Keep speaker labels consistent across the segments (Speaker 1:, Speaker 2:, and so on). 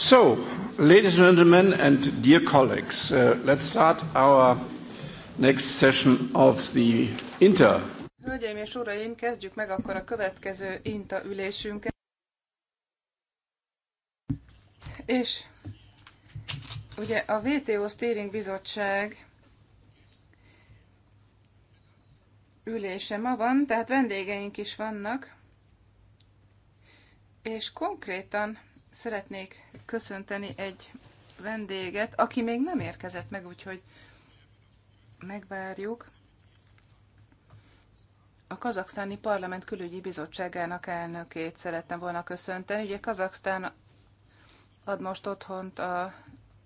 Speaker 1: So, ladies and gentlemen and dear colleagues, uh, let's start our next session of the
Speaker 2: Inter.
Speaker 3: Hölgyeim és uraim, kezdjük meg akkor a következő Inta ülésünket. És ugye a WTO Steering Bizottság ülése ma van, tehát vendégeink is vannak, és konkrétan szeretnék köszönteni egy vendéget, aki még nem érkezett meg, úgyhogy megvárjuk. A Kazaksztáni Parlament Külügyi Bizottságának elnökét szerettem volna köszönteni. Ugye Kazaksztán ad most otthont a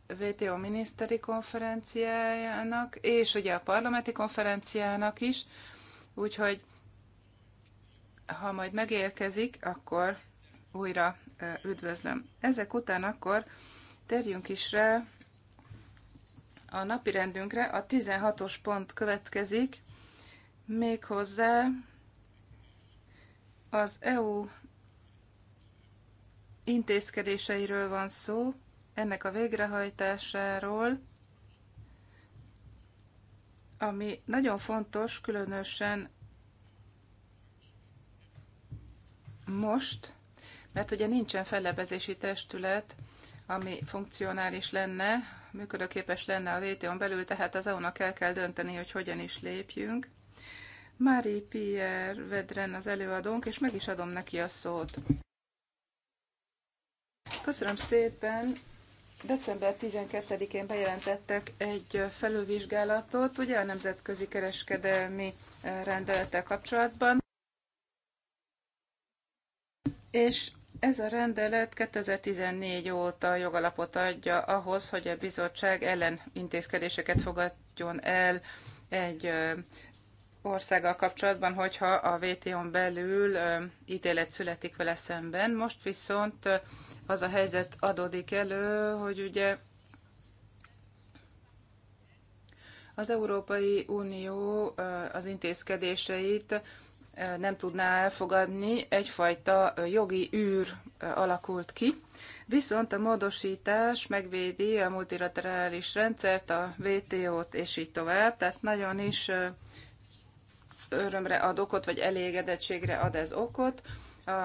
Speaker 3: VTO miniszteri konferenciájának, és ugye a parlamenti konferenciának is, úgyhogy ha majd megérkezik, akkor újra üdvözlöm. Ezek után akkor térjünk is rá a napi rendünkre. A 16-os pont következik, méghozzá az EU intézkedéseiről van szó, ennek a végrehajtásáról, ami nagyon fontos, különösen most, mert ugye nincsen fellebezési testület, ami funkcionális lenne, működőképes lenne a WTO-n belül, tehát az EU-nak el kell dönteni, hogy hogyan is lépjünk. Mári Pierre Vedren az előadónk, és meg is adom neki a szót. Köszönöm szépen! December 12-én bejelentettek egy felülvizsgálatot, ugye a nemzetközi kereskedelmi eh, rendelettel kapcsolatban, és ez a rendelet 2014 óta jogalapot adja ahhoz, hogy a bizottság ellen intézkedéseket fogadjon el egy országgal kapcsolatban, hogyha a VTO-n belül ítélet születik vele szemben. Most viszont az a helyzet adódik elő, hogy ugye az Európai Unió az intézkedéseit nem tudná elfogadni, egyfajta jogi űr alakult ki. Viszont a módosítás megvédi a multilaterális rendszert, a WTO-t és így tovább, tehát nagyon is örömre ad okot, vagy elégedettségre ad ez okot. A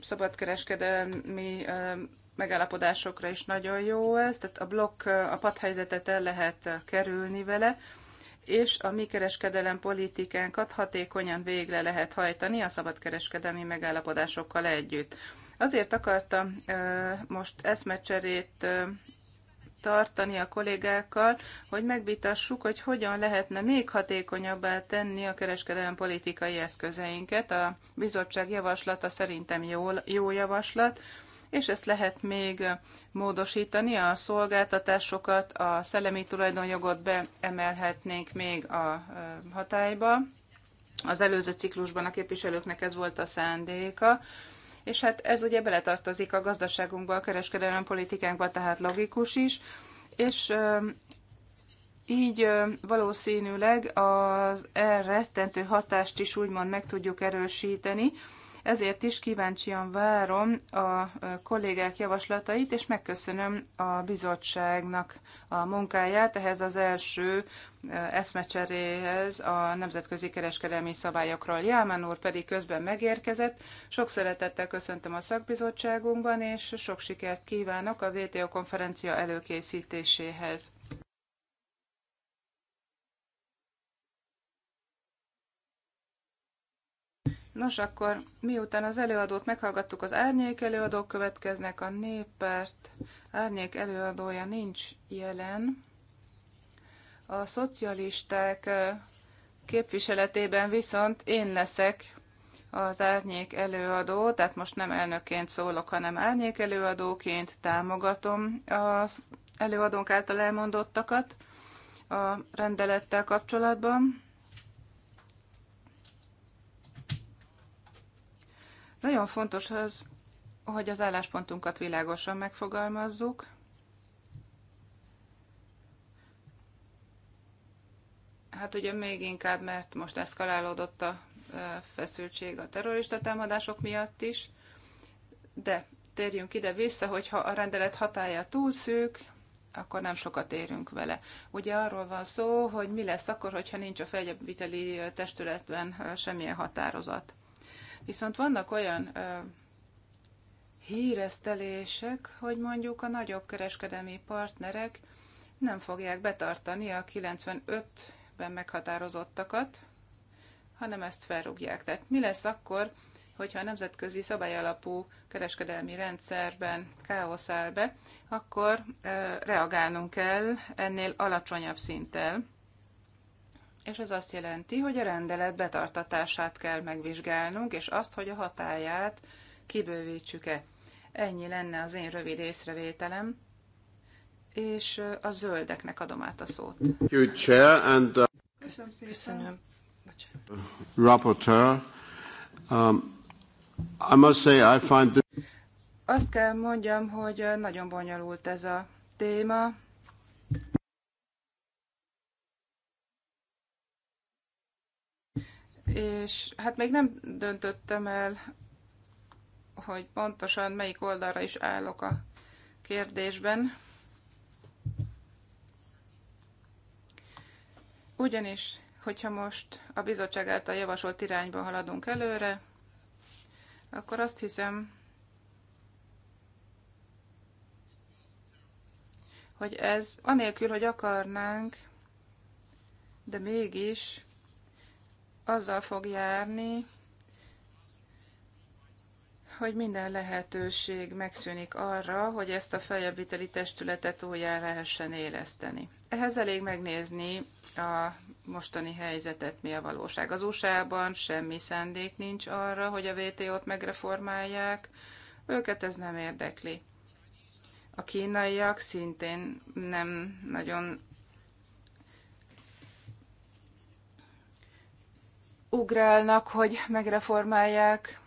Speaker 3: szabadkereskedelmi megállapodásokra is nagyon jó ez, tehát a blokk, a padhelyzetet el lehet kerülni vele, és a mi kereskedelem politikánkat hatékonyan végre lehet hajtani a szabadkereskedelmi megállapodásokkal együtt. Azért akartam most eszmecserét tartani a kollégákkal, hogy megvitassuk, hogy hogyan lehetne még hatékonyabbá tenni a kereskedelem politikai eszközeinket. A bizottság javaslata szerintem jó, jó javaslat, és ezt lehet még módosítani, a szolgáltatásokat, a szellemi tulajdonjogot beemelhetnénk még a hatályba. Az előző ciklusban a képviselőknek ez volt a szándéka, és hát ez ugye beletartozik a gazdaságunkba, a kereskedelmi politikánkba, tehát logikus is, és így valószínűleg az elrettentő hatást is úgymond meg tudjuk erősíteni, ezért is kíváncsian várom a kollégák javaslatait, és megköszönöm a bizottságnak a munkáját ehhez az első eszmecseréhez a nemzetközi kereskedelmi szabályokról. Jámán úr pedig közben megérkezett. Sok szeretettel köszöntöm a szakbizottságunkban, és sok sikert kívánok a VTO konferencia előkészítéséhez. Nos, akkor miután az előadót meghallgattuk, az árnyék előadók következnek, a néppárt árnyék előadója nincs jelen. A szocialisták képviseletében viszont én leszek az árnyék előadó, tehát most nem elnökként szólok, hanem árnyék előadóként támogatom az előadónk által elmondottakat a rendelettel kapcsolatban. Nagyon fontos az, hogy az álláspontunkat világosan megfogalmazzuk, Hát ugye még inkább, mert most eszkalálódott a feszültség a terrorista támadások miatt is, de térjünk ide vissza, hogyha a rendelet hatája túl szűk, akkor nem sokat érünk vele. Ugye arról van szó, hogy mi lesz akkor, hogyha nincs a felgyeviteli testületben semmilyen határozat. Viszont vannak olyan ö, híresztelések, hogy mondjuk a nagyobb kereskedelmi partnerek nem fogják betartani a 95-ben meghatározottakat, hanem ezt felrúgják. Tehát mi lesz akkor, hogyha a nemzetközi szabályalapú kereskedelmi rendszerben káosz áll be, akkor reagálnunk kell ennél alacsonyabb szinttel és ez azt jelenti, hogy a rendelet betartatását kell megvizsgálnunk, és azt, hogy a hatáját kibővítsük-e. Ennyi lenne az én rövid észrevételem, és a zöldeknek adom át a szót. Uh, Köszönöm szépen. Rapporteur. Um, I must say I find this... Azt kell mondjam, hogy nagyon bonyolult ez a téma. és hát még nem döntöttem el, hogy pontosan melyik oldalra is állok a kérdésben. Ugyanis, hogyha most a bizottság által javasolt irányba haladunk előre, akkor azt hiszem, hogy ez anélkül, hogy akarnánk, de mégis azzal fog járni, hogy minden lehetőség megszűnik arra, hogy ezt a feljebbviteli testületet újjá lehessen éleszteni. Ehhez elég megnézni a mostani helyzetet, mi a valóság. Az USA-ban semmi szándék nincs arra, hogy a WTO-t megreformálják, őket ez nem érdekli. A kínaiak szintén nem nagyon ugrálnak, hogy megreformálják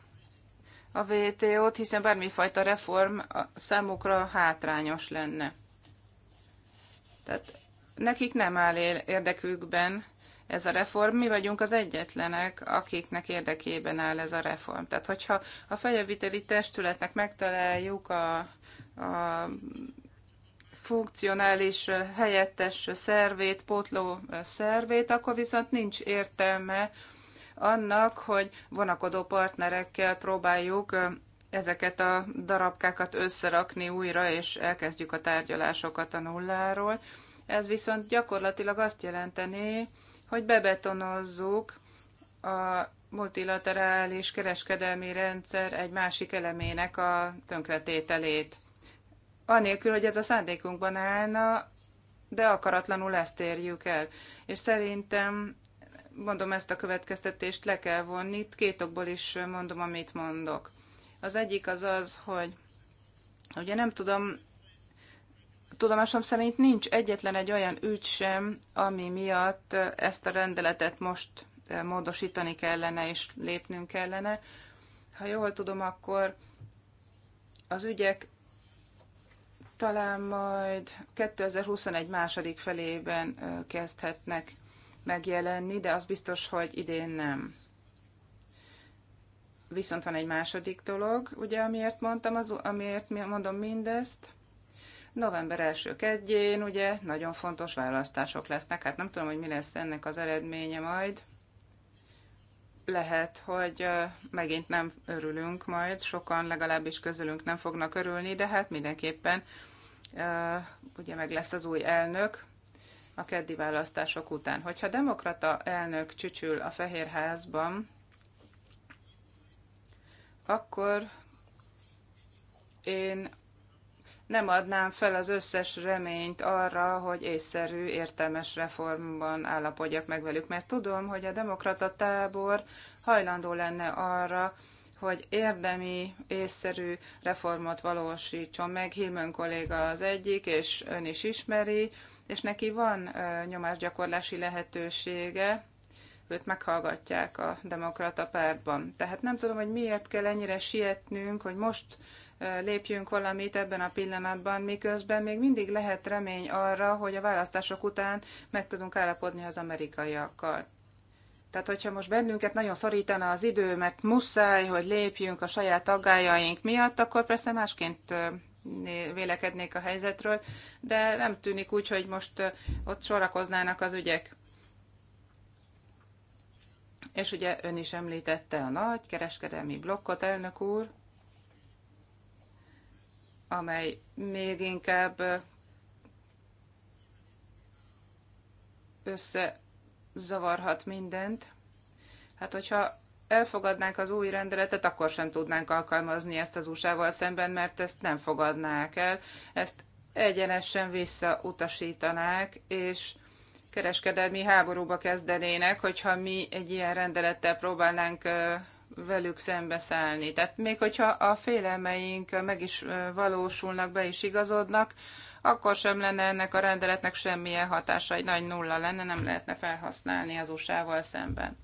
Speaker 3: a VTO-t, hiszen bármifajta reform számukra hátrányos lenne. Tehát nekik nem áll érdekükben ez a reform, mi vagyunk az egyetlenek, akiknek érdekében áll ez a reform. Tehát, hogyha a fejeviteli testületnek megtaláljuk a, a funkcionális helyettes szervét, pótló szervét, akkor viszont nincs értelme annak, hogy vonakodó partnerekkel próbáljuk ezeket a darabkákat összerakni újra, és elkezdjük a tárgyalásokat a nulláról. Ez viszont gyakorlatilag azt jelenteni, hogy bebetonozzuk a multilaterális kereskedelmi rendszer egy másik elemének a tönkretételét. Anélkül, hogy ez a szándékunkban állna, de akaratlanul ezt érjük el. És szerintem mondom, ezt a következtetést le kell vonni. Itt két okból is mondom, amit mondok. Az egyik az az, hogy ugye nem tudom, tudomásom szerint nincs egyetlen egy olyan ügy sem, ami miatt ezt a rendeletet most eh, módosítani kellene és lépnünk kellene. Ha jól tudom, akkor az ügyek talán majd 2021 második felében eh, kezdhetnek megjelenni, de az biztos, hogy idén nem. Viszont van egy második dolog, ugye, amiért mondtam, az, amiért mondom mindezt. November első kedjén, ugye, nagyon fontos választások lesznek. Hát nem tudom, hogy mi lesz ennek az eredménye majd. Lehet, hogy megint nem örülünk majd, sokan legalábbis közülünk nem fognak örülni, de hát mindenképpen ugye meg lesz az új elnök, a keddi választások után. Hogyha demokrata elnök csücsül a Fehérházban, akkor én nem adnám fel az összes reményt arra, hogy észszerű, értelmes reformban állapodjak meg velük, mert tudom, hogy a demokrata tábor hajlandó lenne arra, hogy érdemi, észszerű reformot valósítson meg. Hillman kolléga az egyik, és ön is ismeri, és neki van nyomásgyakorlási lehetősége, őt meghallgatják a demokrata pártban. Tehát nem tudom, hogy miért kell ennyire sietnünk, hogy most lépjünk valamit ebben a pillanatban, miközben még mindig lehet remény arra, hogy a választások után meg tudunk állapodni az amerikaiakkal. Tehát, hogyha most bennünket nagyon szorítana az idő, mert muszáj, hogy lépjünk a saját aggájaink miatt, akkor persze másként vélekednék a helyzetről, de nem tűnik úgy, hogy most ott sorakoznának az ügyek. És ugye ön is említette a nagy kereskedelmi blokkot, elnök úr, amely még inkább összezavarhat mindent. Hát, hogyha elfogadnánk az új rendeletet, akkor sem tudnánk alkalmazni ezt az USA-val szemben, mert ezt nem fogadnák el. Ezt egyenesen visszautasítanák, és kereskedelmi háborúba kezdenének, hogyha mi egy ilyen rendelettel próbálnánk velük szembeszállni. Tehát még hogyha a félelmeink meg is valósulnak, be is igazodnak, akkor sem lenne ennek a rendeletnek semmilyen hatása, egy nagy nulla lenne, nem lehetne felhasználni az USA-val szemben.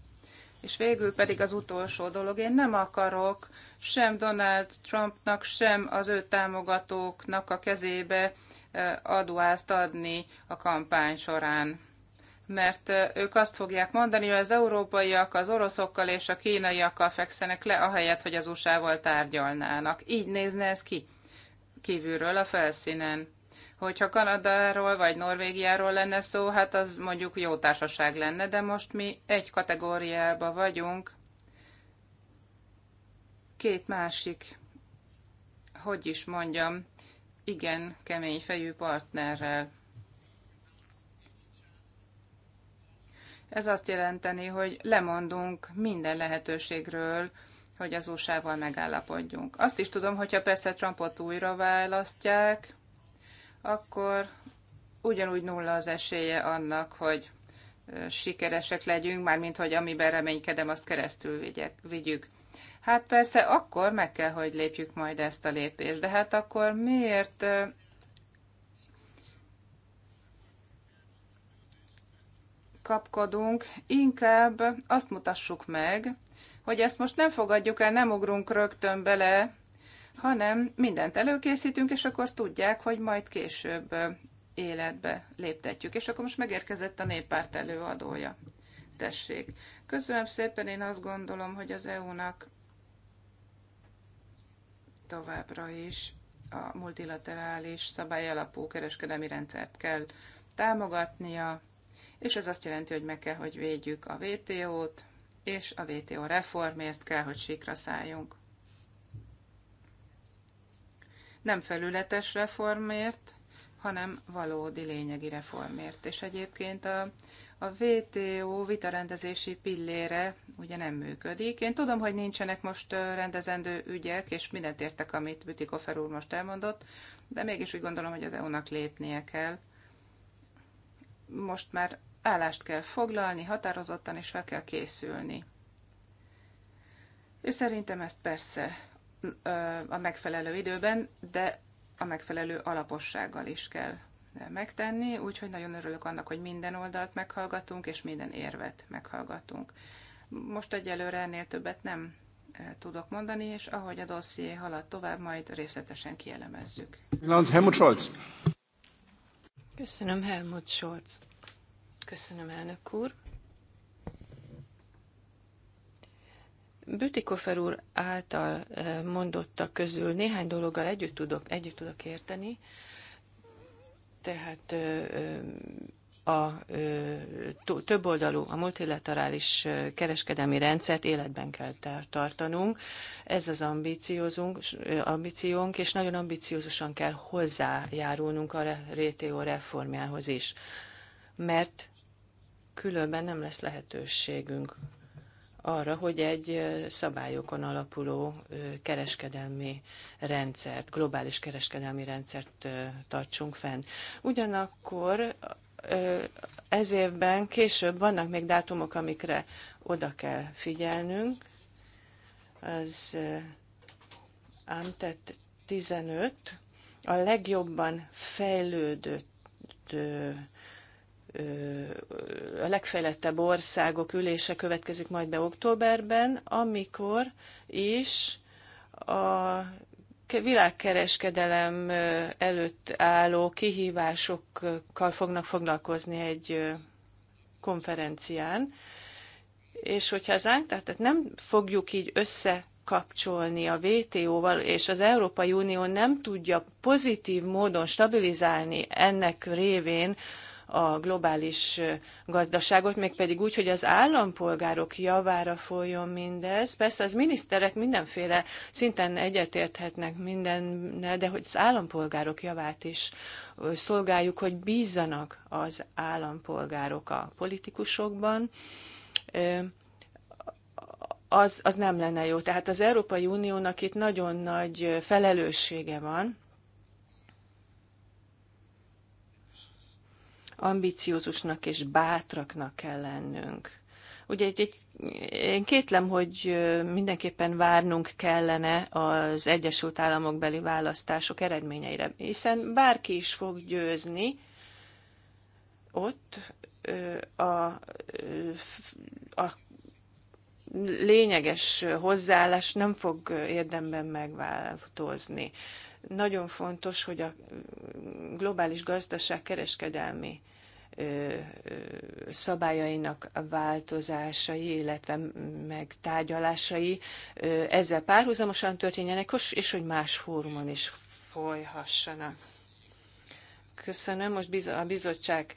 Speaker 3: És végül pedig az utolsó dolog, én nem akarok sem Donald Trumpnak, sem az ő támogatóknak a kezébe adóást adni a kampány során. Mert ők azt fogják mondani, hogy az európaiak az oroszokkal és a kínaiakkal fekszenek le, ahelyett, hogy az USA-val tárgyalnának. Így nézne ez ki kívülről a felszínen. Hogyha Kanadáról vagy Norvégiáról lenne szó, hát az mondjuk jó társaság lenne, de most mi egy kategóriába vagyunk, két másik, hogy is mondjam, igen kemény fejű partnerrel. Ez azt jelenteni, hogy lemondunk minden lehetőségről, hogy az USA-val megállapodjunk. Azt is tudom, hogyha persze Trumpot újra választják, akkor ugyanúgy nulla az esélye annak, hogy sikeresek legyünk, mármint hogy amiben reménykedem, azt keresztül vigyek, vigyük. Hát persze akkor meg kell, hogy lépjük majd ezt a lépést, de hát akkor miért kapkodunk, inkább azt mutassuk meg, hogy ezt most nem fogadjuk el, nem ugrunk rögtön bele hanem mindent előkészítünk, és akkor tudják, hogy majd később életbe léptetjük. És akkor most megérkezett a néppárt előadója. Tessék. Köszönöm szépen, én azt gondolom, hogy az EU-nak továbbra is a multilaterális szabályalapú kereskedelmi rendszert kell támogatnia, és ez azt jelenti, hogy meg kell, hogy védjük a WTO-t, és a WTO reformért kell, hogy sikra szálljunk nem felületes reformért, hanem valódi lényegi reformért. És egyébként a, a VTO vitarendezési pillére ugye nem működik. Én tudom, hogy nincsenek most rendezendő ügyek, és mindent értek, amit Bütikofer úr most elmondott, de mégis úgy gondolom, hogy az EU-nak lépnie kell. Most már állást kell foglalni, határozottan, és fel kell készülni. Ő szerintem ezt persze a megfelelő időben, de a megfelelő alapossággal is kell megtenni, úgyhogy nagyon örülök annak, hogy minden oldalt meghallgatunk, és minden érvet meghallgatunk. Most egyelőre ennél többet nem tudok mondani, és ahogy a dosszié halad tovább, majd részletesen kielemezzük. Helmut Scholz. Köszönöm,
Speaker 1: Helmut Scholz. Köszönöm, elnök úr. Bütikofer úr által eh, mondottak közül néhány dologgal együtt tudok, együtt tudok érteni, tehát eh, eh, a többoldalú, a multilaterális kereskedelmi rendszert életben kell tartanunk. Ez az ambíciónk, és nagyon ambiciózusan kell hozzájárulnunk a RTO reformjához is, mert különben nem lesz lehetőségünk arra, hogy egy szabályokon alapuló kereskedelmi rendszert, globális kereskedelmi rendszert tartsunk fenn. Ugyanakkor ez évben később vannak még dátumok, amikre oda kell figyelnünk. Az Amtet 15, a legjobban fejlődött a legfejlettebb országok ülése következik majd be októberben, amikor is a világkereskedelem előtt álló kihívásokkal fognak foglalkozni egy konferencián. És hogyha az tehát nem fogjuk így össze kapcsolni a WTO-val, és az Európai Unió nem tudja pozitív módon stabilizálni ennek révén a globális gazdaságot, mégpedig úgy, hogy az állampolgárok javára folyjon mindez. Persze az miniszterek mindenféle szinten egyetérthetnek mindennel, de hogy az állampolgárok javát is szolgáljuk, hogy bízzanak az állampolgárok a politikusokban az, az nem lenne jó. Tehát az Európai Uniónak itt nagyon nagy felelőssége van, ambiciózusnak és bátraknak kell lennünk. Ugye egy, egy, én kétlem, hogy mindenképpen várnunk kellene az Egyesült Államok beli választások eredményeire, hiszen bárki is fog győzni ott a, a lényeges hozzáállás nem fog érdemben megváltozni. Nagyon fontos, hogy a globális gazdaság kereskedelmi szabályainak változásai, illetve megtárgyalásai ezzel párhuzamosan történjenek, és hogy más fórumon is folyhassanak. Köszönöm. Most a bizottság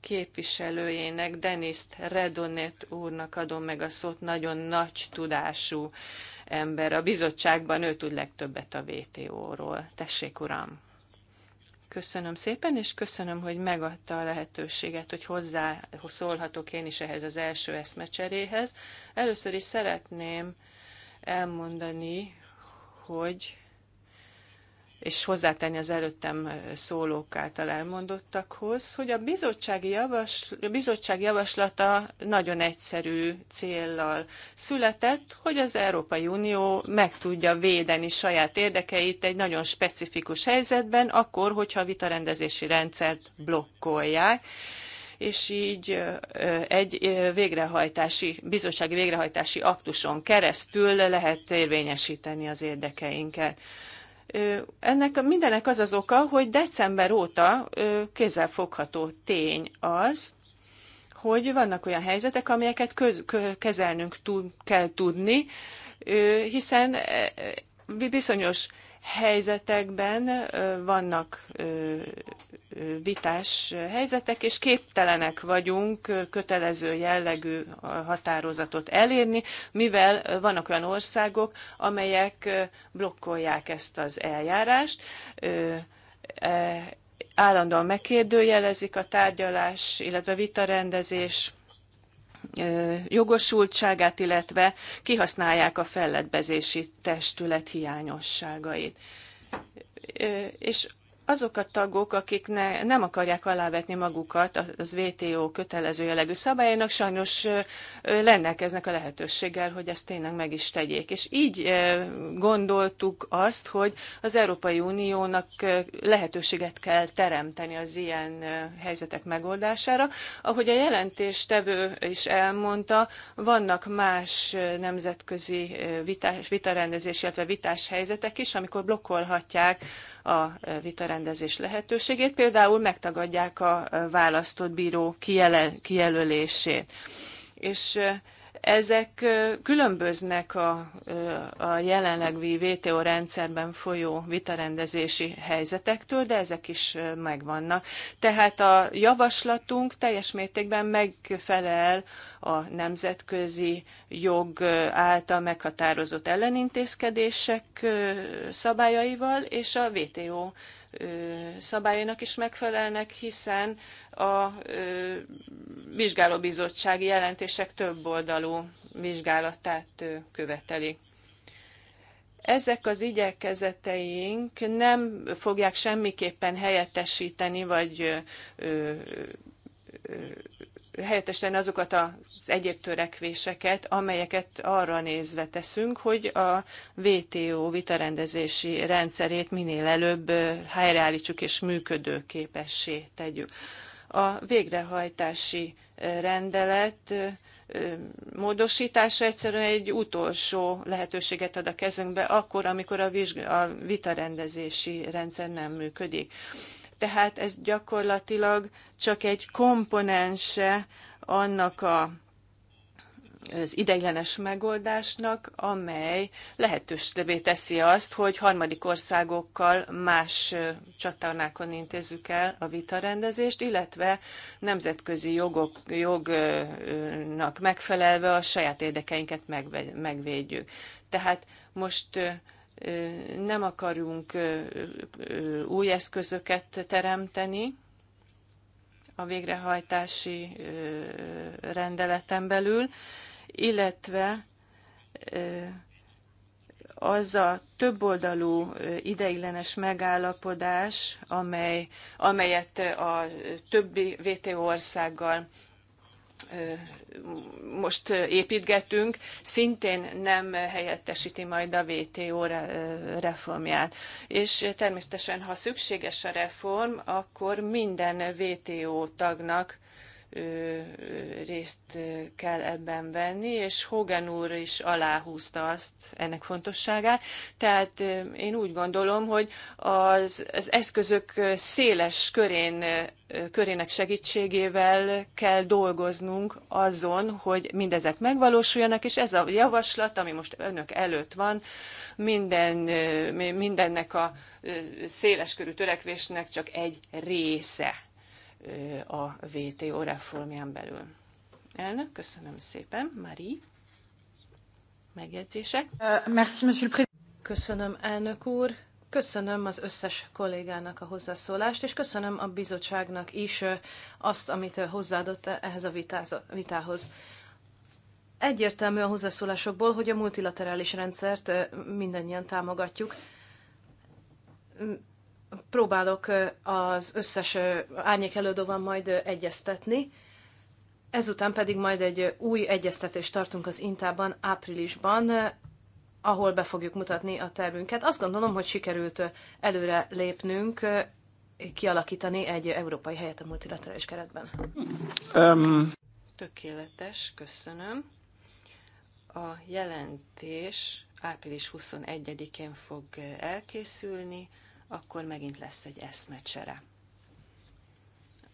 Speaker 1: képviselőjének, Deniszt Redonet úrnak adom meg a szót, nagyon nagy tudású ember. A bizottságban ő tud legtöbbet a WTO-ról. Tessék, uram! Köszönöm szépen, és köszönöm, hogy megadta a lehetőséget, hogy hozzá szólhatok én is ehhez az első eszmecseréhez. Először is szeretném elmondani, hogy és hozzátenni az előttem szólók által elmondottakhoz, hogy a bizottsági javas, a bizottsági javaslata nagyon egyszerű céllal született, hogy az Európai Unió meg tudja védeni saját érdekeit egy nagyon specifikus helyzetben, akkor, hogyha a vitarendezési rendszert blokkolják és így egy végrehajtási, bizottsági végrehajtási aktuson keresztül lehet érvényesíteni az érdekeinket. Ennek mindenek az az oka, hogy december óta kézzelfogható tény az, hogy vannak olyan helyzetek, amelyeket köz, kezelnünk tud, kell tudni, hiszen e- e- bizonyos helyzetekben vannak vitás helyzetek, és képtelenek vagyunk kötelező jellegű határozatot elérni, mivel vannak olyan országok, amelyek blokkolják ezt az eljárást, e, állandóan megkérdőjelezik a tárgyalás, illetve vitarendezés jogosultságát, illetve kihasználják a fellebbezési testület hiányosságait. És azok a tagok, akik ne, nem akarják alávetni magukat az WTO kötelező jellegű szabályainak, sajnos rendelkeznek a lehetőséggel, hogy ezt tényleg meg is tegyék. És így gondoltuk azt, hogy az Európai Uniónak lehetőséget kell teremteni az ilyen helyzetek megoldására. Ahogy a jelentéstevő is elmondta, vannak más nemzetközi vitás, vitarendezés, illetve vitás helyzetek is, amikor blokkolhatják a vitarendezés lehetőségét, például megtagadják a választott bíró kijelölését. És ezek különböznek a, a jelenleg VTO rendszerben folyó vitarendezési helyzetektől, de ezek is megvannak. Tehát a javaslatunk teljes mértékben megfelel a nemzetközi jog által meghatározott ellenintézkedések szabályaival és a VTO szabályainak is megfelelnek, hiszen a vizsgálóbizottsági jelentések több oldalú vizsgálatát követeli. Ezek az igyekezeteink nem fogják semmiképpen helyettesíteni vagy helyettesíteni azokat az egyéb törekvéseket, amelyeket arra nézve teszünk, hogy a WTO vitarendezési rendszerét minél előbb helyreállítsuk és működőképessé tegyük. A végrehajtási rendelet módosítása egyszerűen egy utolsó lehetőséget ad a kezünkbe, akkor, amikor a, a vitarendezési rendszer nem működik tehát ez gyakorlatilag csak egy komponense annak a az ideiglenes megoldásnak, amely lehetősévé teszi azt, hogy harmadik országokkal más csatornákon intézzük el a vitarendezést, illetve nemzetközi jogok, jognak megfelelve a saját érdekeinket megvédjük. Tehát most nem akarunk új eszközöket teremteni a végrehajtási rendeleten belül, illetve az a többoldalú ideiglenes megállapodás, amely, amelyet a többi VTO országgal most építgetünk, szintén nem helyettesíti majd a WTO reformját. És természetesen, ha szükséges a reform, akkor minden WTO tagnak részt kell ebben venni, és Hogan úr is aláhúzta azt ennek fontosságát. Tehát én úgy gondolom, hogy az, az eszközök széles körén körének segítségével kell dolgoznunk azon, hogy mindezek megvalósuljanak, és ez a javaslat, ami most önök előtt van, minden, mindennek a széleskörű törekvésnek csak egy része a VTO reformján belül. Elnök, köszönöm szépen. Mari,
Speaker 2: megjegyzések? Köszönöm, elnök úr. Köszönöm az összes kollégának a hozzászólást, és köszönöm a bizottságnak is azt, amit hozzáadott ehhez a vitához. Egyértelmű a hozzászólásokból, hogy a multilaterális rendszert mindannyian támogatjuk. Próbálok az összes árnyék előadóval majd egyeztetni. Ezután pedig majd egy új egyeztetést tartunk az Intában áprilisban ahol be fogjuk mutatni a tervünket. Azt gondolom, hogy sikerült előre lépnünk, kialakítani egy európai helyet a multilaterális keretben. Um. Tökéletes, köszönöm.
Speaker 1: A jelentés április 21-én fog elkészülni, akkor megint lesz egy eszmecsere.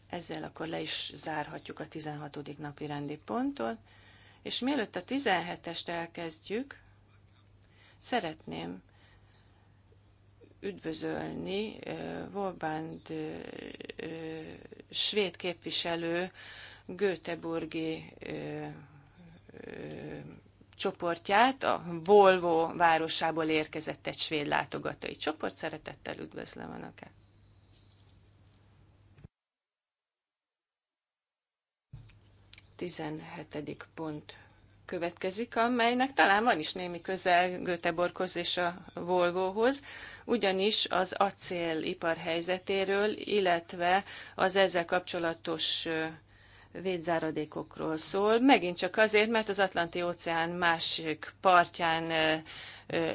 Speaker 1: Ezzel akkor le is zárhatjuk a 16. napi rendi pontot, és mielőtt a 17-est elkezdjük, Szeretném üdvözölni Volbánd svéd képviselő Göteborgi csoportját, a Volvo városából érkezett egy svéd látogatói csoport. Szeretettel üdvözlöm Önöket! Tizenhetedik pont következik, amelynek talán van is némi közel Göteborghoz és a Volvohoz, ugyanis az acélipar helyzetéről, illetve az ezzel kapcsolatos védzáradékokról szól. Megint csak azért, mert az Atlanti óceán másik partján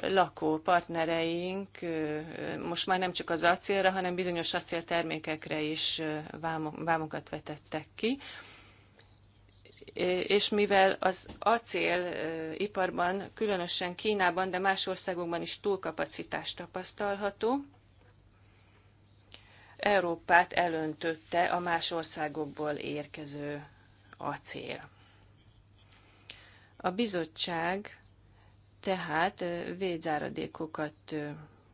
Speaker 1: lakó partnereink most már nem csak az acélra, hanem bizonyos acéltermékekre is vámokat vetettek ki és mivel az acéliparban, különösen Kínában, de más országokban is túlkapacitást tapasztalható, Európát elöntötte a más országokból érkező acél. A bizottság tehát védzáradékokat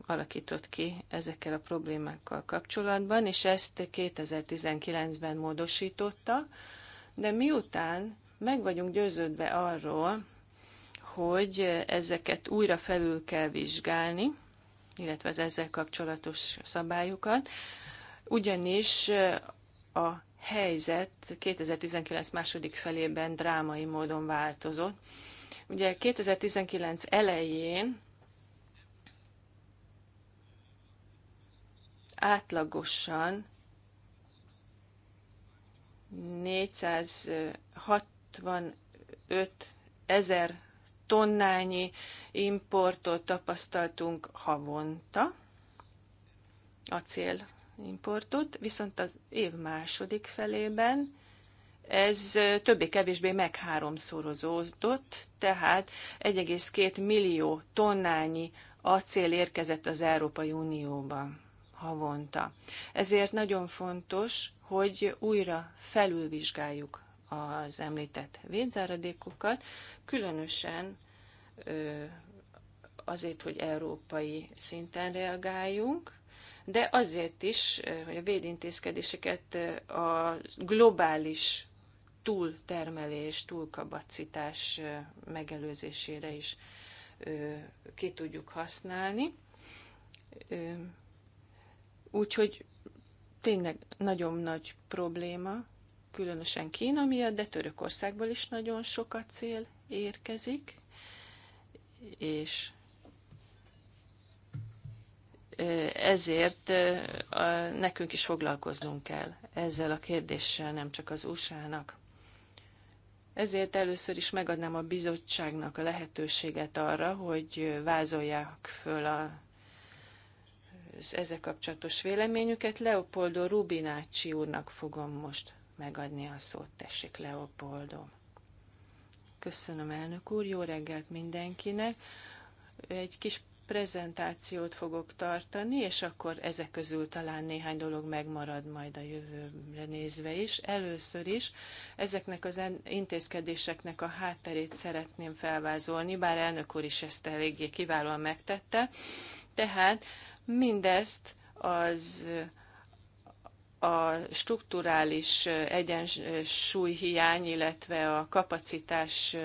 Speaker 1: alakított ki ezekkel a problémákkal kapcsolatban, és ezt 2019-ben módosította, de miután meg vagyunk győződve arról, hogy ezeket újra felül kell vizsgálni, illetve az ezzel kapcsolatos szabályokat, ugyanis a helyzet 2019 második felében drámai módon változott. Ugye 2019 elején átlagosan 465 ezer tonnányi importot tapasztaltunk havonta, acél importot, viszont az év második felében ez többé-kevésbé megháromszorozódott, tehát 1,2 millió tonnányi acél érkezett az Európai Unióba havonta. Ezért nagyon fontos, hogy újra felülvizsgáljuk az említett védzáradékokat, különösen azért, hogy európai szinten reagáljunk, de azért is, hogy a védintézkedéseket a globális túltermelés, túlkapacitás megelőzésére is ki tudjuk használni. Úgyhogy tényleg nagyon nagy probléma, különösen Kína miatt, de Törökországból is nagyon sok a cél érkezik, és ezért nekünk is foglalkoznunk kell ezzel a kérdéssel, nem csak az USA-nak. Ezért először is megadnám a bizottságnak a lehetőséget arra, hogy vázolják föl a ezzel kapcsolatos véleményüket. Leopoldo Rubinácsi úrnak fogom most megadni a szót. Tessék, Leopoldo. Köszönöm, elnök úr. Jó reggelt mindenkinek. Egy kis prezentációt fogok tartani, és akkor ezek közül talán néhány dolog megmarad majd a jövőre nézve is. Először is ezeknek az intézkedéseknek a hátterét szeretném felvázolni, bár elnök úr is ezt eléggé kiválóan megtette. Tehát Mindezt az a strukturális egyensúlyhiány, illetve a kapacitás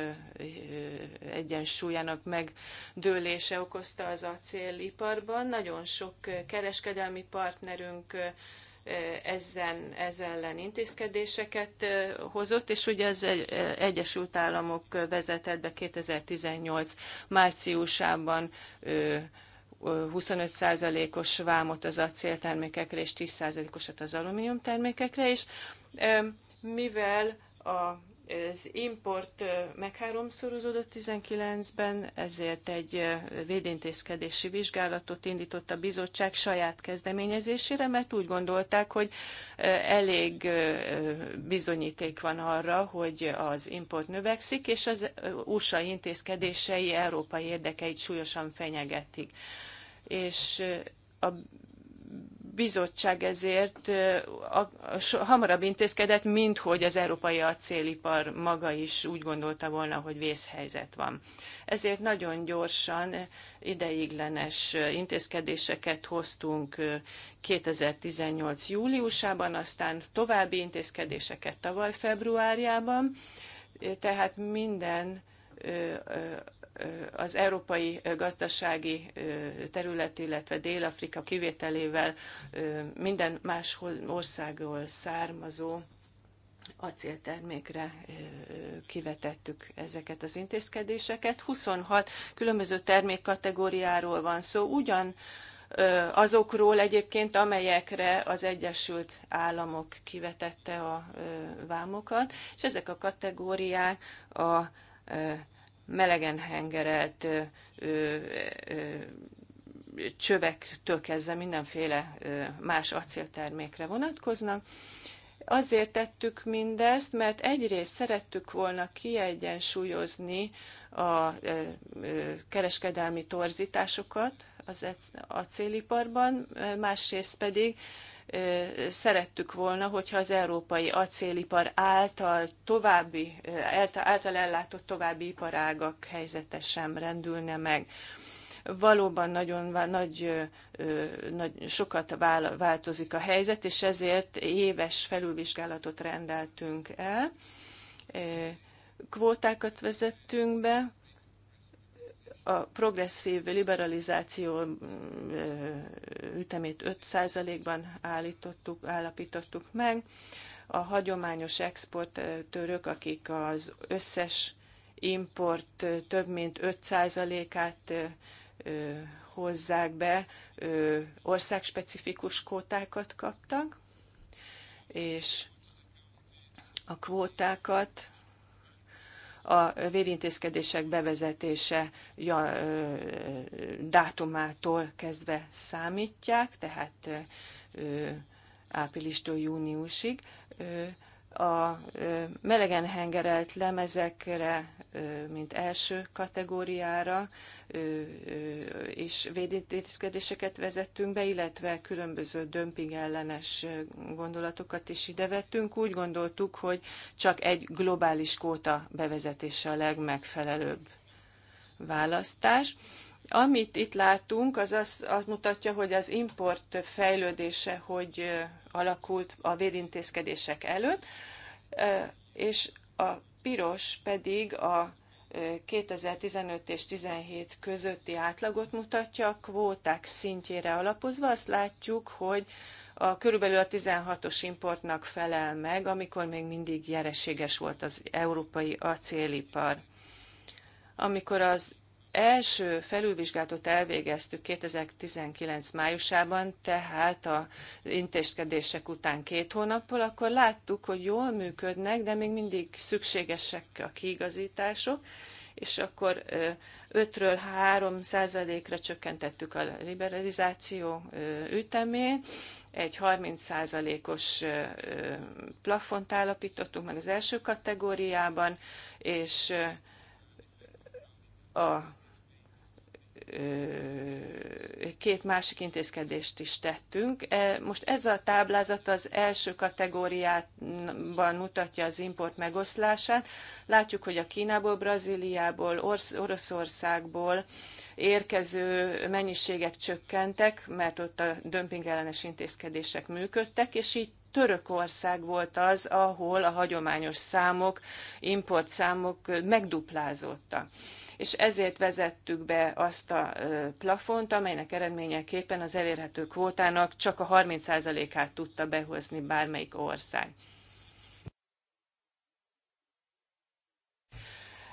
Speaker 1: egyensúlyának megdőlése okozta az acéliparban. Nagyon sok kereskedelmi partnerünk ezen, ez ellen intézkedéseket hozott, és ugye az Egyesült Államok vezetett be 2018 márciusában 25%-os vámot az acéltermékekre és 10%-osat az alumínium termékekre, és mivel a az import megháromszorozódott 19-ben, ezért egy védintézkedési vizsgálatot indított a bizottság saját kezdeményezésére, mert úgy gondolták, hogy elég bizonyíték van arra, hogy az import növekszik, és az USA intézkedései európai érdekeit súlyosan fenyegetik. És a bizottság ezért a, a, hamarabb intézkedett, mint hogy az európai acélipar maga is úgy gondolta volna, hogy vészhelyzet van. Ezért nagyon gyorsan ideiglenes intézkedéseket hoztunk 2018. júliusában, aztán további intézkedéseket tavaly februárjában, tehát minden az európai gazdasági terület, illetve Dél-Afrika kivételével minden más országról származó acéltermékre kivetettük ezeket az intézkedéseket. 26 különböző termékkategóriáról van szó, ugyan azokról egyébként, amelyekre az Egyesült Államok kivetette a vámokat, és ezek a kategóriák a melegen hengerelt ö, ö, ö, csövektől kezdve mindenféle más acéltermékre vonatkoznak. Azért tettük mindezt, mert egyrészt szerettük volna kiegyensúlyozni a kereskedelmi torzításokat az e- acéliparban, másrészt pedig szerettük volna, hogyha az európai acélipar által további, által ellátott további iparágak helyzete sem rendülne meg valóban nagyon nagy, nagy sokat változik a helyzet, és ezért éves felülvizsgálatot rendeltünk el. Kvótákat vezettünk be, a progresszív liberalizáció mm, ütemét 5%-ban állítottuk, állapítottuk meg. A hagyományos exportőrök, akik az összes import több mint 5%-át hozzák be, országspecifikus kvótákat kaptak, és a kvótákat a vérintézkedések bevezetése ja, dátumától kezdve számítják, tehát áprilistól júniusig. A melegen hengerelt lemezekre mint első kategóriára is védintézkedéseket vezettünk be, illetve különböző dömping ellenes gondolatokat is ide vettünk. Úgy gondoltuk, hogy csak egy globális kóta bevezetése a legmegfelelőbb választás. Amit itt látunk, az azt, azt mutatja, hogy az import fejlődése, hogy alakult a védintézkedések előtt, és a piros pedig a 2015 és 17 közötti átlagot mutatja, a kvóták szintjére alapozva azt látjuk, hogy a körülbelül a 16-os importnak felel meg, amikor még mindig jereséges volt az európai acélipar. Amikor az első felülvizsgálatot elvégeztük 2019 májusában, tehát a intézkedések után két hónappal, akkor láttuk, hogy jól működnek, de még mindig szükségesek a kiigazítások, és akkor 5-ről 3 százalékra csökkentettük a liberalizáció ütemét, egy 30 százalékos plafont állapítottunk meg az első kategóriában, és a két másik intézkedést is tettünk. E, most ez a táblázat az első kategóriában mutatja az import megoszlását. Látjuk, hogy a Kínából, Brazíliából, Orsz- Oroszországból érkező mennyiségek csökkentek, mert ott a dömpingellenes intézkedések működtek, és így Törökország volt az, ahol a hagyományos számok, importszámok megduplázódtak és ezért vezettük be azt a plafont, amelynek eredményeképpen az elérhető kvótának csak a 30%-át tudta behozni bármelyik ország.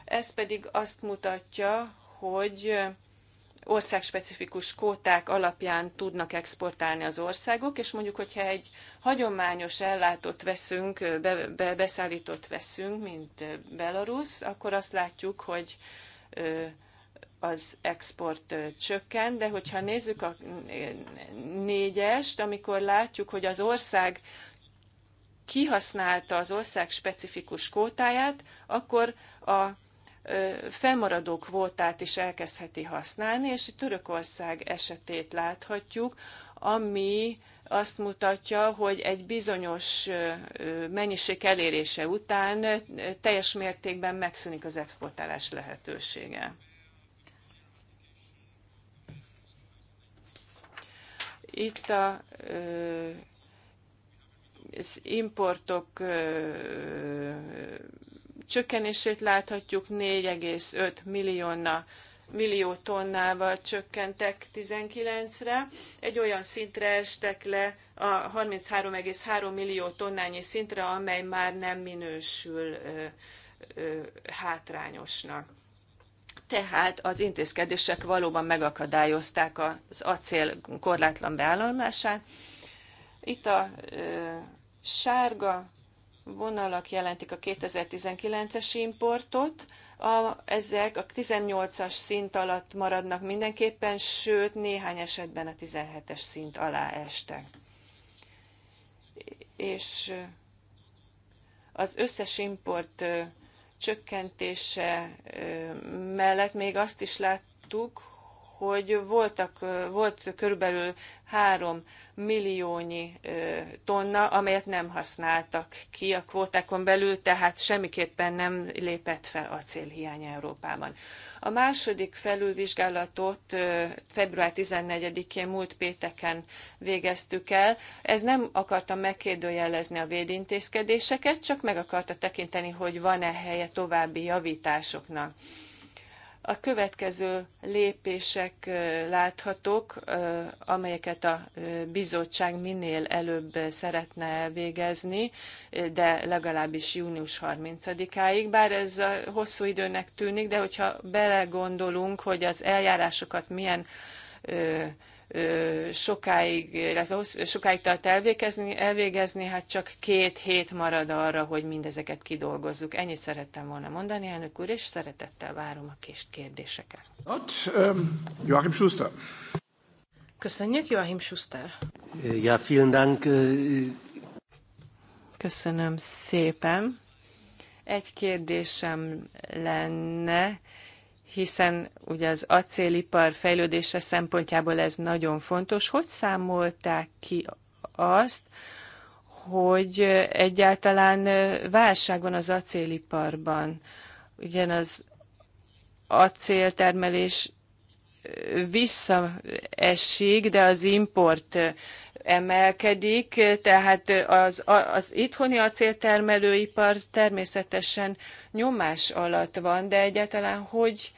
Speaker 1: Ez pedig azt mutatja, hogy országspecifikus kóták alapján tudnak exportálni az országok, és mondjuk, hogyha egy hagyományos ellátót veszünk, be, be, veszünk, mint Belarus, akkor azt látjuk, hogy az export csökken, de hogyha nézzük a négyest, amikor látjuk, hogy az ország kihasználta az ország specifikus kótáját, akkor a felmaradó kvótát is elkezdheti használni, és Törökország esetét láthatjuk, ami azt mutatja, hogy egy bizonyos mennyiség elérése után teljes mértékben megszűnik az exportálás lehetősége. Itt a, az importok csökkenését láthatjuk, 4,5 millióna millió tonnával csökkentek 19-re, egy olyan szintre estek le a 33,3 millió tonnányi szintre, amely már nem minősül ö, ö, hátrányosnak. Tehát az intézkedések valóban megakadályozták az acél korlátlan beállalását. Itt a ö, sárga vonalak jelentik a 2019-es importot, a, ezek a 18-as szint alatt maradnak mindenképpen, sőt néhány esetben a 17-es szint alá estek. És az összes import csökkentése mellett még azt is láttuk, hogy voltak, volt körülbelül 3 milliónyi tonna, amelyet nem használtak ki a kvótákon belül, tehát semmiképpen nem lépett fel célhiány Európában. A második felülvizsgálatot február 14-én múlt pénteken végeztük el. Ez nem akarta megkérdőjelezni a védintézkedéseket, csak meg akarta tekinteni, hogy van-e helye további javításoknak a következő lépések láthatók, amelyeket a bizottság minél előbb szeretne végezni, de legalábbis június 30-áig, bár ez hosszú időnek tűnik, de hogyha belegondolunk, hogy az eljárásokat milyen sokáig, illetve sokáig tart elvégezni, elvégezni, hát csak két hét marad arra, hogy mindezeket kidolgozzuk. Ennyit szerettem volna mondani, elnök úr, és szeretettel várom a kést kérdéseket. Ott, um, Joachim Schuster.
Speaker 2: Köszönjük, Joachim Schuster.
Speaker 1: Ja, vielen Dank. Köszönöm szépen. Egy kérdésem lenne hiszen ugye az acélipar fejlődése szempontjából ez nagyon fontos. Hogy számolták ki azt, hogy egyáltalán válság van az acéliparban? Ugyan az acéltermelés visszaesik, de az import emelkedik, tehát az, az itthoni acéltermelőipar természetesen nyomás alatt van, de egyáltalán hogy,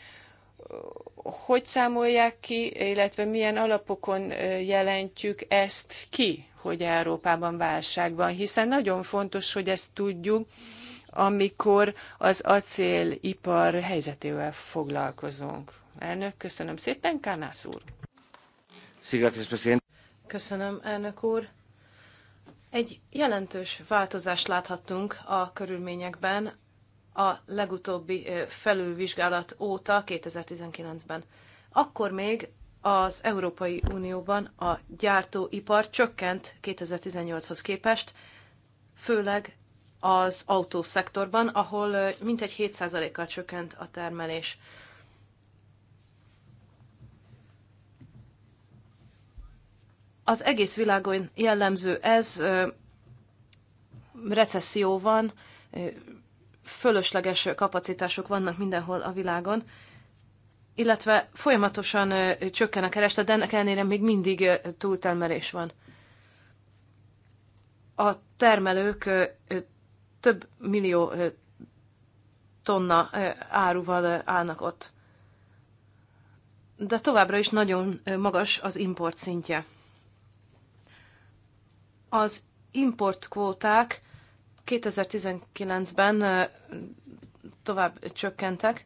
Speaker 1: hogy számolják ki, illetve milyen alapokon jelentjük ezt ki, hogy Európában válság van, hiszen nagyon fontos, hogy ezt tudjuk, amikor az acélipar helyzetével foglalkozunk.
Speaker 2: Elnök, köszönöm szépen, Kánász úr. Köszönöm, elnök úr. Egy jelentős változást láthattunk a körülményekben a legutóbbi felülvizsgálat óta 2019-ben. Akkor még az Európai Unióban a gyártóipar csökkent 2018-hoz képest, főleg az autószektorban, ahol mintegy 7%-kal csökkent a termelés. Az egész világon jellemző ez, recesszió van, fölösleges kapacitások vannak mindenhol a világon, illetve folyamatosan csökken a kereslet, de ennek ellenére még mindig túltermelés van. A termelők több millió tonna áruval állnak ott. De továbbra is nagyon magas az import szintje. Az importkvóták 2019-ben tovább csökkentek,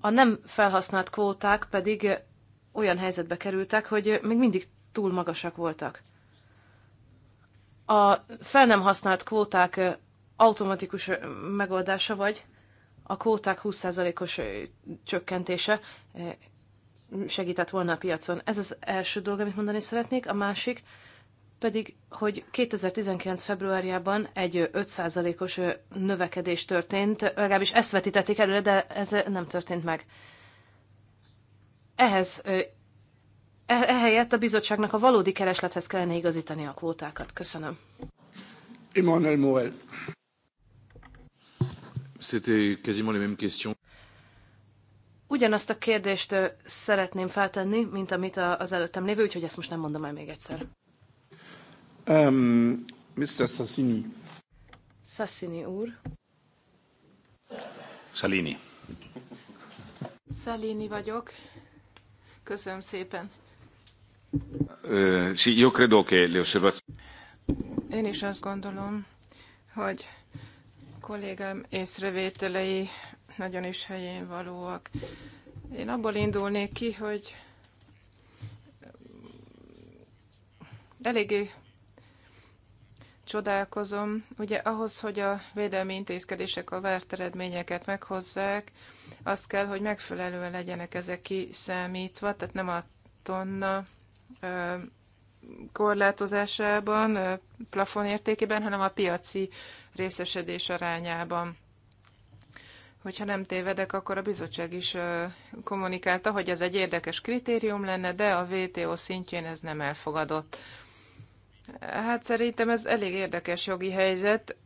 Speaker 2: a nem felhasznált kvóták pedig olyan helyzetbe kerültek, hogy még mindig túl magasak voltak. A fel nem használt kvóták automatikus megoldása vagy a kvóták 20%-os csökkentése segített volna a piacon. Ez az első dolog, amit mondani szeretnék. A másik, pedig, hogy 2019. februárjában egy 5%-os növekedés történt, legalábbis ezt vetítették előre, de ez nem történt meg. Ehhez e, ehelyett a bizottságnak a valódi kereslethez kellene igazítani a kvótákat. Köszönöm. Emmanuel Morel. Ugyanazt a kérdést szeretném feltenni, mint amit az előttem lévő, úgyhogy ezt most nem mondom el még egyszer.
Speaker 3: Um, Mr. Sassini.
Speaker 2: Sassini úr. Salini. Salini
Speaker 3: vagyok. Köszönöm szépen.
Speaker 2: Sí, jó, credo che le osservazioni...
Speaker 3: Én is azt gondolom, hogy kollégám észrevételei nagyon is helyén valóak. Én abból indulnék ki, hogy eléggé csodálkozom. Ugye ahhoz, hogy a védelmi intézkedések a várt eredményeket meghozzák, az kell, hogy megfelelően legyenek ezek kiszámítva, tehát nem a tonna korlátozásában, plafon értékében, hanem a piaci részesedés arányában. Hogyha nem tévedek, akkor a bizottság is kommunikálta, hogy ez egy érdekes kritérium lenne, de a WTO szintjén ez nem elfogadott. Hát szerintem ez elég érdekes jogi helyzet.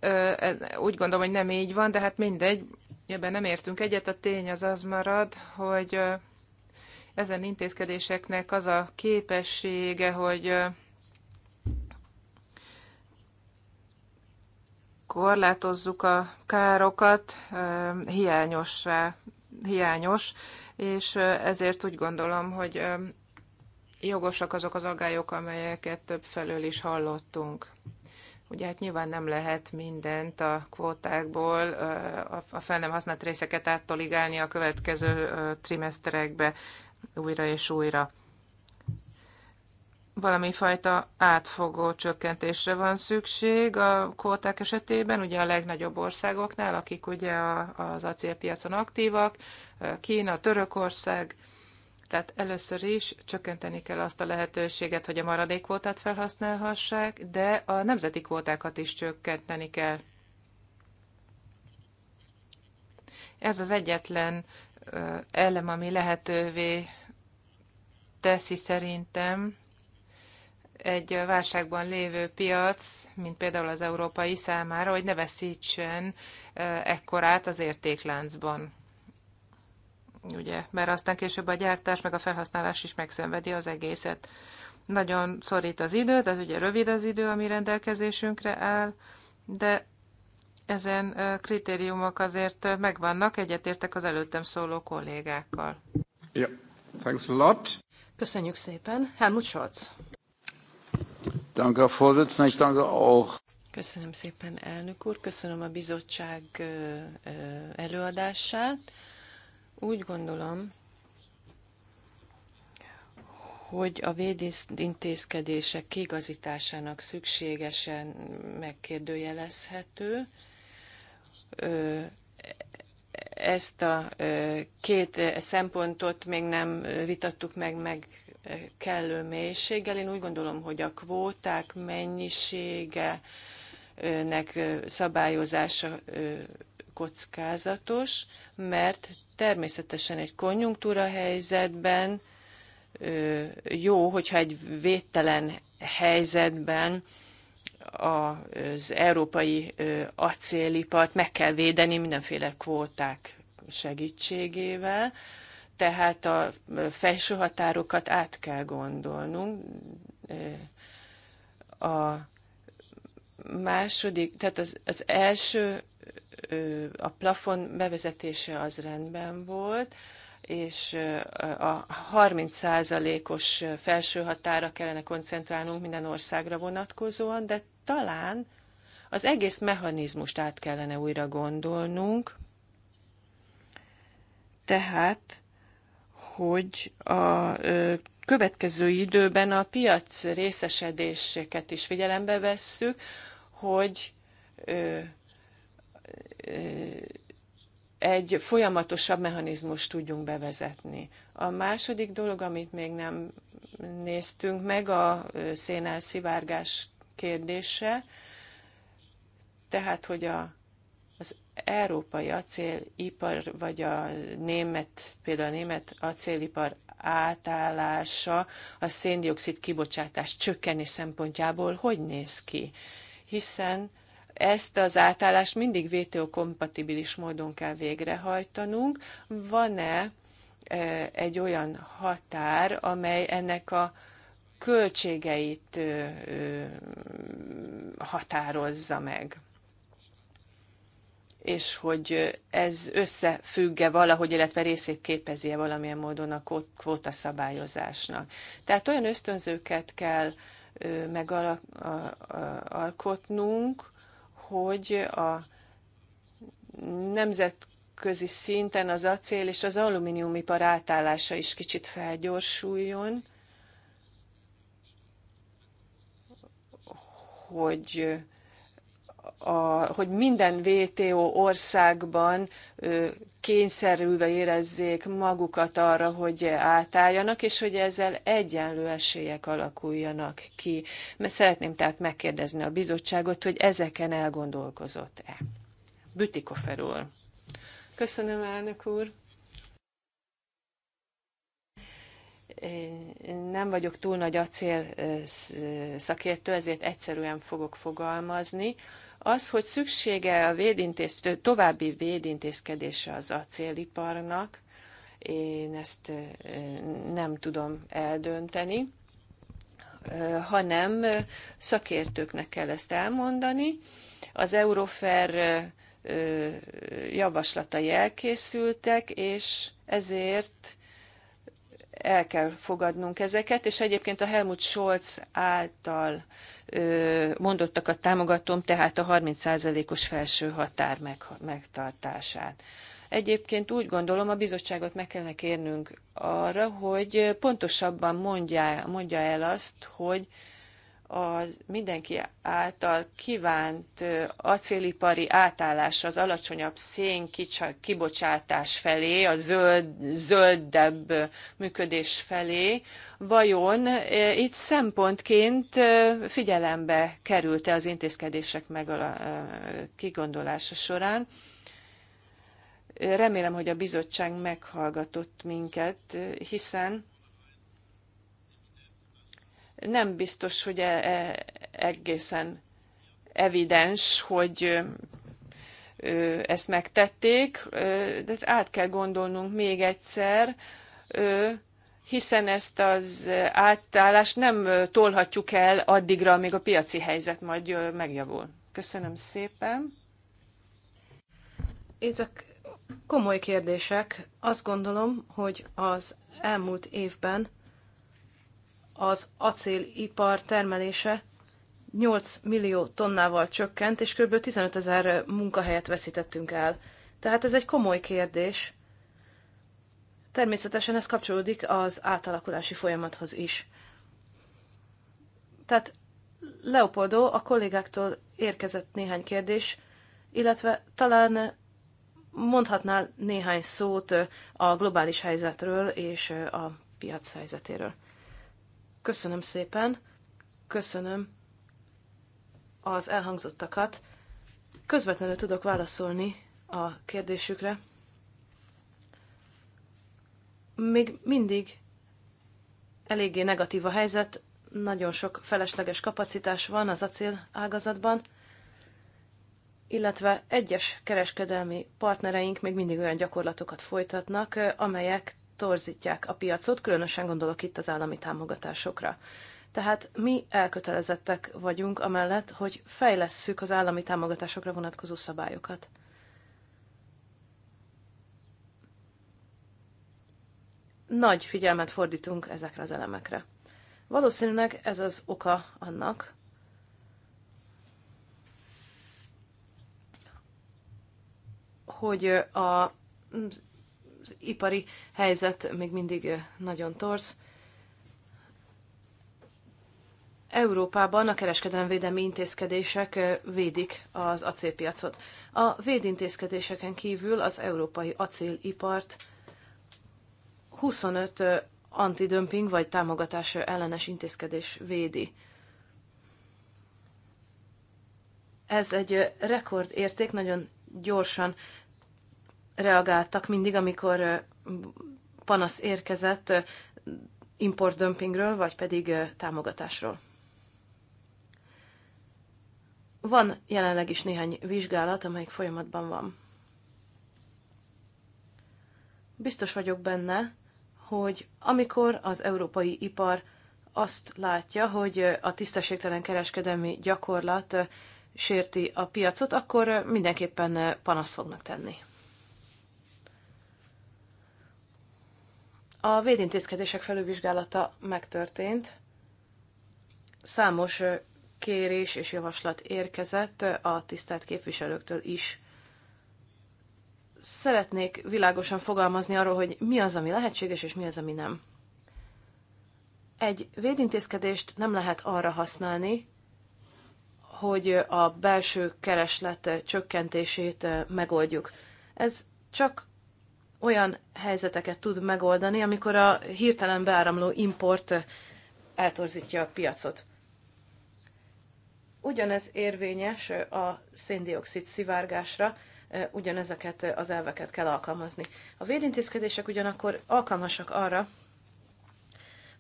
Speaker 3: Úgy gondolom, hogy nem így van, de hát mindegy, ebben nem értünk egyet. A tény az az marad, hogy ezen intézkedéseknek az a képessége, hogy korlátozzuk a károkat, hiányosra, hiányos, és ezért úgy gondolom, hogy jogosak azok az aggályok, amelyeket több felől is hallottunk. Ugye hát nyilván nem lehet mindent a kvótákból, a fel nem használt részeket áttoligálni a következő trimeszterekbe újra és újra. Valami fajta átfogó csökkentésre van szükség a kvóták esetében, ugye a legnagyobb országoknál, akik ugye az acélpiacon aktívak, Kína, Törökország, tehát először is csökkenteni kell azt a lehetőséget, hogy a maradék kvótát felhasználhassák, de a nemzeti kvótákat is csökkenteni kell. Ez az egyetlen elem, ami lehetővé teszi szerintem egy válságban lévő piac, mint például az európai számára, hogy ne veszítsen ekkorát az értékláncban ugye, mert aztán később a gyártás meg a felhasználás is megszenvedi az egészet. Nagyon szorít az idő, tehát ugye rövid az idő, ami rendelkezésünkre áll, de ezen kritériumok azért megvannak, egyetértek az előttem szóló kollégákkal. Yeah. Thanks a lot. Köszönjük szépen. Helmut Scholz. Danke, Vorsitzender, ich danke auch.
Speaker 1: Köszönöm szépen, elnök úr. Köszönöm a bizottság előadását. Úgy gondolom, hogy a védintézkedések kigazításának szükségesen megkérdőjelezhető. Ezt a két szempontot még nem vitattuk meg, meg kellő mélységgel. Én úgy gondolom, hogy a kvóták mennyisége, nek szabályozása kockázatos, mert Természetesen egy konjunktúra helyzetben jó, hogyha egy védtelen helyzetben az európai acélipart meg kell védeni mindenféle kvóták segítségével, tehát a felső határokat át kell gondolnunk. A második, tehát az, az első a plafon bevezetése az rendben volt, és a 30%-os felső határa kellene koncentrálnunk minden országra vonatkozóan, de talán az egész mechanizmust át kellene újra gondolnunk, tehát, hogy a következő időben a piac részesedéseket is figyelembe vesszük, hogy egy folyamatosabb mechanizmust tudjunk bevezetni. A második dolog, amit még nem néztünk meg, a szénelszivárgás kérdése, tehát, hogy a, az európai acélipar, vagy a német, például a német acélipar átállása a széndiokszid kibocsátás csökkenés szempontjából hogy néz ki? Hiszen ezt az átállást mindig WTO kompatibilis módon kell végrehajtanunk. Van-e e, egy olyan határ, amely ennek a költségeit határozza meg? és hogy ez összefügge valahogy, illetve részét képezie valamilyen módon a kvóta szabályozásnak. Tehát olyan ösztönzőket kell megalkotnunk, hogy a nemzetközi szinten az acél és az alumíniumipar átállása is kicsit felgyorsuljon, hogy a, hogy minden WTO országban kényszerülve érezzék magukat arra, hogy átálljanak, és hogy ezzel egyenlő esélyek alakuljanak ki. Mert szeretném tehát megkérdezni a bizottságot, hogy ezeken elgondolkozott-e. Bütikofer úr. Köszönöm, elnök úr. Én nem vagyok túl nagy acél szakértő, ezért egyszerűen fogok fogalmazni. Az, hogy szüksége a védintéz, további védintézkedése az acéliparnak, én ezt nem tudom eldönteni, hanem szakértőknek kell ezt elmondani. Az Eurofer javaslatai elkészültek, és ezért el kell fogadnunk ezeket, és egyébként a Helmut Scholz által mondottakat támogatom, tehát a 30%-os felső határ megtartását. Egyébként úgy gondolom, a bizottságot meg kellene kérnünk arra, hogy pontosabban mondja, mondja el azt, hogy az mindenki által kívánt acélipari átállás az alacsonyabb szén kibocsátás felé, a zöld, zöldebb működés felé, vajon itt szempontként figyelembe került-e az intézkedések a kigondolása során? Remélem, hogy a bizottság meghallgatott minket, hiszen nem biztos, hogy e, e, egészen evidens, hogy ezt megtették, de át kell gondolnunk még egyszer, hiszen ezt az átállást nem tolhatjuk el addigra, amíg a piaci helyzet majd megjavul.
Speaker 2: Köszönöm szépen. Ezek komoly kérdések. Azt gondolom, hogy az elmúlt évben az acélipar termelése 8 millió tonnával csökkent, és kb. 15 ezer munkahelyet veszítettünk el. Tehát ez egy komoly kérdés. Természetesen ez kapcsolódik az átalakulási folyamathoz is. Tehát Leopoldo, a kollégáktól érkezett néhány kérdés, illetve talán mondhatnál néhány szót a globális helyzetről és a piac helyzetéről. Köszönöm szépen, köszönöm az elhangzottakat. Közvetlenül tudok válaszolni a kérdésükre. Még mindig eléggé negatív a helyzet, nagyon sok felesleges kapacitás van az acél ágazatban, illetve egyes kereskedelmi partnereink még mindig olyan gyakorlatokat folytatnak, amelyek torzítják a piacot, különösen gondolok itt az állami támogatásokra. Tehát mi elkötelezettek vagyunk amellett, hogy fejlesszük az állami támogatásokra vonatkozó szabályokat. Nagy figyelmet fordítunk ezekre az elemekre. Valószínűleg ez az oka annak, hogy a az ipari helyzet még mindig eh, nagyon torz. Európában a kereskedelemvédelmi intézkedések eh, védik az acélpiacot. A védintézkedéseken kívül az európai acélipart 25 eh, antidömping vagy támogatás ellenes intézkedés védi. Ez egy rekordérték, nagyon gyorsan reagáltak mindig, amikor panasz érkezett importdömpingről, vagy pedig támogatásról. Van jelenleg is néhány vizsgálat, amelyik folyamatban van. Biztos vagyok benne, hogy amikor az európai ipar azt látja, hogy a tisztességtelen kereskedelmi gyakorlat sérti a piacot, akkor mindenképpen panaszt fognak tenni. A védintézkedések felülvizsgálata megtörtént. Számos kérés és javaslat érkezett a tisztelt képviselőktől is. Szeretnék világosan fogalmazni arról, hogy mi az, ami lehetséges, és mi az, ami nem. Egy védintézkedést nem lehet arra használni, hogy a belső kereslet csökkentését megoldjuk. Ez csak olyan helyzeteket tud megoldani, amikor a hirtelen beáramló import eltorzítja a piacot. Ugyanez érvényes a széndiokszid szivárgásra, ugyanezeket az elveket kell alkalmazni. A védintézkedések ugyanakkor alkalmasak arra,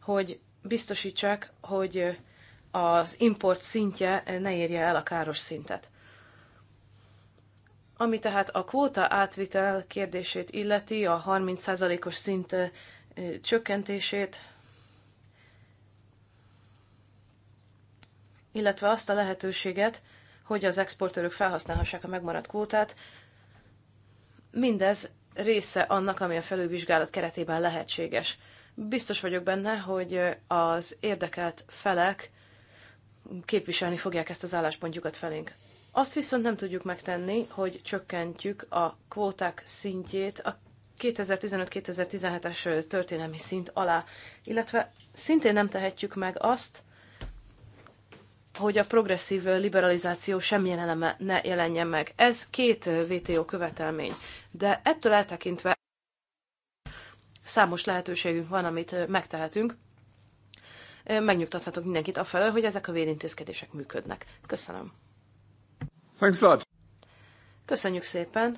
Speaker 2: hogy biztosítsák, hogy az import szintje ne érje el a káros szintet. Ami tehát a kvóta átvitel kérdését illeti, a 30%-os szint csökkentését, illetve azt a lehetőséget, hogy az exportőrök felhasználhassák a megmaradt kvótát, mindez része annak, ami a felülvizsgálat keretében lehetséges. Biztos vagyok benne, hogy az érdekelt felek képviselni fogják ezt az álláspontjukat felénk. Azt viszont nem tudjuk megtenni, hogy csökkentjük a kvóták szintjét a 2015-2017-es történelmi szint alá, illetve szintén nem tehetjük meg azt, hogy a progresszív liberalizáció semmilyen eleme ne jelenjen meg. Ez két VTO követelmény, de ettől eltekintve számos lehetőségünk van, amit megtehetünk. Megnyugtathatok mindenkit afelől, hogy ezek a védintézkedések működnek. Köszönöm. Thanks a lot. Köszönjük szépen.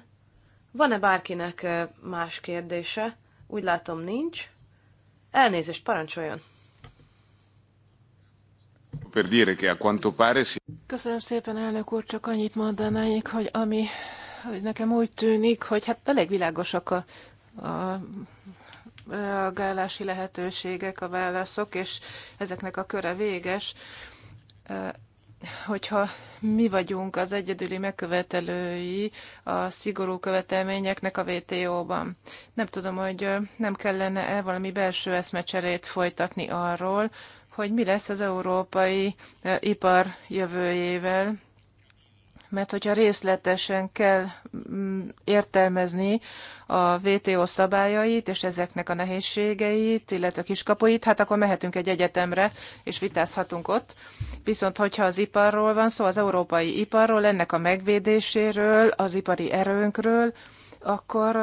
Speaker 2: Van-e bárkinek más kérdése? Úgy látom, nincs. Elnézést, parancsoljon.
Speaker 3: Köszönöm szépen, elnök úr, csak annyit mondanáik, hogy ami hogy nekem úgy tűnik, hogy hát elég világosak a, a reagálási lehetőségek, a válaszok, és ezeknek a köre véges hogyha mi vagyunk az egyedüli megkövetelői a szigorú követelményeknek a WTO-ban. Nem tudom, hogy nem kellene-e valami belső eszmecserét folytatni arról, hogy mi lesz az európai ipar jövőjével, mert hogyha részletesen kell mm, értelmezni a VTO szabályait és ezeknek a nehézségeit, illetve kiskapuit, hát akkor mehetünk egy egyetemre és vitázhatunk ott. Viszont hogyha az iparról van szó, az európai iparról, ennek a megvédéséről, az ipari erőnkről, akkor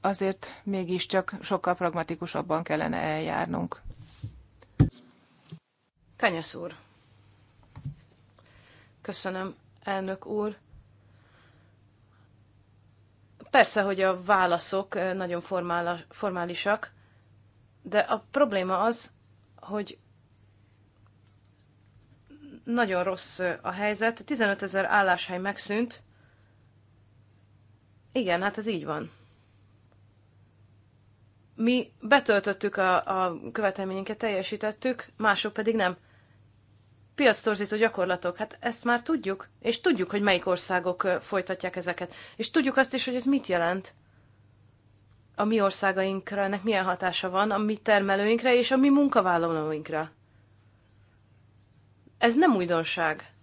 Speaker 3: azért mégiscsak sokkal pragmatikusabban kellene eljárnunk.
Speaker 2: Kanyasz úr, köszönöm elnök úr. Persze, hogy a válaszok eh, nagyon formálisak, de a probléma az, hogy nagyon rossz eh, a helyzet. 15 ezer álláshely megszűnt. Igen, hát ez így van. Mi betöltöttük a, a követelményünket, teljesítettük, mások pedig nem piasztorzító gyakorlatok, hát ezt már tudjuk, és tudjuk, hogy melyik országok folytatják ezeket, és tudjuk azt is, hogy ez mit jelent a mi országainkra, ennek milyen hatása van a mi termelőinkre és a mi munkavállalóinkra. Ez nem újdonság.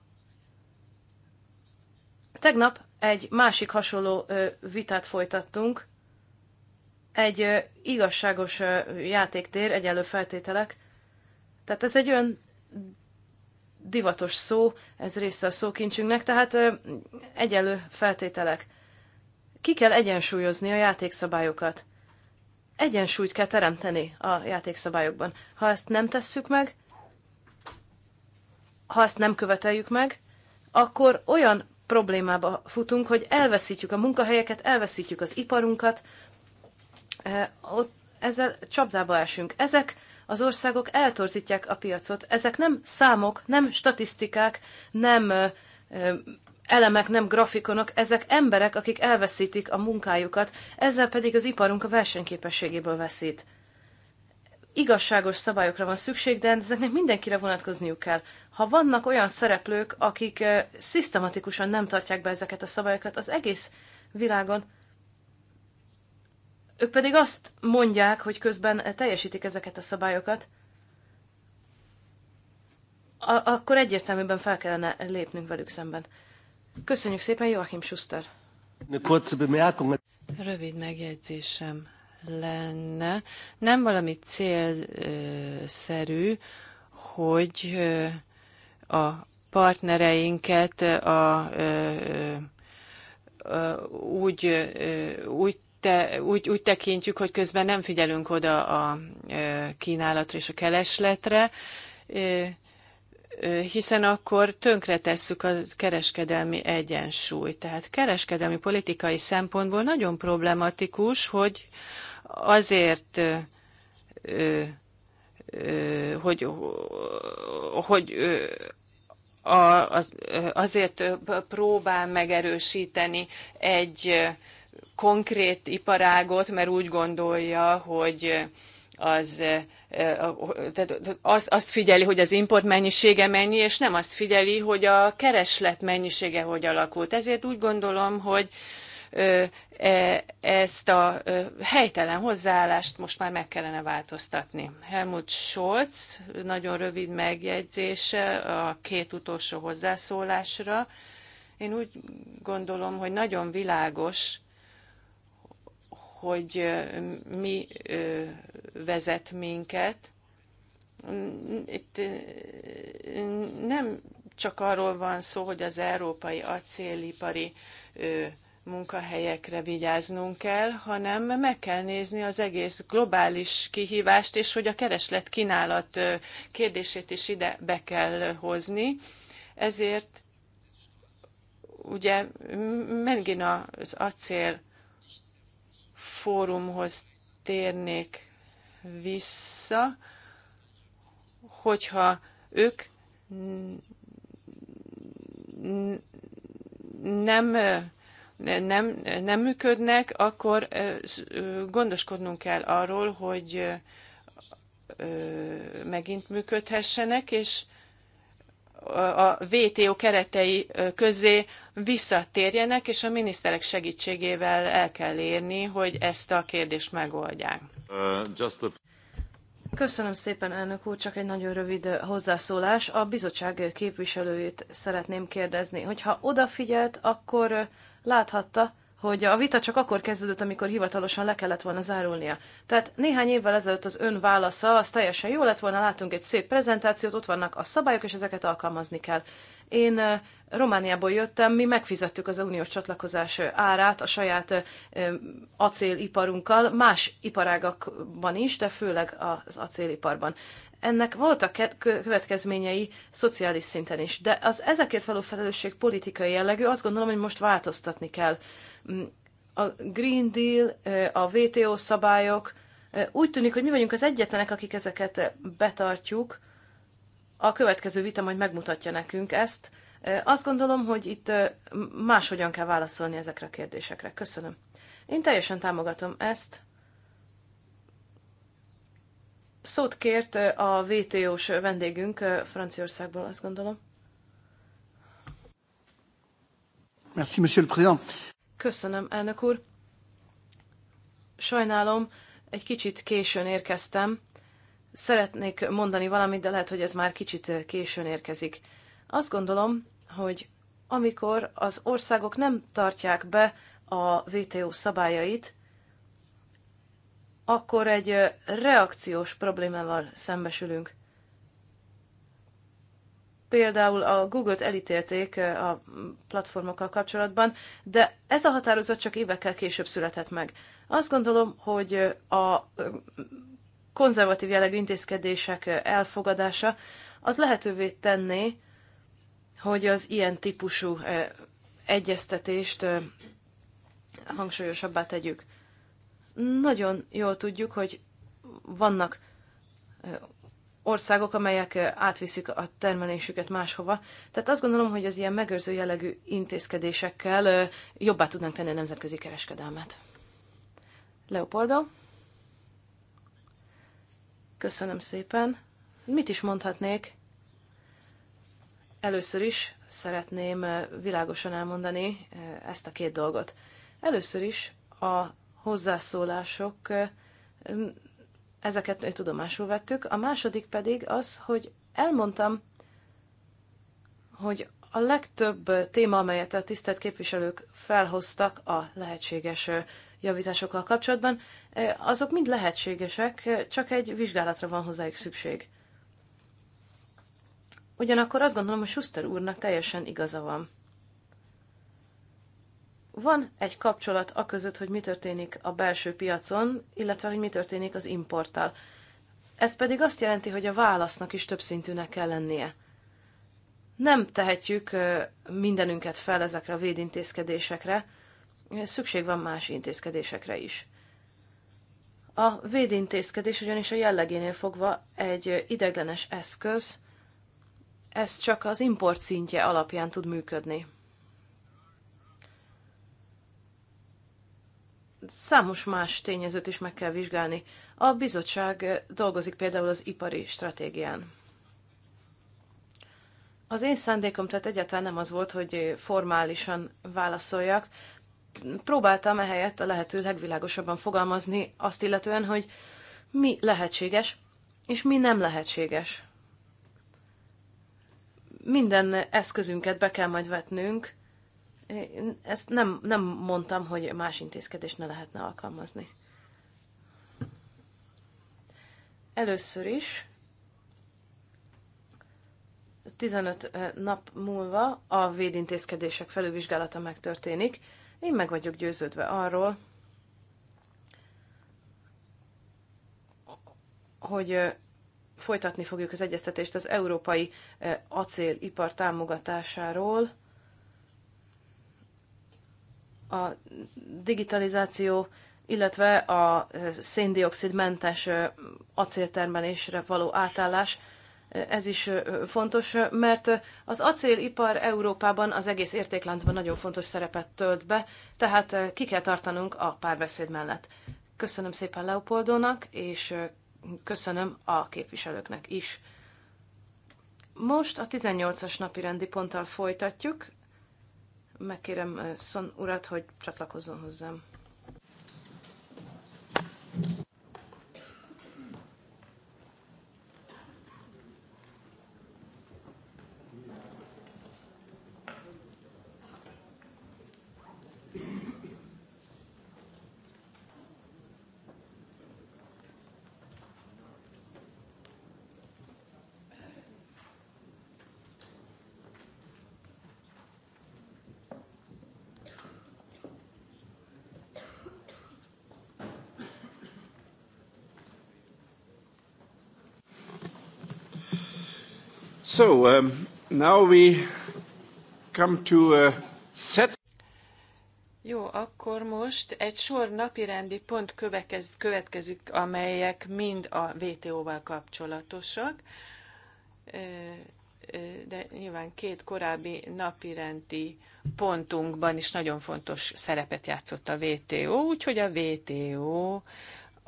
Speaker 2: Tegnap egy másik hasonló vitát folytattunk, egy igazságos játéktér, egyenlő feltételek. Tehát ez egy olyan divatos szó, ez része a szókincsünknek, tehát egyenlő feltételek. Ki kell egyensúlyozni a játékszabályokat. Egyensúlyt kell teremteni a játékszabályokban. Ha ezt nem tesszük meg, ha ezt nem követeljük meg, akkor olyan problémába futunk, hogy elveszítjük a munkahelyeket, elveszítjük az iparunkat, ezzel csapdába esünk. Ezek az országok eltorzítják a piacot. Ezek nem számok, nem statisztikák, nem elemek, nem grafikonok, ezek emberek, akik elveszítik a munkájukat, ezzel pedig az iparunk a versenyképességéből veszít. Igazságos szabályokra van szükség, de ezeknek mindenkire vonatkozniuk kell. Ha vannak olyan szereplők, akik szisztematikusan nem tartják be ezeket a szabályokat, az egész világon ők pedig azt mondják, hogy közben teljesítik ezeket a szabályokat, akkor egyértelműen fel kellene lépnünk velük szemben. Köszönjük szépen, Joachim Schuster! Rövid megjegyzésem lenne. Nem valami
Speaker 1: célszerű, hogy a partnereinket a, a, a, úgy, úgy te, úgy, úgy tekintjük, hogy közben nem figyelünk oda a kínálatra és a keresletre, hiszen akkor tönkretesszük a kereskedelmi egyensúlyt. Tehát kereskedelmi politikai szempontból nagyon problematikus, hogy azért hogy, hogy azért próbál megerősíteni egy konkrét iparágot, mert úgy gondolja, hogy az, tehát azt, azt figyeli, hogy az import mennyisége mennyi, és nem azt figyeli, hogy a kereslet mennyisége hogy alakult. Ezért úgy gondolom, hogy e, ezt a helytelen hozzáállást most már meg kellene változtatni. Helmut Scholz nagyon rövid megjegyzése a két utolsó hozzászólásra. Én úgy gondolom, hogy nagyon világos, hogy mi vezet minket. Itt nem csak arról van szó, hogy az európai acélipari munkahelyekre vigyáznunk kell, hanem meg kell nézni az egész globális kihívást, és hogy a kereslet-kínálat kérdését is ide be kell hozni. Ezért ugye megint az acél fórumhoz térnék vissza, hogyha ők nem, nem, nem működnek, akkor gondoskodnunk kell arról, hogy megint működhessenek, és a WTO keretei közé visszatérjenek, és a miniszterek
Speaker 2: segítségével el kell érni, hogy ezt a kérdést megoldják.
Speaker 3: Uh,
Speaker 2: Köszönöm szépen, elnök úr, csak egy nagyon rövid hozzászólás. A bizottság képviselőjét szeretném kérdezni, hogyha odafigyelt, akkor láthatta, hogy a vita csak akkor kezdődött, amikor hivatalosan le kellett volna zárulnia. Tehát néhány évvel ezelőtt az ön válasza, az teljesen jó lett volna, látunk egy szép prezentációt, ott vannak a szabályok, és ezeket alkalmazni kell. Én eh, Romániából jöttem, mi megfizettük az uniós csatlakozás eh, árát a saját eh, acéliparunkkal, más iparágakban is, de főleg az acéliparban ennek voltak következményei szociális szinten is, de az ezekért való felelősség politikai jellegű, azt gondolom, hogy most változtatni kell. Mm, a Green Deal, a WTO szabályok, úgy tűnik, hogy mi vagyunk az egyetlenek, akik ezeket betartjuk. A következő vita majd megmutatja nekünk ezt. Azt gondolom, hogy itt máshogyan kell válaszolni ezekre a kérdésekre. Köszönöm. Én teljesen támogatom ezt. Szót kért a VTO-s vendégünk Franciaországból, azt gondolom. Merci, monsieur le président. Köszönöm, elnök úr. Sajnálom, egy kicsit későn érkeztem. Szeretnék mondani valamit, de lehet, hogy ez már kicsit későn érkezik. Azt gondolom, hogy amikor az országok nem tartják be a WTO szabályait, akkor egy reakciós problémával szembesülünk. Például a Google-t elítélték a platformokkal kapcsolatban, de ez a határozat csak évekkel később született meg. Azt gondolom, hogy a konzervatív jellegű intézkedések elfogadása az lehetővé tenné, hogy az ilyen típusú egyeztetést hangsúlyosabbá tegyük. Nagyon jól tudjuk, hogy vannak országok, amelyek átviszik a termelésüket máshova. Tehát azt gondolom, hogy az ilyen megőrző jellegű intézkedésekkel jobbá tudnánk tenni a nemzetközi kereskedelmet. Leopoldo? Köszönöm szépen. Mit is mondhatnék? Először is szeretném világosan elmondani ezt a két dolgot. Először is a hozzászólások, ezeket tudomásul vettük. A második pedig az, hogy elmondtam, hogy a legtöbb téma, amelyet a tisztelt képviselők felhoztak a lehetséges javításokkal kapcsolatban, azok mind lehetségesek, csak egy vizsgálatra van hozzájuk szükség. Ugyanakkor azt gondolom, hogy Schuster úrnak teljesen igaza van. Van egy kapcsolat a között, hogy mi történik a belső piacon, illetve hogy mi történik az importtal. Ez pedig azt jelenti, hogy a válasznak is többszintűnek kell lennie. Nem tehetjük mindenünket fel ezekre a védintézkedésekre, szükség van más intézkedésekre is. A védintézkedés ugyanis a jellegénél fogva egy ideglenes eszköz, ez csak az import szintje alapján tud működni. számos más tényezőt is meg kell vizsgálni. A bizottság eh, dolgozik például az ipari stratégián. Az én szándékom tehát egyáltalán nem az volt, hogy formálisan válaszoljak. Próbáltam ehelyett a lehető legvilágosabban fogalmazni azt illetően, hogy mi lehetséges, és mi nem lehetséges. Minden eszközünket be kell majd vetnünk, ezt nem, nem mondtam, hogy más intézkedést ne lehetne alkalmazni. Először is 15 nap múlva a védintézkedések felülvizsgálata megtörténik. Én meg vagyok győződve arról, hogy folytatni fogjuk az egyeztetést az európai acélipar támogatásáról, a digitalizáció, illetve a széndiokszidmentes acéltermelésre való átállás, ez is fontos, mert az acélipar Európában az egész értékláncban nagyon fontos szerepet tölt be, tehát ki kell tartanunk a párbeszéd mellett. Köszönöm szépen Leopoldónak, és köszönöm a képviselőknek is. Most a 18-as napi rendi ponttal folytatjuk, Megkérem eh, Szon urat, hogy csatlakozzon hozzám.
Speaker 1: So, um, now we come to a uh, set.
Speaker 3: Jó, akkor
Speaker 1: most egy sor napirendi pont következik, amelyek mind a VTO-val kapcsolatosak, de nyilván két korábbi napirendi pontunkban is nagyon fontos szerepet játszott a VTO, úgyhogy a VTO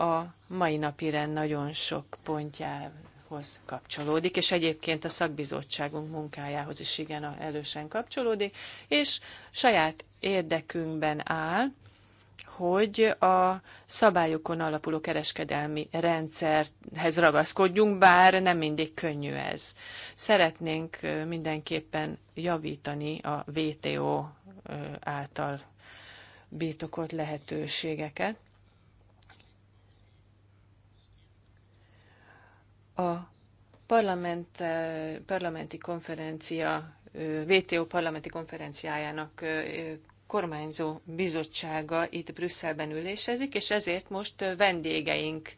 Speaker 1: a mai napirend nagyon sok pontjával munkánkhoz kapcsolódik, és egyébként a szakbizottságunk munkájához is igen elősen kapcsolódik, és saját érdekünkben áll, hogy a szabályokon alapuló kereskedelmi rendszerhez ragaszkodjunk, bár nem mindig könnyű ez. Szeretnénk mindenképpen javítani a VTO által birtokolt lehetőségeket. A parlament, eh, parlamenti konferencia, eh, WTO parlamenti konferenciájának eh, kormányzó bizottsága itt Brüsszelben ülésezik, és ezért most vendégeink,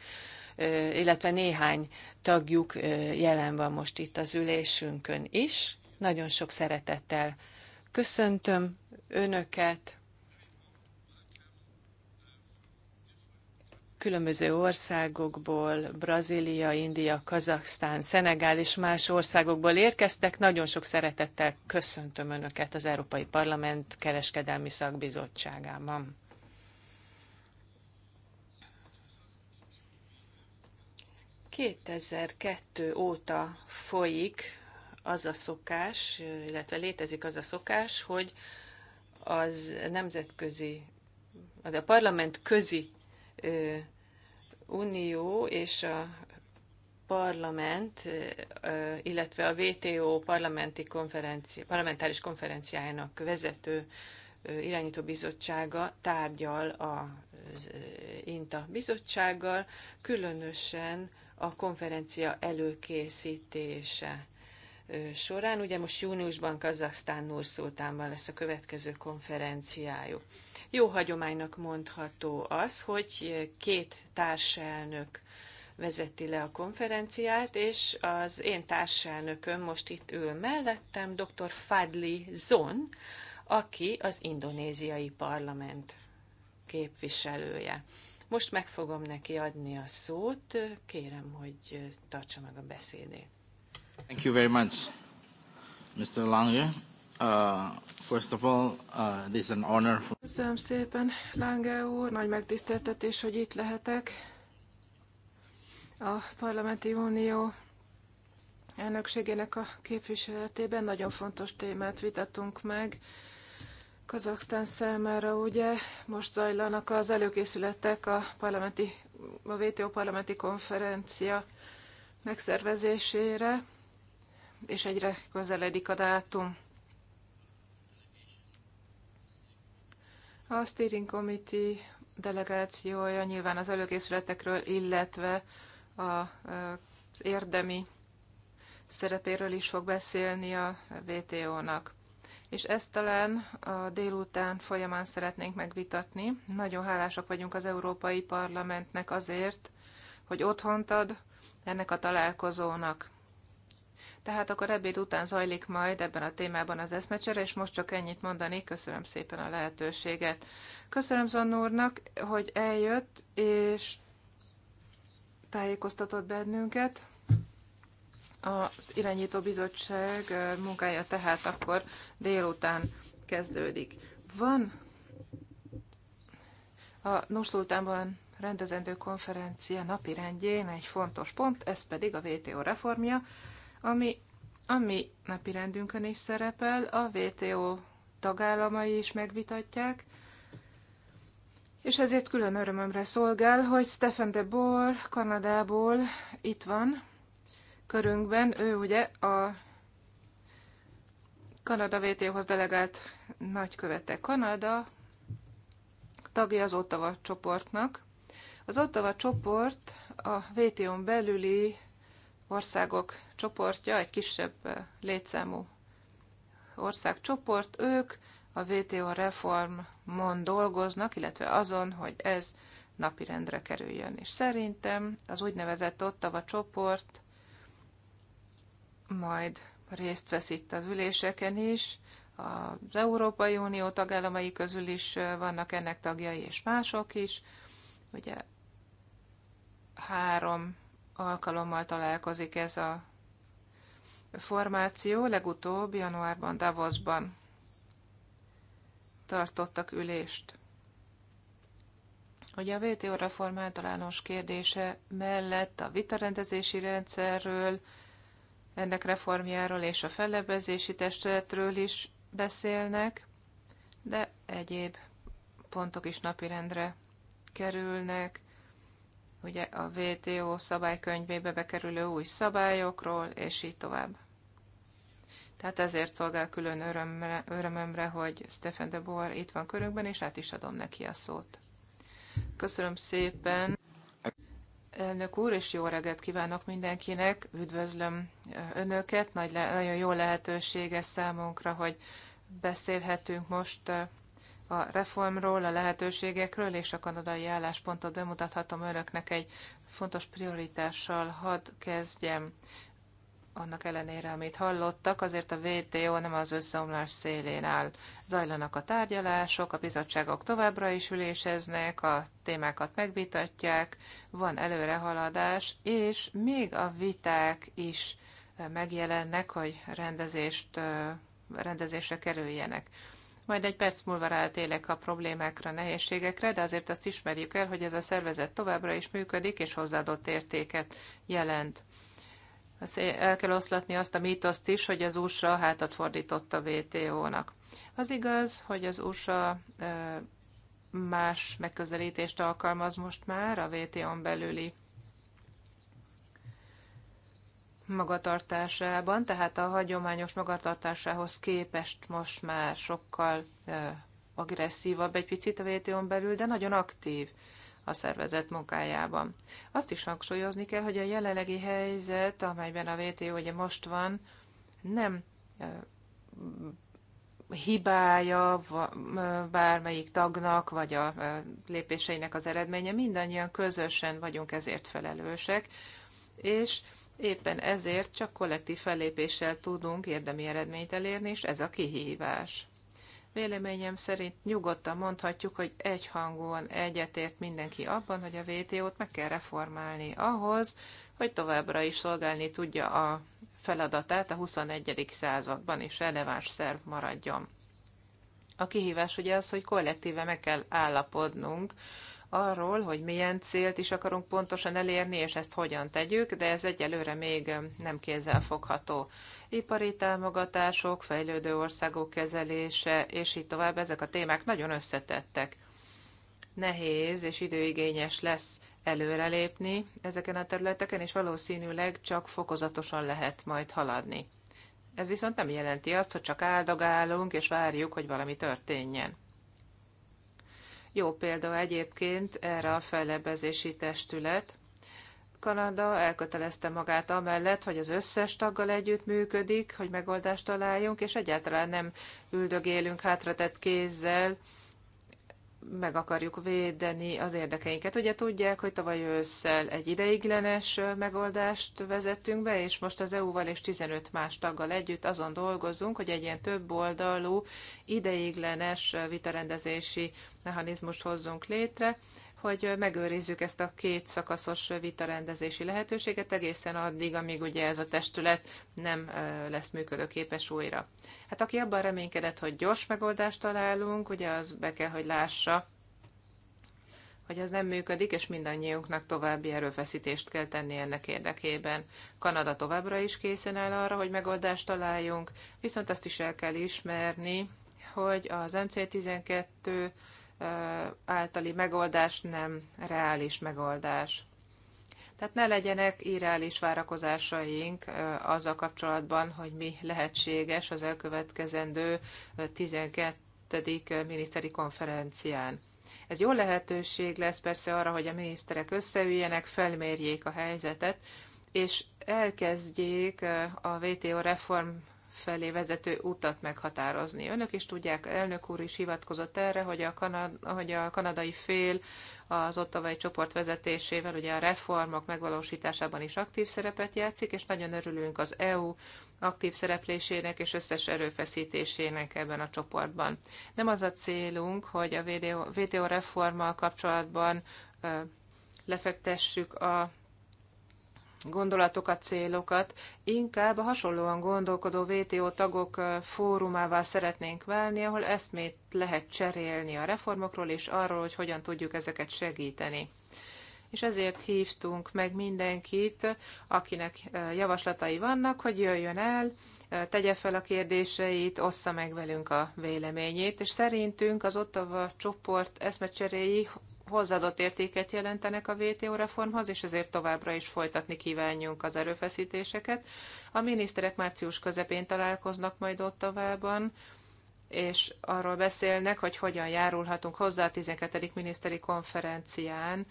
Speaker 1: illetve néhány tagjuk jelen van most itt az ülésünkön is. Nagyon sok szeretettel köszöntöm Önöket, különböző országokból, Brazília, India, Kazaksztán, Szenegál és más országokból érkeztek. Nagyon sok szeretettel köszöntöm Önöket az Európai Parlament Kereskedelmi Szakbizottságában. ...2002 óta folyik az a szokás, illetve létezik az a szokás, hogy az nemzetközi, az a parlament közi Unió és a parlament, illetve a WTO parlamenti konferenci, parlamentáris konferenciájának vezető irányító bizottsága tárgyal az INTA bizottsággal, különösen a konferencia előkészítése során. Ugye most júniusban Kazaksztán Nurszultánban lesz a következő konferenciájuk. Jó hagyománynak mondható az, hogy két társelnök vezeti le a konferenciát, és az én társelnököm most itt ül mellettem, dr. Fadli Zon, aki az indonéziai parlament képviselője. Most meg fogom neki adni a szót, kérem, hogy tartsa meg a beszédét.
Speaker 3: Thank you very much, Mr. Lange. Uh, first of all, uh, this is an honor. Köszönöm szépen, Lange úr, nagy megtiszteltetés, hogy itt lehetek. A Parlamenti Unió elnökségének a képviseletében nagyon fontos témát vitatunk meg. Kazaksztán számára ugye most zajlanak az előkészületek a, parlamenti, a VTO parlamenti konferencia megszervezésére, és egyre közeledik a dátum. A Steering Committee delegációja nyilván az előkészületekről, illetve a, az érdemi szerepéről is fog beszélni a WTO-nak. És ezt talán a délután folyamán szeretnénk megvitatni. Nagyon hálásak vagyunk az Európai Parlamentnek azért, hogy otthont ad ennek a találkozónak. Tehát akkor ebéd után zajlik majd ebben a témában az eszmecsere, és most csak ennyit mondani. Köszönöm szépen a lehetőséget. Köszönöm Zon úrnak, hogy eljött, és tájékoztatott bennünket. Az irányító bizottság munkája tehát akkor délután kezdődik. Van a Nurszultánban rendezendő konferencia napirendjén egy fontos pont, ez pedig a VTO reformja, ami, ami napi rendünkön is szerepel, a WTO tagállamai is megvitatják, és ezért külön örömömre szolgál, hogy Stephen de Boer Kanadából itt van körünkben. Ő ugye a Kanada WTO-hoz delegált nagykövete. Kanada tagja az Ottawa csoportnak. Az Ottawa csoport a WTO-n belüli országok csoportja, egy kisebb létszámú országcsoport, ők a WTO reformon dolgoznak, illetve azon, hogy ez napirendre kerüljön. És szerintem az úgynevezett Ottava csoport majd részt vesz itt az üléseken is, az Európai Unió tagállamai közül is vannak ennek tagjai, és mások is. Ugye három alkalommal találkozik ez a formáció, legutóbb januárban Davosban tartottak ülést. Ugye a WTO reform általános kérdése mellett a vitarendezési rendszerről, ennek reformjáról és a fellebezési testületről is beszélnek, de egyéb pontok is napirendre kerülnek, ugye a WTO szabálykönyvébe bekerülő új szabályokról, és így tovább. Tehát ezért szolgál külön örömre, örömömre, hogy Stefan de Boer itt van körünkben, és át is adom neki a szót. Köszönöm szépen! Elnök úr, és jó reggelt kívánok mindenkinek! Üdvözlöm Önöket! Nagy, nagyon jó lehetősége számunkra, hogy beszélhetünk most a reformról, a lehetőségekről és a kanadai álláspontot bemutathatom önöknek egy fontos prioritással. Hadd kezdjem annak ellenére, amit hallottak, azért a VTO nem az összeomlás szélén áll. Zajlanak a tárgyalások, a bizottságok továbbra is üléseznek, a témákat megvitatják, van előrehaladás, és még a viták is megjelennek, hogy rendezést, rendezésre kerüljenek. Majd egy perc múlva rátélek a problémákra, nehézségekre, de azért azt ismerjük el, hogy ez a szervezet továbbra is működik, és hozzáadott értéket jelent. El kell oszlatni azt a mítoszt is, hogy az USA hátat fordított a WTO-nak. Az igaz, hogy az USA más megközelítést alkalmaz most már a WTO-n belüli magatartásában, tehát a hagyományos magatartásához képest most már sokkal agresszívabb egy picit a WTO-n belül, de nagyon aktív a szervezet munkájában. Azt is hangsúlyozni kell, hogy a jelenlegi helyzet, amelyben a WTO ugye most van, nem hibája bármelyik tagnak, vagy a lépéseinek az eredménye, mindannyian közösen vagyunk ezért felelősek, és Éppen ezért csak kollektív fellépéssel tudunk érdemi eredményt elérni, és ez a kihívás. Véleményem szerint nyugodtan mondhatjuk, hogy egyhangúan egyetért mindenki abban, hogy a vto t meg kell reformálni ahhoz, hogy továbbra is szolgálni tudja a feladatát a 21. században, is releváns szerv maradjon. A kihívás ugye az, hogy kollektíve meg kell állapodnunk, arról, hogy milyen célt is akarunk pontosan elérni, és ezt hogyan tegyük, de ez egyelőre még nem kézzelfogható. Ipari támogatások, fejlődő országok kezelése, és így tovább, ezek a témák nagyon összetettek. Nehéz és időigényes lesz előrelépni ezeken a területeken, és valószínűleg csak fokozatosan lehet majd haladni. Ez viszont nem jelenti azt, hogy csak áldogálunk és várjuk, hogy valami történjen. Jó példa egyébként erre a fejlebezési testület. Kanada elkötelezte magát amellett, hogy az összes taggal együtt működik, hogy megoldást találjunk, és egyáltalán nem üldögélünk hátratett kézzel, meg akarjuk védeni az érdekeinket. Ugye tudják, hogy tavaly ősszel egy ideiglenes megoldást vezettünk be, és most az EU-val és 15 más taggal együtt azon dolgozunk, hogy egy ilyen több oldalú ideiglenes vitarendezési mechanizmus hozzunk létre, hogy megőrizzük ezt a két szakaszos vitarendezési lehetőséget egészen addig, amíg ugye ez a testület nem lesz működőképes újra. Hát aki abban reménykedett, hogy gyors megoldást találunk, ugye az be kell, hogy lássa, hogy ez nem működik, és mindannyiunknak további erőfeszítést kell tenni ennek érdekében. Kanada továbbra is készen áll arra, hogy megoldást találjunk, viszont azt is el kell ismerni, hogy az MC12 általi megoldás nem reális megoldás. Tehát ne legyenek irreális várakozásaink azzal kapcsolatban, hogy mi lehetséges az elkövetkezendő 12. miniszteri konferencián. Ez jó lehetőség lesz persze arra, hogy a miniszterek összeüljenek, felmérjék a helyzetet, és elkezdjék a WTO reform felé vezető utat meghatározni. Önök is tudják, elnök úr is hivatkozott erre, hogy a, kanad, hogy a kanadai fél az ottavai csoport vezetésével ugye a reformok megvalósításában is aktív szerepet játszik, és nagyon örülünk az EU aktív szereplésének és összes erőfeszítésének ebben a csoportban. Nem az a célunk, hogy a VTO reformmal kapcsolatban lefektessük a gondolatokat, célokat, inkább a hasonlóan gondolkodó VTO tagok fórumává szeretnénk válni, ahol eszmét lehet cserélni a reformokról és arról, hogy hogyan tudjuk ezeket segíteni. És ezért hívtunk meg mindenkit, akinek javaslatai vannak, hogy jöjjön el, tegye fel a kérdéseit, ossza meg velünk a véleményét, és szerintünk az Ottava csoport eszmecseréi hozzáadott értéket jelentenek a WTO reformhoz, és ezért továbbra is folytatni kívánjunk az erőfeszítéseket. A miniszterek március közepén találkoznak majd ott továbban, és arról beszélnek, hogy hogyan járulhatunk hozzá a 12. miniszteri konferencián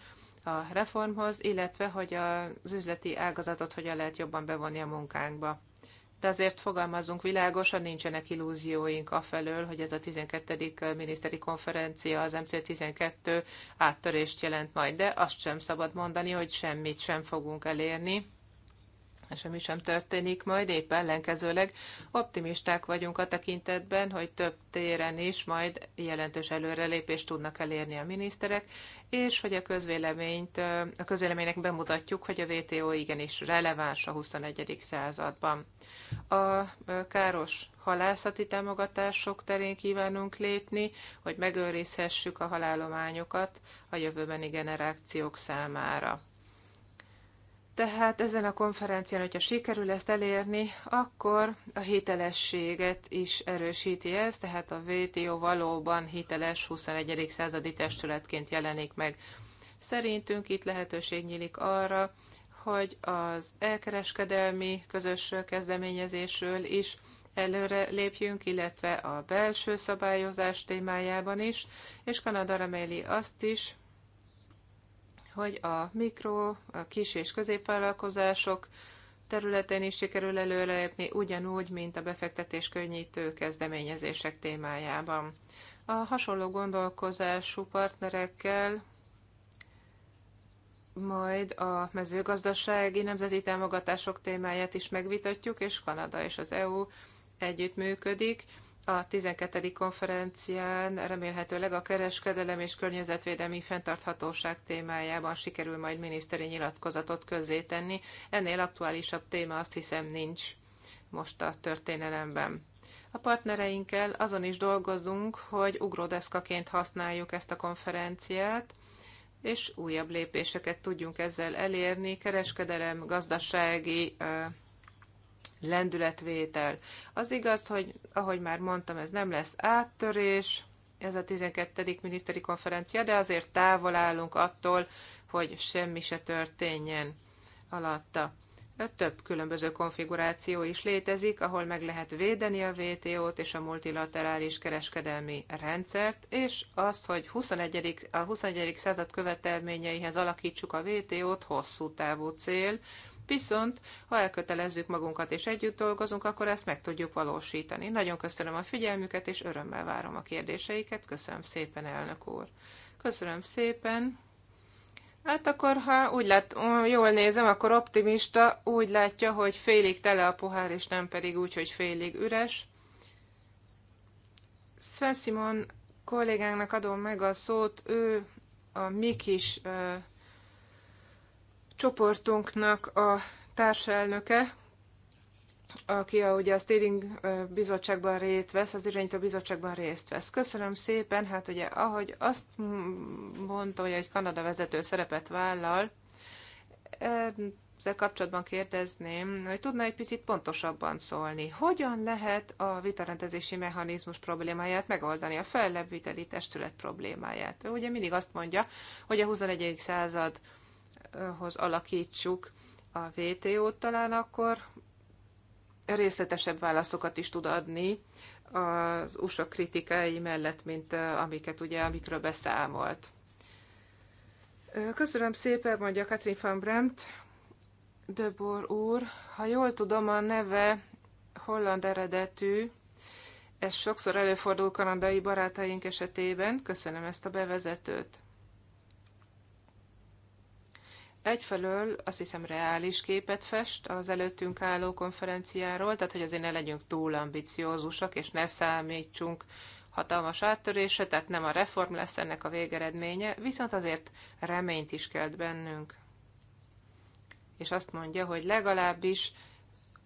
Speaker 3: a reformhoz, illetve hogy az üzleti ágazatot hogyan lehet jobban bevonni a munkánkba de azért fogalmazunk világosan, nincsenek illúzióink afelől, hogy ez a 12. miniszteri konferencia, az MC12 áttörést jelent majd, de azt sem szabad mondani, hogy semmit sem fogunk elérni semmi sem történik majd, épp ellenkezőleg optimisták vagyunk a tekintetben, hogy több téren is majd jelentős előrelépést tudnak elérni a miniszterek, és hogy a közvéleményt, a közvéleménynek bemutatjuk, hogy a WTO igenis releváns a XXI. században. A káros halászati támogatások terén kívánunk lépni, hogy megőrizhessük a halálományokat a jövőbeni generációk számára. Tehát ezen a konferencián, hogyha sikerül ezt elérni, akkor a hitelességet is erősíti ez, tehát a WTO valóban hiteles 21. századi testületként jelenik meg. Szerintünk itt lehetőség nyílik arra, hogy az elkereskedelmi közös kezdeményezésről is előre lépjünk, illetve a belső szabályozás témájában is, és Kanada reméli azt is, hogy a mikro, a kis és középvállalkozások területén is sikerül előrelépni, ugyanúgy, mint a befektetés könnyítő kezdeményezések témájában. A hasonló gondolkozású partnerekkel majd a mezőgazdasági nemzeti támogatások témáját is megvitatjuk, és Kanada és az EU együttműködik a 12. konferencián remélhetőleg a kereskedelem és környezetvédelmi fenntarthatóság témájában sikerül majd miniszteri nyilatkozatot közzétenni. Ennél aktuálisabb téma azt hiszem nincs most a történelemben. A partnereinkkel azon is dolgozunk, hogy ugródeszkaként használjuk ezt a konferenciát, és újabb lépéseket tudjunk ezzel elérni, kereskedelem, gazdasági lendületvétel. Az igaz, hogy ahogy már mondtam, ez nem lesz áttörés, ez a 12. miniszteri konferencia, de azért távol állunk attól, hogy semmi se történjen alatta. Több különböző konfiguráció is létezik, ahol meg lehet védeni a WTO-t és a multilaterális kereskedelmi rendszert, és az, hogy 21. a 21. század követelményeihez alakítsuk a WTO-t hosszú távú cél, Viszont, ha elkötelezzük magunkat és együtt dolgozunk, akkor ezt meg tudjuk valósítani. Nagyon köszönöm a figyelmüket, és örömmel várom a kérdéseiket. Köszönöm szépen, elnök úr. Köszönöm szépen. Hát akkor, ha úgy lát, jól nézem, akkor optimista úgy látja, hogy félig tele a pohár, és nem pedig úgy, hogy félig üres. Sven Simon kollégánknak adom meg a szót, ő a mi kis csoportunknak a társelnöke, aki a, ugye a steering bizottságban részt vesz, az irányító bizottságban részt vesz. Köszönöm szépen, hát ugye ahogy azt mondta, hogy egy Kanada vezető szerepet vállal, ezzel kapcsolatban kérdezném, hogy tudna egy picit pontosabban szólni. Hogyan lehet a vitarendezési mechanizmus problémáját megoldani, a fellebbviteli testület problémáját? Ő ugye mindig azt mondja, hogy a 21. század hoz alakítsuk a VTO-t, talán akkor részletesebb válaszokat is tud adni az USA kritikái mellett, mint amiket ugye, amikről beszámolt. Köszönöm szépen, mondja Katrin van Bremt. Döbor úr, ha jól tudom, a neve holland eredetű, ez sokszor előfordul kanadai barátaink esetében. Köszönöm ezt a bevezetőt egyfelől azt hiszem reális képet fest az előttünk álló konferenciáról, tehát hogy azért ne legyünk túl ambiciózusak, és ne számítsunk hatalmas áttörése, tehát nem a reform lesz ennek a végeredménye, viszont azért reményt is kelt bennünk. És azt mondja, hogy legalábbis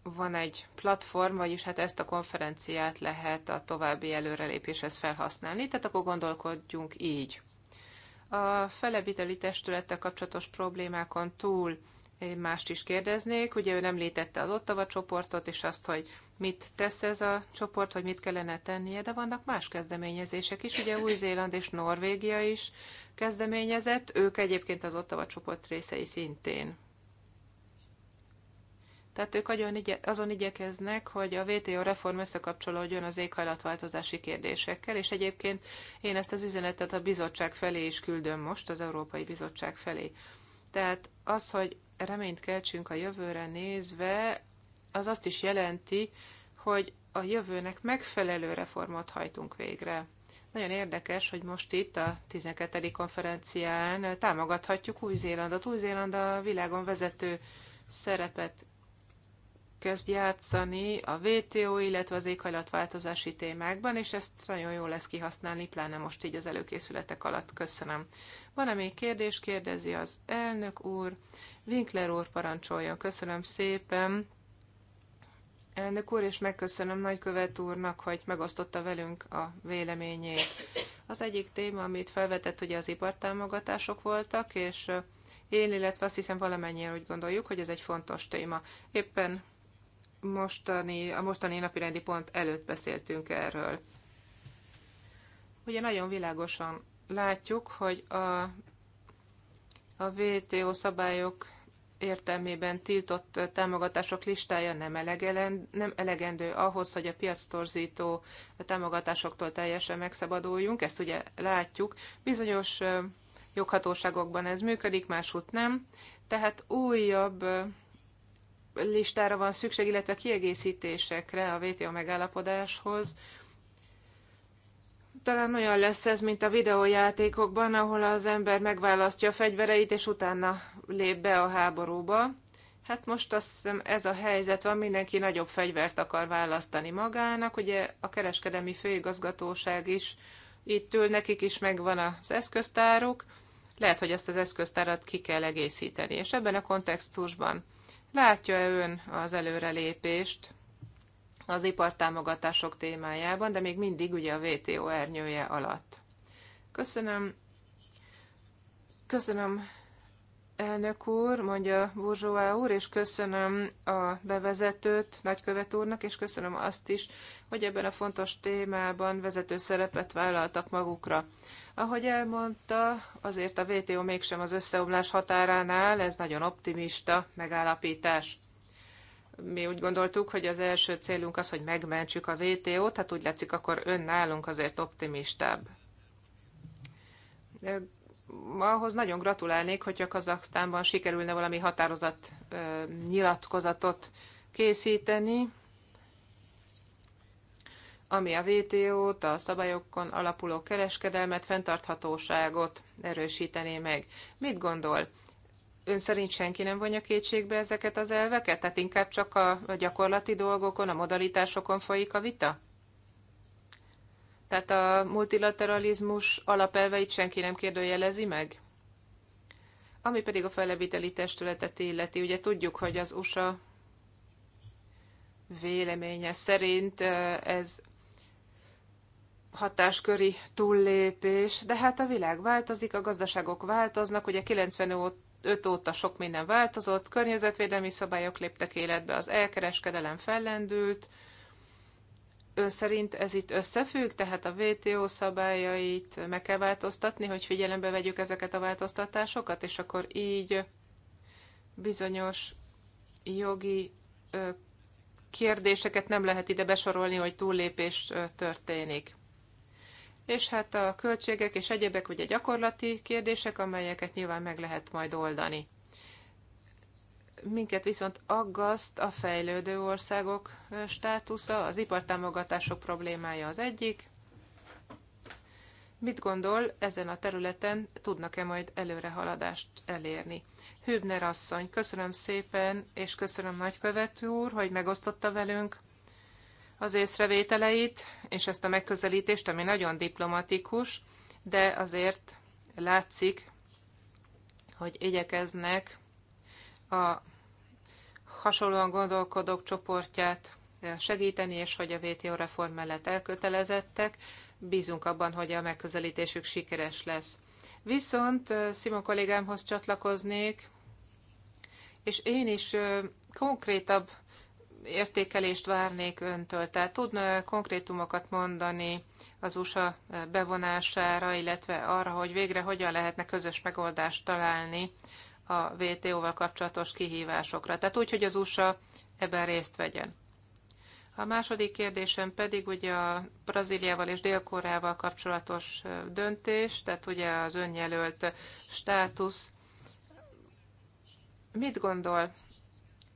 Speaker 3: van egy platform, vagyis hát ezt a konferenciát lehet a további előrelépéshez felhasználni, tehát akkor gondolkodjunk így. A felebiteli testülettel kapcsolatos problémákon túl én mást is kérdeznék. Ugye ő nem létette az Ottava csoportot, és azt, hogy mit tesz ez a csoport, hogy mit kellene tennie, de vannak más kezdeményezések is. Ugye Új-Zéland és Norvégia is kezdeményezett, ők egyébként az Ottava csoport részei szintén. Tehát ők igye, azon igyekeznek, hogy a WTO reform összekapcsolódjon az éghajlatváltozási kérdésekkel, és egyébként én ezt az üzenetet a bizottság felé is küldöm most, az Európai Bizottság felé. Tehát az, hogy reményt keltsünk a jövőre nézve, az azt is jelenti, hogy a jövőnek megfelelő reformot hajtunk végre. Nagyon érdekes, hogy most itt a 12. konferencián támogathatjuk Új-Zélandot. Új-Zéland a világon vezető szerepet kezd játszani a WTO, illetve az éghajlatváltozási témákban, és ezt nagyon jó lesz kihasználni, pláne most így az előkészületek alatt. Köszönöm. Van-e még kérdés? Kérdezi az elnök úr. Winkler úr parancsoljon. Köszönöm szépen. Elnök úr, és megköszönöm nagykövet úrnak, hogy megosztotta velünk a véleményét. Az egyik téma, amit felvetett, ugye az ipartámogatások voltak, és én, illetve azt hiszem valamennyire úgy gondoljuk, hogy ez egy fontos téma. Éppen mostani, a mostani rendi pont előtt beszéltünk erről. Ugye nagyon világosan látjuk, hogy a, a WTO szabályok értelmében tiltott támogatások listája nem, elegelen, nem elegendő ahhoz, hogy a piac torzító támogatásoktól teljesen megszabaduljunk. Ezt ugye látjuk. Bizonyos joghatóságokban ez működik, máshogy nem. Tehát újabb listára van szükség, illetve kiegészítésekre a VTO megállapodáshoz. Talán olyan lesz ez, mint a videójátékokban, ahol az ember megválasztja a fegyvereit, és utána lép be a háborúba. Hát most azt hiszem ez a helyzet van, mindenki nagyobb fegyvert akar választani magának. Ugye a kereskedelmi főigazgatóság is itt ül, nekik is megvan az eszköztáruk. Lehet, hogy ezt az eszköztárat ki kell egészíteni. És ebben a kontextusban Látja-e ön az előrelépést az ipartámogatások témájában, de még mindig ugye a WTO ernyője alatt? Köszönöm. Köszönöm Elnök úr, mondja Burzsóá úr, és köszönöm a bevezetőt nagykövet úrnak, és köszönöm azt is, hogy ebben a fontos témában vezető szerepet vállaltak magukra. Ahogy elmondta, azért a VTO mégsem az összeomlás határánál, ez nagyon optimista megállapítás. Mi úgy gondoltuk, hogy az első célunk az, hogy megmentsük a vto t hát úgy látszik, akkor ön nálunk azért optimistább ahhoz nagyon gratulálnék, hogyha Kazaksztánban sikerülne valami határozat nyilatkozatot készíteni, ami a WTO-t, a szabályokon alapuló kereskedelmet, fenntarthatóságot erősítené meg. Mit gondol? Ön szerint senki nem vonja kétségbe ezeket az elveket? Tehát inkább csak a gyakorlati dolgokon, a modalitásokon folyik a vita? Tehát a multilateralizmus alapelveit senki nem kérdőjelezi meg? Ami pedig a felebíteli testületet illeti, ugye tudjuk, hogy az USA véleménye szerint ez hatásköri túllépés, de hát a világ változik, a gazdaságok változnak, ugye 95 óta sok minden változott, környezetvédelmi szabályok léptek életbe, az elkereskedelem fellendült, ön szerint ez itt összefügg, tehát a WTO szabályait meg kell változtatni, hogy figyelembe vegyük ezeket a változtatásokat, és akkor így bizonyos jogi kérdéseket nem lehet ide besorolni, hogy túllépés történik. És hát a költségek és egyebek ugye gyakorlati kérdések, amelyeket nyilván meg lehet majd oldani. Minket viszont aggaszt a fejlődő országok státusza, az ipartámogatások problémája az egyik. Mit gondol, ezen a területen tudnak-e majd előrehaladást elérni? Hübner asszony, köszönöm szépen, és köszönöm nagykövető úr, hogy megosztotta velünk az észrevételeit, és ezt a megközelítést, ami nagyon diplomatikus, de azért látszik, hogy igyekeznek a hasonlóan gondolkodók csoportját segíteni, és hogy a VTO reform mellett elkötelezettek. Bízunk abban, hogy a megközelítésük sikeres lesz. Viszont Simon kollégámhoz csatlakoznék, és én is konkrétabb értékelést várnék öntől. Tehát tudna konkrétumokat mondani az USA bevonására, illetve arra, hogy végre hogyan lehetne közös megoldást találni a WTO-val kapcsolatos kihívásokra. Tehát úgy, hogy az USA ebben részt vegyen. A második kérdésem pedig ugye a Brazíliával és Dél-Koreával kapcsolatos döntés, tehát ugye az önjelölt státusz. Mit gondol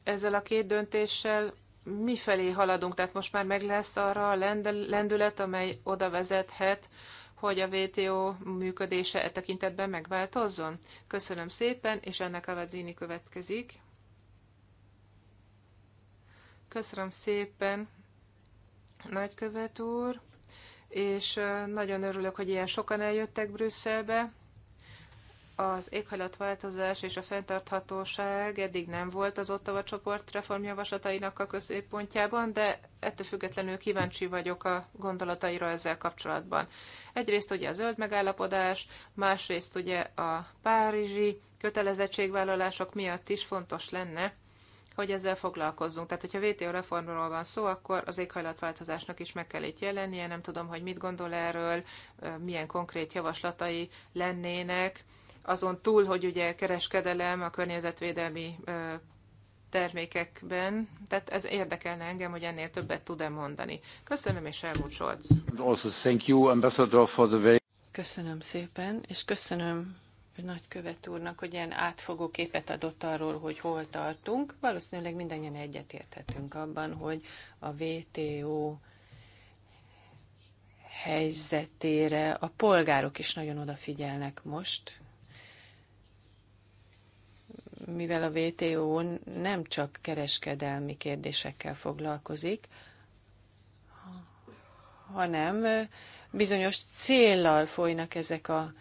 Speaker 3: ezzel a két döntéssel, mifelé haladunk? Tehát most már meg lesz arra a lendület, amely oda vezethet, hogy a WTO működése e tekintetben megváltozzon? Köszönöm szépen, és ennek a Vadzini következik. Köszönöm szépen, nagykövet úr, és nagyon örülök, hogy ilyen sokan eljöttek Brüsszelbe az éghajlatváltozás és a fenntarthatóság eddig nem volt az Ottawa csoport reformjavaslatainak a középpontjában, de ettől függetlenül kíváncsi vagyok a gondolataira ezzel kapcsolatban. Egyrészt ugye a zöld megállapodás, másrészt ugye a párizsi kötelezettségvállalások miatt is fontos lenne, hogy ezzel foglalkozzunk. Tehát, hogyha VTO reformról van szó, akkor az éghajlatváltozásnak is meg kell itt jelennie. Nem tudom, hogy mit gondol erről, milyen konkrét javaslatai lennének azon túl, hogy ugye kereskedelem a környezetvédelmi termékekben, tehát ez érdekelne engem, hogy ennél többet tud-e mondani. Köszönöm, és Helmut Scholz.
Speaker 1: Köszönöm szépen, és köszönöm nagykövet úrnak, hogy ilyen átfogó képet adott arról, hogy hol tartunk. Valószínűleg mindannyian egyetérthetünk abban, hogy a WTO helyzetére a polgárok is nagyon odafigyelnek most, mivel a WTO nem csak kereskedelmi kérdésekkel foglalkozik, hanem bizonyos céllal folynak ezek a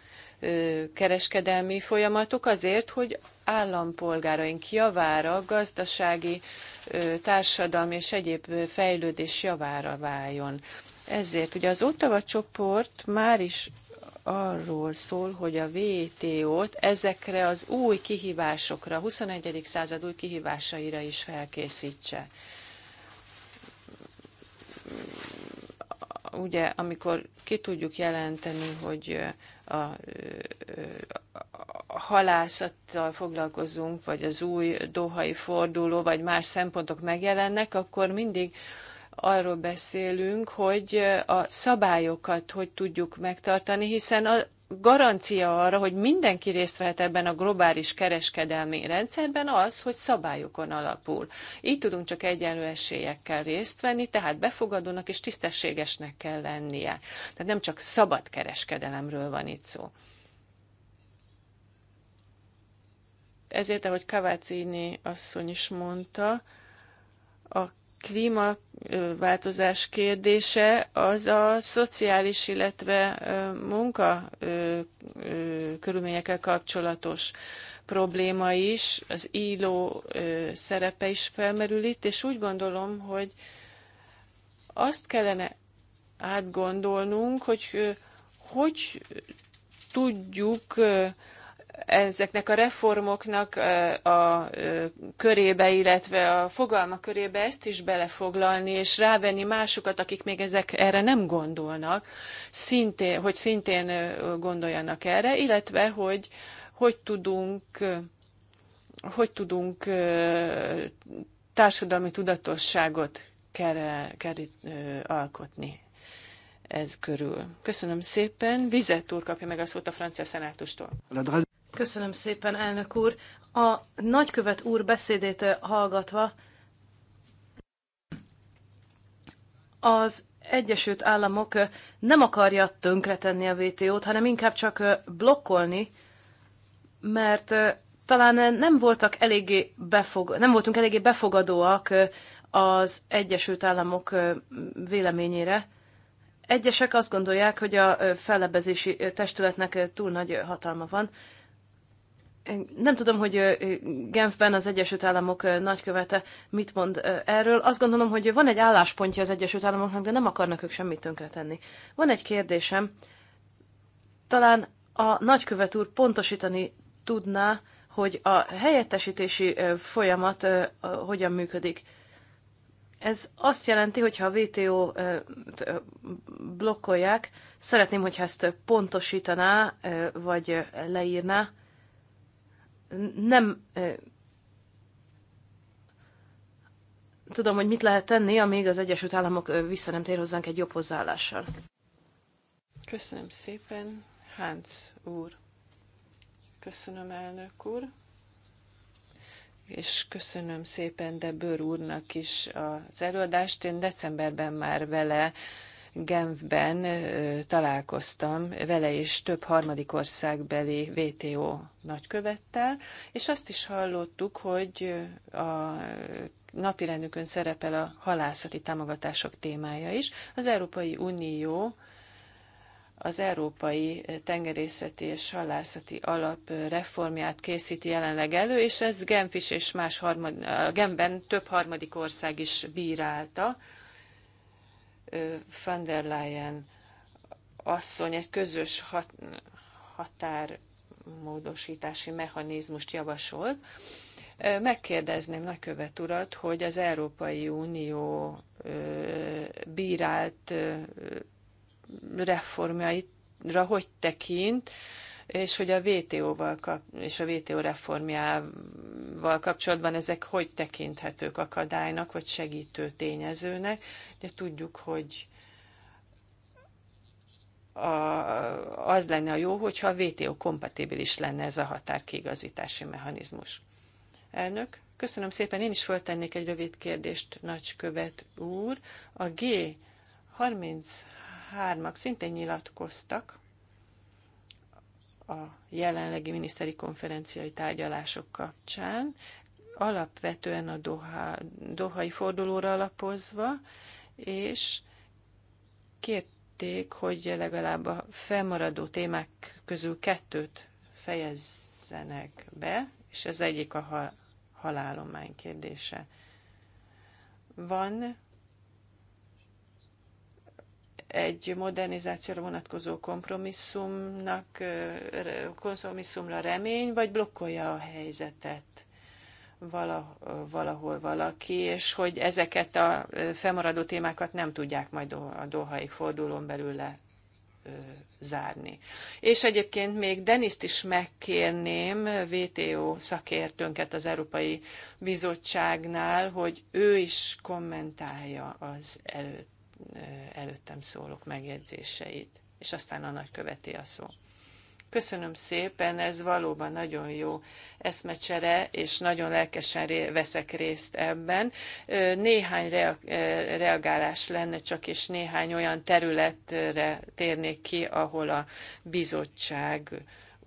Speaker 1: kereskedelmi folyamatok azért, hogy állampolgáraink javára, gazdasági, társadalmi és egyéb fejlődés javára váljon. Ezért ugye az Ottawa csoport már is arról szól, hogy a vto t ezekre az új kihívásokra, a 21. század új kihívásaira is felkészítse. Ugye, amikor ki tudjuk jelenteni, hogy a, a, a halászattal foglalkozunk, vagy az új dohai forduló, vagy más szempontok megjelennek, akkor mindig arról beszélünk, hogy a szabályokat hogy tudjuk megtartani, hiszen a garancia arra, hogy mindenki részt vehet ebben a globális kereskedelmi rendszerben az, hogy szabályokon alapul. Így tudunk csak egyenlő esélyekkel részt venni, tehát befogadónak és tisztességesnek kell lennie. Tehát nem csak szabad kereskedelemről van itt szó. Ezért, ahogy Kavácini asszony is mondta, a klímaváltozás kérdése az a szociális, illetve munka körülményekkel kapcsolatos probléma is, az íló szerepe is felmerül itt, és úgy gondolom, hogy azt kellene átgondolnunk, hogy hogy tudjuk ezeknek a reformoknak a körébe, illetve a fogalma körébe ezt is belefoglalni, és rávenni másokat, akik még ezek erre nem gondolnak, szintén, hogy szintén gondoljanak erre, illetve hogy hogy tudunk, hogy tudunk társadalmi tudatosságot kell, alkotni ez körül.
Speaker 2: Köszönöm szépen. Vizet úr kapja meg a szót a francia szenátustól. Köszönöm szépen, elnök úr. A nagykövet úr beszédét eh, hallgatva az Egyesült Államok eh, nem akarja tönkretenni a WTO-t, hanem inkább csak eh, blokkolni, mert talán nem voltak eléggé befog, nem voltunk eléggé befogadóak az Egyesült Államok véleményére. Egyesek azt gondolják, hogy a fellebezési testületnek túl nagy hatalma van, nem tudom, hogy Genfben az Egyesült Államok nagykövete mit mond erről. Azt gondolom, hogy van egy álláspontja az Egyesült Államoknak, de nem akarnak ők semmit tönkretenni. Van egy kérdésem. Talán a nagykövet úr pontosítani tudná, hogy a helyettesítési folyamat hogyan működik. Ez azt jelenti, hogy ha a WTO blokkolják, szeretném, hogyha ezt pontosítaná, vagy leírná, nem tudom, hogy mit lehet tenni, amíg az Egyesült Államok vissza nem tér hozzánk egy jobb hozzáállással.
Speaker 1: Köszönöm szépen, Hans úr. Köszönöm, elnök úr. És köszönöm szépen Debőr úrnak is az előadást. Én decemberben már vele Genfben találkoztam vele és több harmadik országbeli WTO nagykövettel, és azt is hallottuk, hogy a napirendükön szerepel a halászati támogatások témája is. Az Európai Unió az Európai Tengerészeti és Halászati Alap reformját készíti jelenleg elő, és ez Genf is és más harmad, Genfben több harmadik ország is bírálta van der Leyen asszony egy közös hat, határmódosítási mechanizmust javasolt. Megkérdezném nagykövet urat, hogy az Európai Unió bírált reformjaitra hogy tekint, és hogy a vto val kap, és a VTO reformjával kapcsolatban ezek hogy tekinthetők akadálynak, vagy segítő tényezőnek. Ugye tudjuk, hogy a, az lenne a jó, hogyha a VTO kompatibilis lenne ez a határkigazítási mechanizmus. Elnök, köszönöm szépen. Én is föltennék egy rövid kérdést, nagykövet úr. A G33-ak szintén nyilatkoztak, a jelenlegi miniszteri konferenciai tárgyalások kapcsán, alapvetően a Doha, dohai fordulóra alapozva, és kérték, hogy legalább a felmaradó témák közül kettőt fejezzenek be, és ez egyik a ha- halálomány kérdése. Van egy modernizációra vonatkozó kompromisszumnak, kompromisszumra remény, vagy blokkolja a helyzetet valahol valaki, és hogy ezeket a felmaradó témákat nem tudják majd a dohaik fordulón belül le zárni. És egyébként még Deniszt is megkérném, VTO szakértőnket az Európai Bizottságnál, hogy ő is kommentálja az előtt előttem szólok megjegyzéseit, és aztán a követi a szó. Köszönöm szépen, ez valóban nagyon jó eszmecsere, és nagyon lelkesen ré, veszek részt ebben. Néhány rea, reagálás lenne, csak és néhány olyan területre térnék ki, ahol a bizottság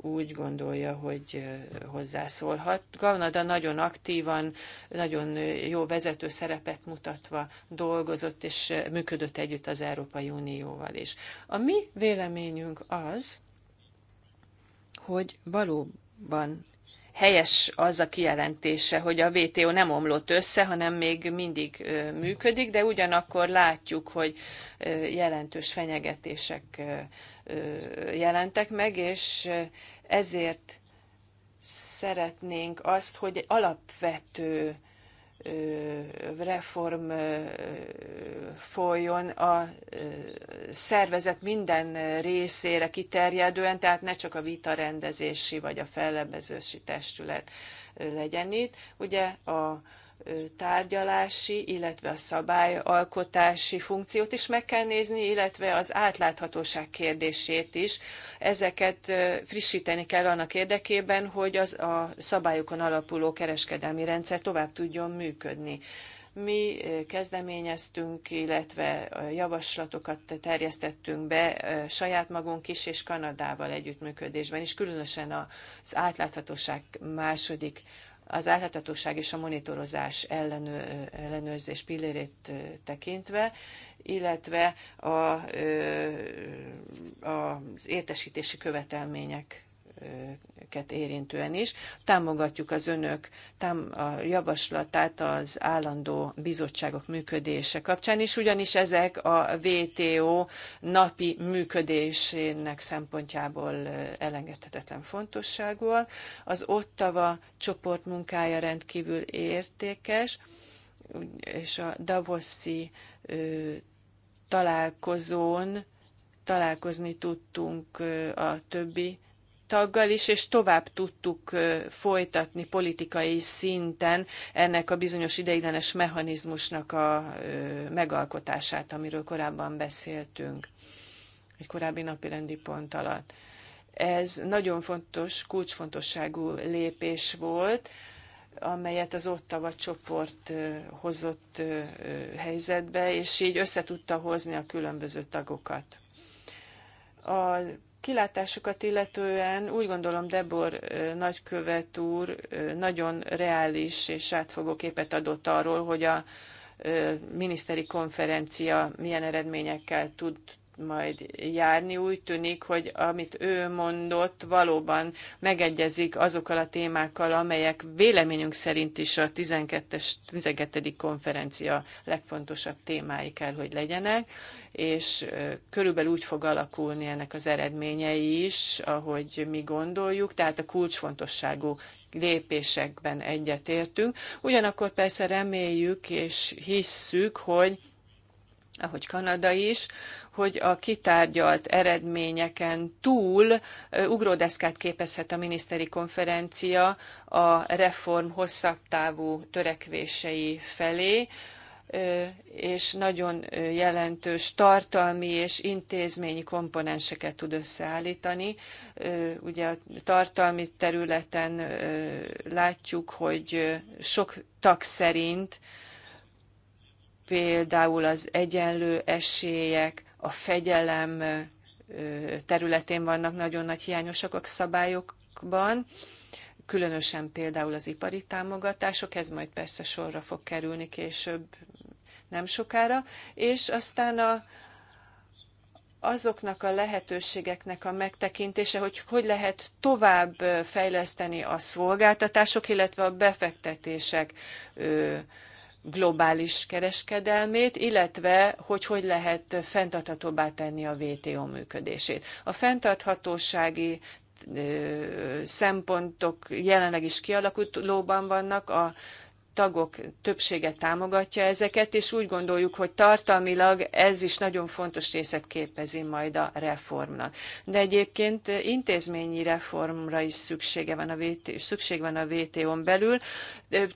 Speaker 1: úgy gondolja, hogy hozzászólhat. Kanada nagyon aktívan, nagyon jó vezető szerepet mutatva dolgozott és működött együtt az Európai Unióval is. A mi véleményünk az, hogy valóban helyes az a kijelentése, hogy a VTO nem omlott össze, hanem még mindig működik, de ugyanakkor látjuk, hogy jelentős fenyegetések jelentek meg, és ezért szeretnénk azt, hogy egy alapvető reform folyjon a szervezet minden részére kiterjedően, tehát ne csak a vitarendezési vagy a fellebezési testület legyen itt. Ugye a tárgyalási, illetve a szabályalkotási funkciót is meg kell nézni, illetve az átláthatóság kérdését is. Ezeket frissíteni kell annak érdekében, hogy az a szabályokon alapuló kereskedelmi rendszer tovább tudjon működni. Mi kezdeményeztünk, illetve javaslatokat terjesztettünk be saját magunk is, és Kanadával együttműködésben is, különösen az átláthatóság második az átláthatóság és a monitorozás ellenő, ellenőrzés pillérét tekintve, illetve a, az értesítési követelmények ket érintően is. Támogatjuk az önök tám- a javaslatát az állandó bizottságok működése kapcsán is, ugyanis ezek a WTO napi működésének szempontjából elengedhetetlen fontosságúak. Az Ottava csoport munkája rendkívül értékes, és a Davoszi találkozón találkozni tudtunk a többi taggal is, és tovább tudtuk folytatni politikai szinten ennek a bizonyos ideiglenes mechanizmusnak a megalkotását, amiről korábban beszéltünk, egy korábbi napi rendi pont alatt. Ez nagyon fontos, kulcsfontosságú lépés volt, amelyet az Ottava csoport hozott helyzetbe, és így össze tudta hozni a különböző tagokat. A kilátásokat illetően úgy gondolom Debor nagykövet úr nagyon reális és átfogó képet adott arról, hogy a miniszteri konferencia milyen eredményekkel tud majd járni. Úgy tűnik, hogy amit ő mondott, valóban megegyezik azokkal a témákkal, amelyek véleményünk szerint is a 12-es, 12. konferencia legfontosabb témái kell, hogy legyenek, és körülbelül úgy fog alakulni ennek az eredményei is, ahogy mi gondoljuk, tehát a kulcsfontosságú lépésekben egyetértünk. Ugyanakkor persze reméljük és hisszük, hogy ahogy Kanada is, hogy a kitárgyalt eredményeken túl ugródeszkát képezhet a miniszteri konferencia a reform hosszabb távú törekvései felé, és nagyon jelentős tartalmi és intézményi komponenseket tud összeállítani. Ugye a tartalmi területen látjuk, hogy sok tag szerint például az egyenlő esélyek, a fegyelem területén vannak nagyon nagy hiányosak a szabályokban, különösen például az ipari támogatások, ez majd persze sorra fog kerülni később, nem sokára, és aztán a, azoknak a lehetőségeknek a megtekintése, hogy hogy lehet tovább fejleszteni a szolgáltatások, illetve a befektetések globális kereskedelmét, illetve hogy hogy lehet fenntarthatóbbá tenni a WTO működését. A fenntarthatósági szempontok jelenleg is kialakulóban vannak, a tagok többsége támogatja ezeket, és úgy gondoljuk, hogy tartalmilag ez is nagyon fontos részét képezi majd a reformnak. De egyébként intézményi reformra is szüksége van a VT, szükség van a VTO-n belül,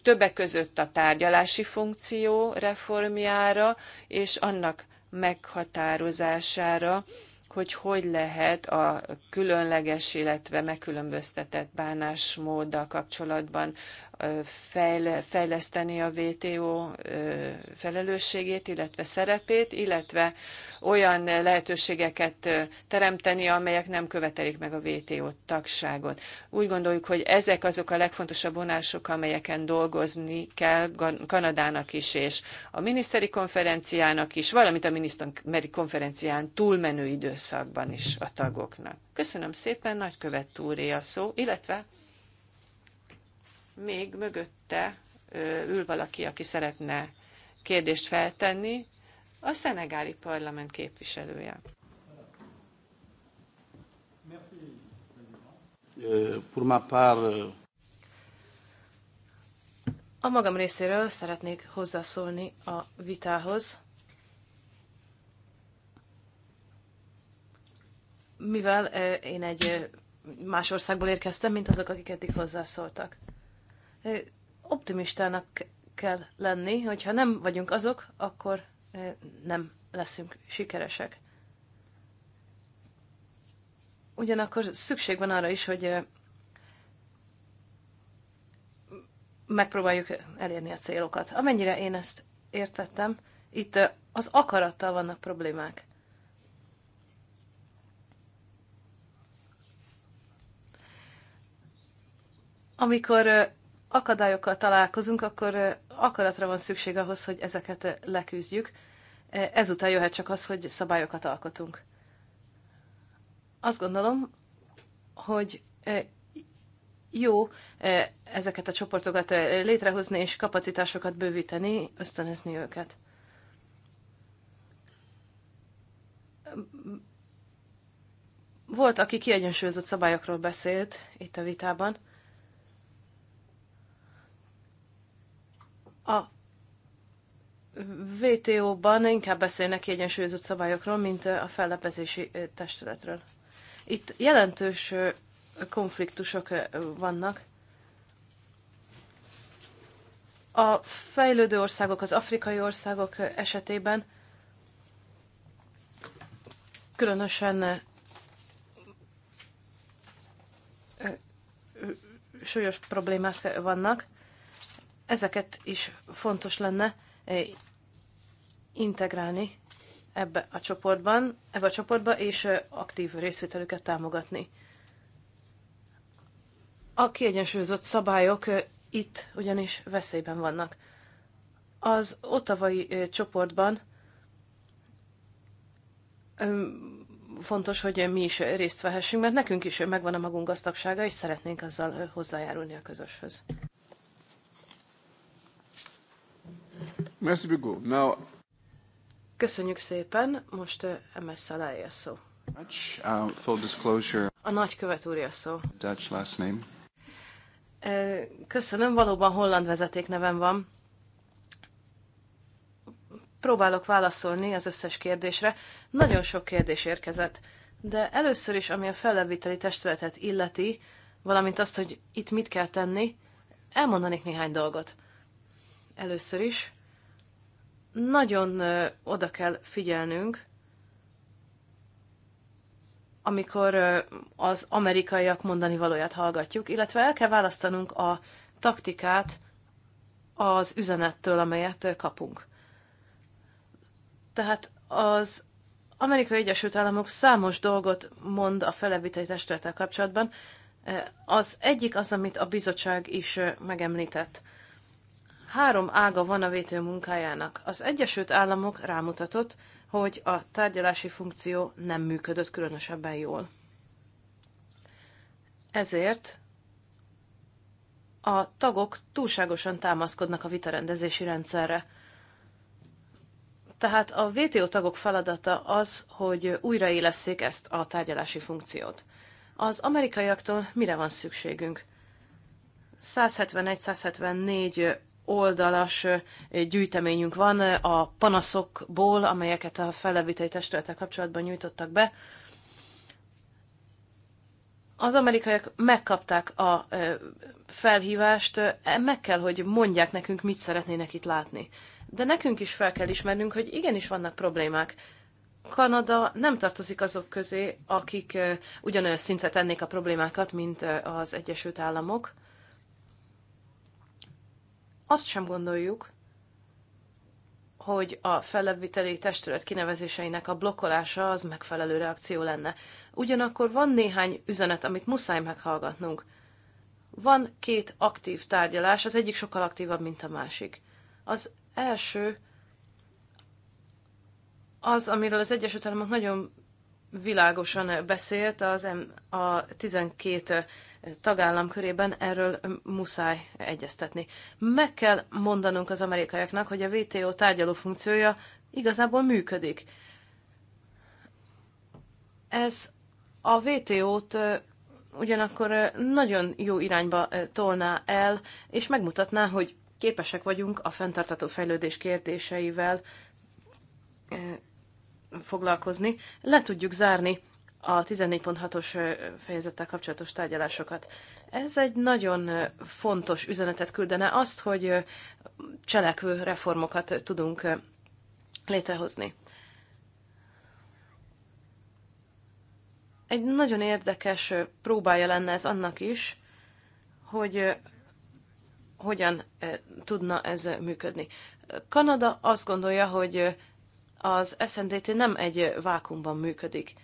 Speaker 1: többek között a tárgyalási funkció reformjára, és annak meghatározására, hogy hogy lehet a különleges, illetve megkülönböztetett bánásmóddal kapcsolatban fejleszteni a WTO felelősségét, illetve szerepét, illetve olyan lehetőségeket teremteni, amelyek nem követelik meg a WTO tagságot. Úgy gondoljuk, hogy ezek azok a legfontosabb vonások, amelyeken dolgozni kell Kanadának is, és a miniszteri konferenciának is, valamint a miniszteri konferencián túlmenő időszakban is a tagoknak. Köszönöm szépen, nagykövet úré a szó, illetve még mögötte ül valaki, aki szeretne kérdést feltenni, a szenegáli parlament képviselője.
Speaker 2: A magam részéről szeretnék hozzászólni a vitához, mivel én egy más országból érkeztem, mint azok, akik eddig hozzászóltak. Optimistának kell lenni, hogyha nem vagyunk azok, akkor nem leszünk sikeresek. Ugyanakkor szükség van arra is, hogy megpróbáljuk elérni a célokat. Amennyire én ezt értettem, itt az akarattal vannak problémák. Amikor akadályokkal találkozunk, akkor akaratra van szükség ahhoz, hogy ezeket leküzdjük. Ezután jöhet csak az, hogy szabályokat alkotunk. Azt gondolom, hogy jó ezeket a csoportokat létrehozni és kapacitásokat bővíteni, ösztönözni őket. Volt, aki kiegyensúlyozott szabályokról beszélt itt a vitában A WTO-ban inkább beszélnek egyensúlyozott szabályokról, mint a fellepezési testületről. Itt jelentős konfliktusok vannak. A fejlődő országok, az afrikai országok esetében különösen súlyos problémák vannak ezeket is fontos lenne eh, integrálni ebbe a csoportban, ebbe a csoportba, és eh, aktív részvételüket támogatni. A kiegyensúlyozott szabályok eh, itt ugyanis veszélyben vannak. Az ottavai csoportban fontos, hogy mi is részt vehessünk, mert nekünk is megvan a magunk gazdagsága, és szeretnénk azzal hozzájárulni a közöshöz.
Speaker 3: Merci beaucoup. Now...
Speaker 2: Köszönjük szépen, most MS MSZ a szó. Uh, full disclosure. A nagykövet úr a szó. Dutch last name. Köszönöm, valóban holland vezeték nevem van. Próbálok válaszolni az összes kérdésre. Nagyon sok kérdés érkezett, de először is, ami a fellebbíteli testületet illeti, valamint azt, hogy itt mit kell tenni, elmondanék néhány dolgot. Először is, nagyon oda kell figyelnünk, amikor az amerikaiak mondani valóját hallgatjuk, illetve el kell választanunk a taktikát az üzenettől, amelyet kapunk. Tehát az Amerikai Egyesült Államok számos dolgot mond a felebített testülettel kapcsolatban. Az egyik az, amit a bizottság is megemlített. Három ága van a vétő munkájának. Az Egyesült Államok rámutatott, hogy a tárgyalási funkció nem működött különösebben jól. Ezért a tagok túlságosan támaszkodnak a vitarendezési rendszerre. Tehát a VTO tagok feladata az, hogy újraélesszék ezt a tárgyalási funkciót. Az amerikaiaktól mire van szükségünk? 171-174 oldalas gyűjteményünk van a panaszokból, amelyeket a fellevitei testülettel kapcsolatban nyújtottak be. Az amerikaiak megkapták a felhívást, e, meg kell, hogy mondják nekünk, mit szeretnének itt látni. De nekünk is fel kell ismernünk, hogy igenis vannak problémák. Kanada nem tartozik azok közé, akik ugyanolyan szintet ennék a problémákat, mint az Egyesült Államok azt sem gondoljuk, hogy a fellebbviteli testület kinevezéseinek a blokkolása az megfelelő reakció lenne. Ugyanakkor van néhány üzenet, amit muszáj meghallgatnunk. Van két aktív tárgyalás, az egyik sokkal aktívabb, mint a másik. Az első az, amiről az Egyesült Államok nagyon világosan beszélt, az M- a 12 tagállam körében erről muszáj egyeztetni. Meg kell mondanunk az amerikaiaknak, hogy a WTO tárgyaló funkciója igazából működik. Ez a WTO-t ugyanakkor nagyon jó irányba tolná el, és megmutatná, hogy képesek vagyunk a fenntartató fejlődés kérdéseivel foglalkozni, le tudjuk zárni a 14.6-os fejezettel kapcsolatos tárgyalásokat. Ez egy nagyon fontos üzenetet küldene azt, hogy cselekvő reformokat tudunk létrehozni. Egy nagyon érdekes próbája lenne ez annak is, hogy hogyan tudna ez működni. Kanada azt gondolja, hogy az SNDT nem egy vákumban működik.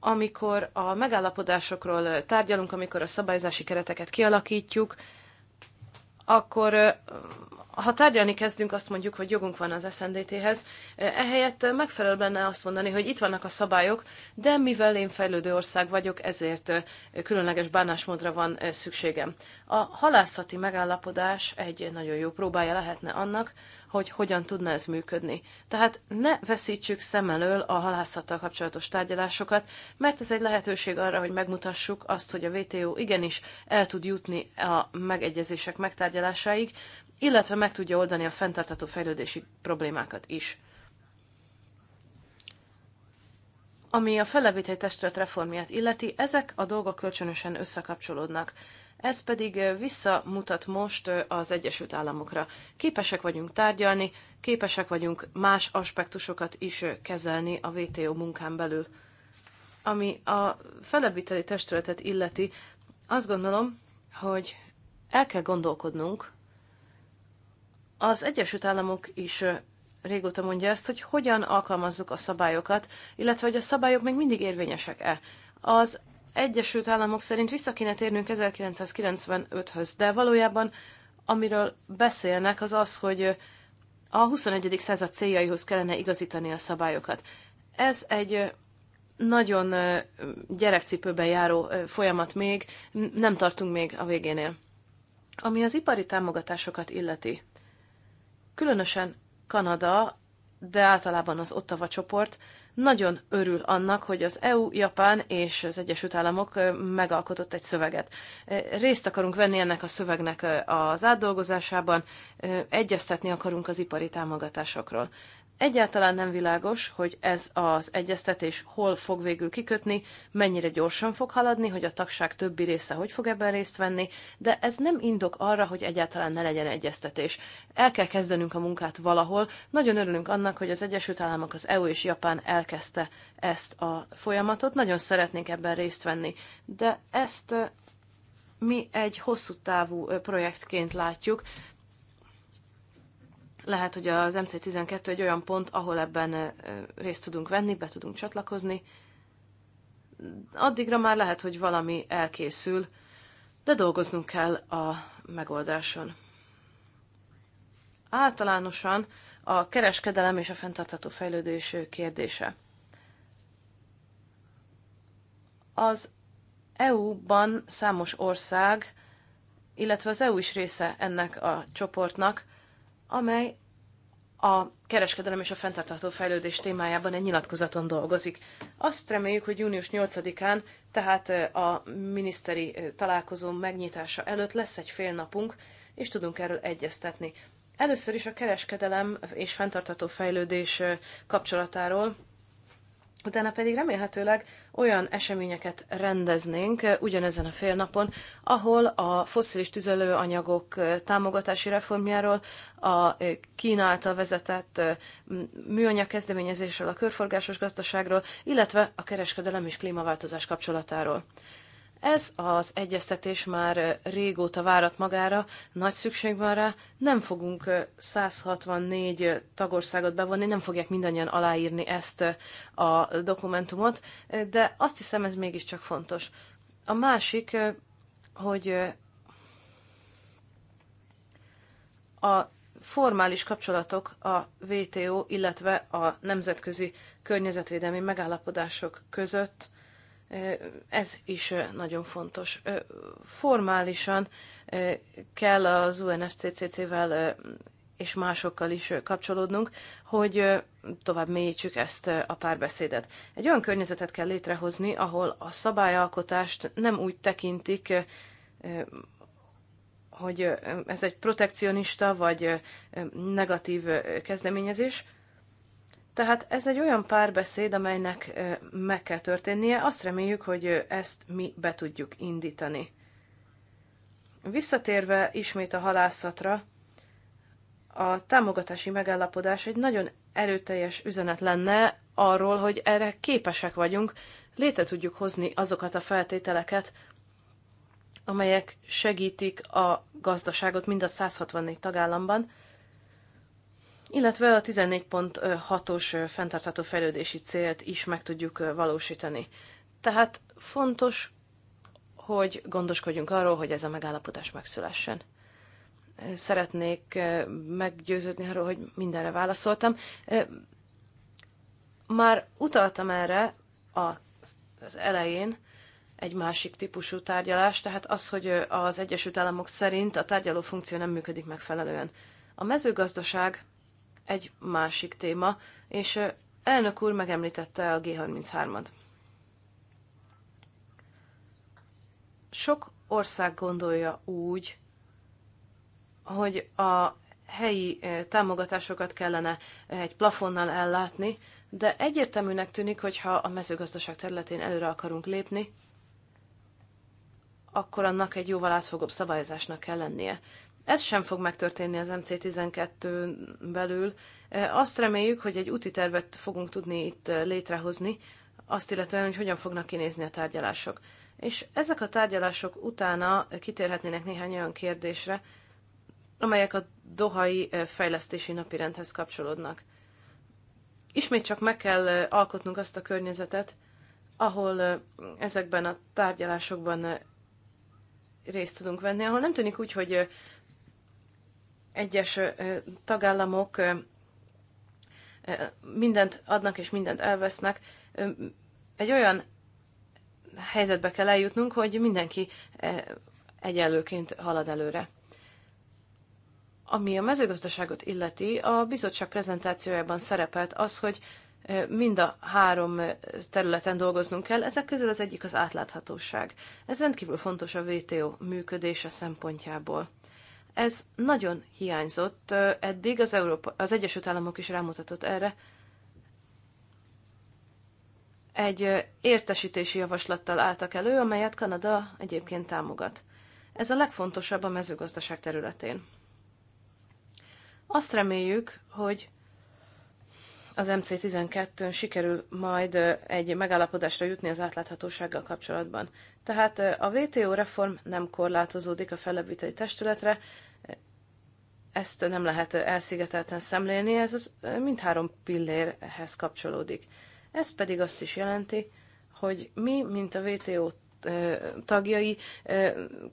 Speaker 2: Amikor a megállapodásokról tárgyalunk, amikor a szabályzási kereteket kialakítjuk, akkor ha tárgyalni kezdünk, azt mondjuk, hogy jogunk van az SNDT-hez, ehelyett megfelel benne azt mondani, hogy itt vannak a szabályok, de mivel én fejlődő ország vagyok, ezért különleges bánásmódra van szükségem. A halászati megállapodás egy nagyon jó próbája lehetne annak, hogy hogyan tudna ez működni. Tehát ne veszítsük szem elől a halászattal kapcsolatos tárgyalásokat, mert ez egy lehetőség arra, hogy megmutassuk azt, hogy a WTO igenis el tud jutni a megegyezések megtárgyalásáig, illetve meg tudja oldani a fenntartató fejlődési problémákat is. Ami a felevítői testület reformját illeti, ezek a dolgok kölcsönösen összekapcsolódnak. Ez pedig visszamutat most az Egyesült Államokra. Képesek vagyunk tárgyalni, képesek vagyunk más aspektusokat is kezelni a WTO munkán belül. Ami a felebbviteli testületet illeti, azt gondolom, hogy el kell gondolkodnunk az Egyesült Államok is régóta mondja ezt, hogy hogyan alkalmazzuk a szabályokat, illetve hogy a szabályok még mindig érvényesek-e. Az Egyesült Államok szerint vissza kéne térnünk 1995-höz, de valójában amiről beszélnek, az az, hogy a 21. század céljaihoz kellene igazítani a szabályokat. Ez egy nagyon gyerekcipőben járó folyamat még, nem tartunk még a végénél. Ami az ipari támogatásokat illeti. Különösen Kanada, de általában az Ottawa csoport nagyon örül annak, hogy az EU, Japán és az Egyesült Államok megalkotott egy szöveget. Részt akarunk venni ennek a szövegnek az átdolgozásában, egyeztetni akarunk az ipari támogatásokról. Egyáltalán nem világos, hogy ez az egyeztetés hol fog végül kikötni, mennyire gyorsan fog haladni, hogy a tagság többi része hogy fog ebben részt venni, de ez nem indok arra, hogy egyáltalán ne legyen egyeztetés. El kell kezdenünk a munkát valahol. Nagyon örülünk annak, hogy az Egyesült Államok, az EU és Japán elkezdte ezt a folyamatot. Nagyon szeretnénk ebben részt venni, de ezt mi egy hosszú távú projektként látjuk, lehet, hogy az MC12 egy olyan pont, ahol ebben részt tudunk venni, be tudunk csatlakozni. Addigra már lehet, hogy valami elkészül, de dolgoznunk kell a megoldáson. Általánosan a kereskedelem és a fenntartható fejlődés kérdése. Az EU-ban számos ország, illetve az EU is része ennek a csoportnak, amely a kereskedelem és a fenntartható fejlődés témájában egy nyilatkozaton dolgozik. Azt reméljük, hogy június 8-án, tehát a miniszteri találkozó megnyitása előtt lesz egy fél napunk, és tudunk erről egyeztetni. Először is a kereskedelem és fenntartható fejlődés kapcsolatáról Utána pedig remélhetőleg olyan eseményeket rendeznénk eh, ugyanezen a fél napon, ahol a fosszilis tüzelőanyagok eh, támogatási reformjáról, a eh, Kína által vezetett műanyag kezdeményezésről, a körforgásos gazdaságról, illetve a kereskedelem és klímaváltozás kapcsolatáról. Ez az egyeztetés már régóta várat magára, nagy szükség van rá, nem fogunk 164 tagországot bevonni, nem fogják mindannyian aláírni ezt a dokumentumot, de azt hiszem ez mégiscsak fontos. A másik, hogy a formális kapcsolatok a WTO, illetve a nemzetközi környezetvédelmi megállapodások között ez is nagyon fontos. Formálisan kell az UNFCCC-vel és másokkal is kapcsolódnunk, hogy tovább mélyítsük ezt a párbeszédet. Egy olyan környezetet kell létrehozni, ahol a szabályalkotást nem úgy tekintik, hogy ez egy protekcionista vagy negatív kezdeményezés, tehát ez egy olyan párbeszéd, amelynek meg kell történnie. Azt reméljük, hogy ezt mi be tudjuk indítani. Visszatérve ismét a halászatra, a támogatási megállapodás egy nagyon erőteljes üzenet lenne arról, hogy erre képesek vagyunk, létre tudjuk hozni azokat a feltételeket, amelyek segítik a gazdaságot mind a 164 tagállamban, illetve a 14.6-os fenntartható fejlődési célt is meg tudjuk valósítani. Tehát fontos, hogy gondoskodjunk arról, hogy ez a megállapodás megszülessen. Szeretnék meggyőződni arról, hogy mindenre válaszoltam. Már utaltam erre az elején, egy másik típusú tárgyalás, tehát az, hogy az Egyesült Államok szerint a tárgyaló funkció nem működik megfelelően. A mezőgazdaság egy másik téma, és elnök úr megemlítette a g 33 ad Sok ország gondolja úgy, hogy a helyi támogatásokat kellene egy plafonnal ellátni, de egyértelműnek tűnik, hogy ha a mezőgazdaság területén előre akarunk lépni, akkor annak egy jóval átfogóbb szabályozásnak kell lennie. Ez sem fog megtörténni az MC12 belül. Azt reméljük, hogy egy úti tervet fogunk tudni itt létrehozni, azt illetően, hogy hogyan fognak kinézni a tárgyalások. És ezek a tárgyalások utána kitérhetnének néhány olyan kérdésre, amelyek a dohai fejlesztési napirendhez kapcsolódnak. Ismét csak meg kell alkotnunk azt a környezetet, ahol ezekben a tárgyalásokban részt tudunk venni, ahol nem tűnik úgy, hogy egyes tagállamok mindent adnak és mindent elvesznek. Egy olyan helyzetbe kell eljutnunk, hogy mindenki egyenlőként halad előre. Ami a mezőgazdaságot illeti, a bizottság prezentációjában szerepelt az, hogy mind a három területen dolgoznunk kell, ezek közül az egyik az átláthatóság. Ez rendkívül fontos a WTO működése szempontjából. Ez nagyon hiányzott eddig, az, Európa, az Egyesült Államok is rámutatott erre. Egy értesítési javaslattal álltak elő, amelyet Kanada egyébként támogat. Ez a legfontosabb a mezőgazdaság területén. Azt reméljük, hogy az mc 12 n sikerül majd egy megállapodásra jutni az átláthatósággal kapcsolatban. Tehát a WTO reform nem korlátozódik a fellebbviteli testületre, ezt nem lehet elszigetelten szemlélni, ez az mindhárom pillérhez kapcsolódik. Ez pedig azt is jelenti, hogy mi, mint a WTO tagjai,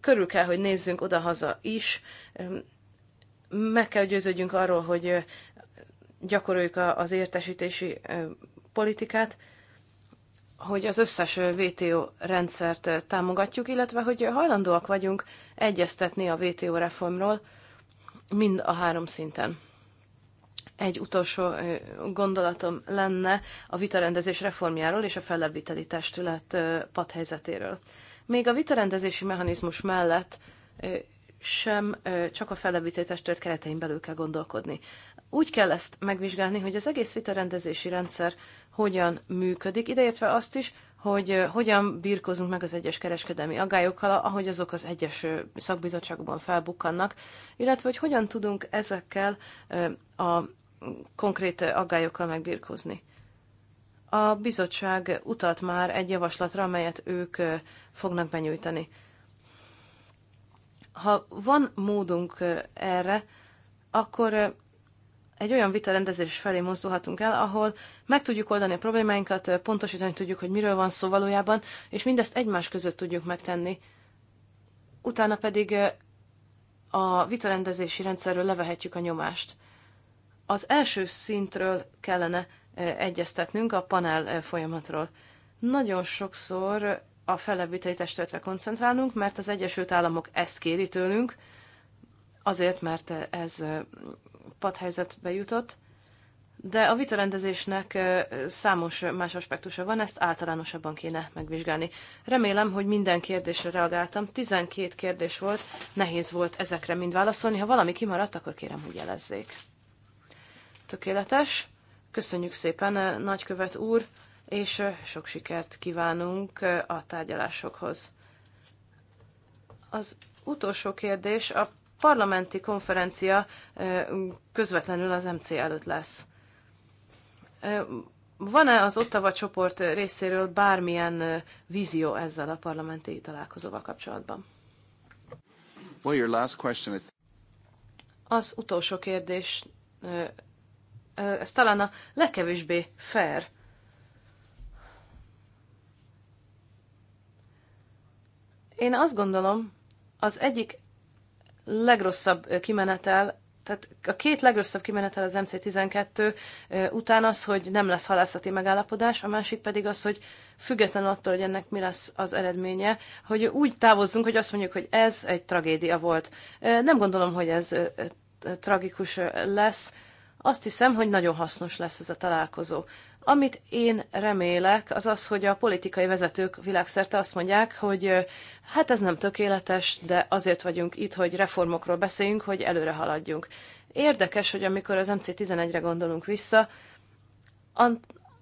Speaker 2: körül kell, hogy nézzünk oda-haza is, meg kell győződjünk arról, hogy gyakoroljuk az értesítési politikát, hogy az összes VTO rendszert támogatjuk, illetve hogy hajlandóak vagyunk egyeztetni a VTO reformról, mind a három szinten. Egy utolsó gondolatom lenne a vitarendezés reformjáról és a fellebbíteli testület padhelyzetéről. Még a vitarendezési mechanizmus mellett sem csak a fellebbíteli testület keretein belül kell gondolkodni. Úgy kell ezt megvizsgálni, hogy az egész vitarendezési rendszer hogyan működik, ideértve azt is, hogy hogyan birkózunk meg az egyes kereskedelmi agályokkal, ahogy azok az egyes szakbizottságokban felbukkannak, illetve hogy hogyan tudunk ezekkel a konkrét agályokkal megbirkózni. A bizottság utalt már egy javaslatra, amelyet ők fognak benyújtani. Ha van módunk erre, akkor egy olyan vita rendezés felé mozdulhatunk el, ahol meg tudjuk oldani a problémáinkat, pontosítani tudjuk, hogy miről van szó valójában, és mindezt egymás között tudjuk megtenni. Utána pedig eh, a vitarendezési rendszerről levehetjük a nyomást. Az első szintről kellene eh, egyeztetnünk a panel eh, folyamatról. Nagyon sokszor a fellebbviteli testületre koncentrálunk, mert az Egyesült Államok ezt kéri tőlünk, azért, mert ez padhelyzetbe jutott, de a vitarendezésnek számos más aspektusa van, ezt általánosabban kéne megvizsgálni. Remélem, hogy minden kérdésre reagáltam. 12 kérdés volt, nehéz volt ezekre mind válaszolni. Ha valami kimaradt, akkor kérem, hogy jelezzék. Tökéletes. Köszönjük szépen, nagykövet úr, és sok sikert kívánunk a tárgyalásokhoz. Az utolsó kérdés a parlamenti konferencia közvetlenül az MC előtt lesz. Van-e az Ottava csoport részéről bármilyen vízió ezzel a parlamenti találkozóval kapcsolatban?
Speaker 1: Well, your last question.
Speaker 2: Az utolsó kérdés, ez talán a legkevésbé fair. Én azt gondolom, az egyik legrosszabb kimenetel, tehát a két legrosszabb kimenetel az MC12 után az, hogy nem lesz halászati megállapodás, a másik pedig az, hogy független attól, hogy ennek mi lesz az eredménye, hogy úgy távozzunk, hogy azt mondjuk, hogy ez egy tragédia volt. Nem gondolom, hogy ez tragikus lesz. Azt hiszem, hogy nagyon hasznos lesz ez a találkozó. Amit én remélek, az az, hogy a politikai vezetők világszerte azt mondják, hogy hát ez nem tökéletes, de azért vagyunk itt, hogy reformokról beszéljünk, hogy előre haladjunk. Érdekes, hogy amikor az MC11-re gondolunk vissza,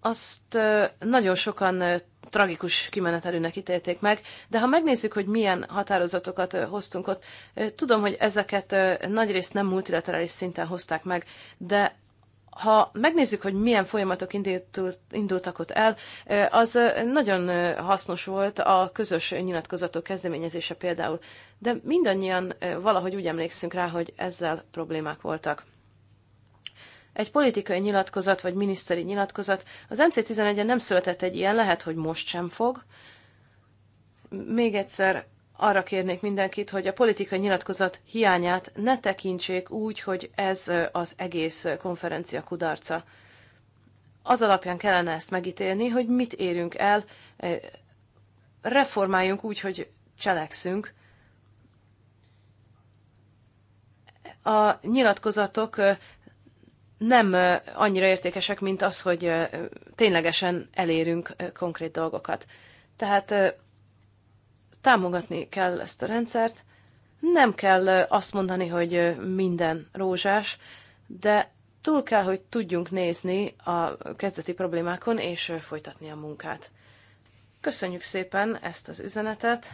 Speaker 2: azt nagyon sokan tragikus kimenetelőnek ítélték meg, de ha megnézzük, hogy milyen határozatokat hoztunk ott, tudom, hogy ezeket nagyrészt nem multilaterális szinten hozták meg, de ha megnézzük, hogy milyen folyamatok indultak ott el, az nagyon hasznos volt a közös nyilatkozatok kezdeményezése például, de mindannyian valahogy úgy emlékszünk rá, hogy ezzel problémák voltak. Egy politikai nyilatkozat vagy miniszteri nyilatkozat, az nc 11 en nem született egy ilyen, lehet, hogy most sem fog. Még egyszer arra kérnék mindenkit, hogy a politikai nyilatkozat hiányát ne tekintsék úgy, hogy ez az egész konferencia kudarca. Az alapján kellene ezt megítélni, hogy mit érünk el, reformáljunk úgy, hogy cselekszünk. A nyilatkozatok nem annyira értékesek, mint az, hogy ténylegesen elérünk konkrét dolgokat. Tehát támogatni kell ezt a rendszert. Nem kell azt mondani, hogy minden rózsás, de túl kell, hogy tudjunk nézni a kezdeti problémákon és folytatni a munkát. Köszönjük szépen ezt az üzenetet.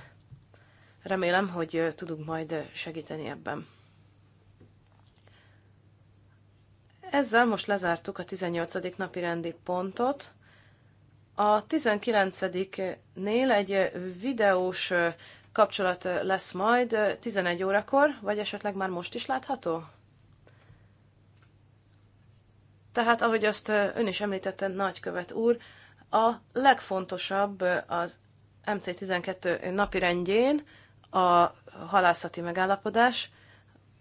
Speaker 2: Remélem, hogy tudunk majd segíteni ebben. Ezzel most lezártuk a 18. napi rendi pontot. A 19-nél egy videós kapcsolat lesz majd 11 órakor, vagy esetleg már most is látható? Tehát, ahogy azt ön is említette, nagykövet úr, a legfontosabb az MC12 napirendjén a halászati megállapodás,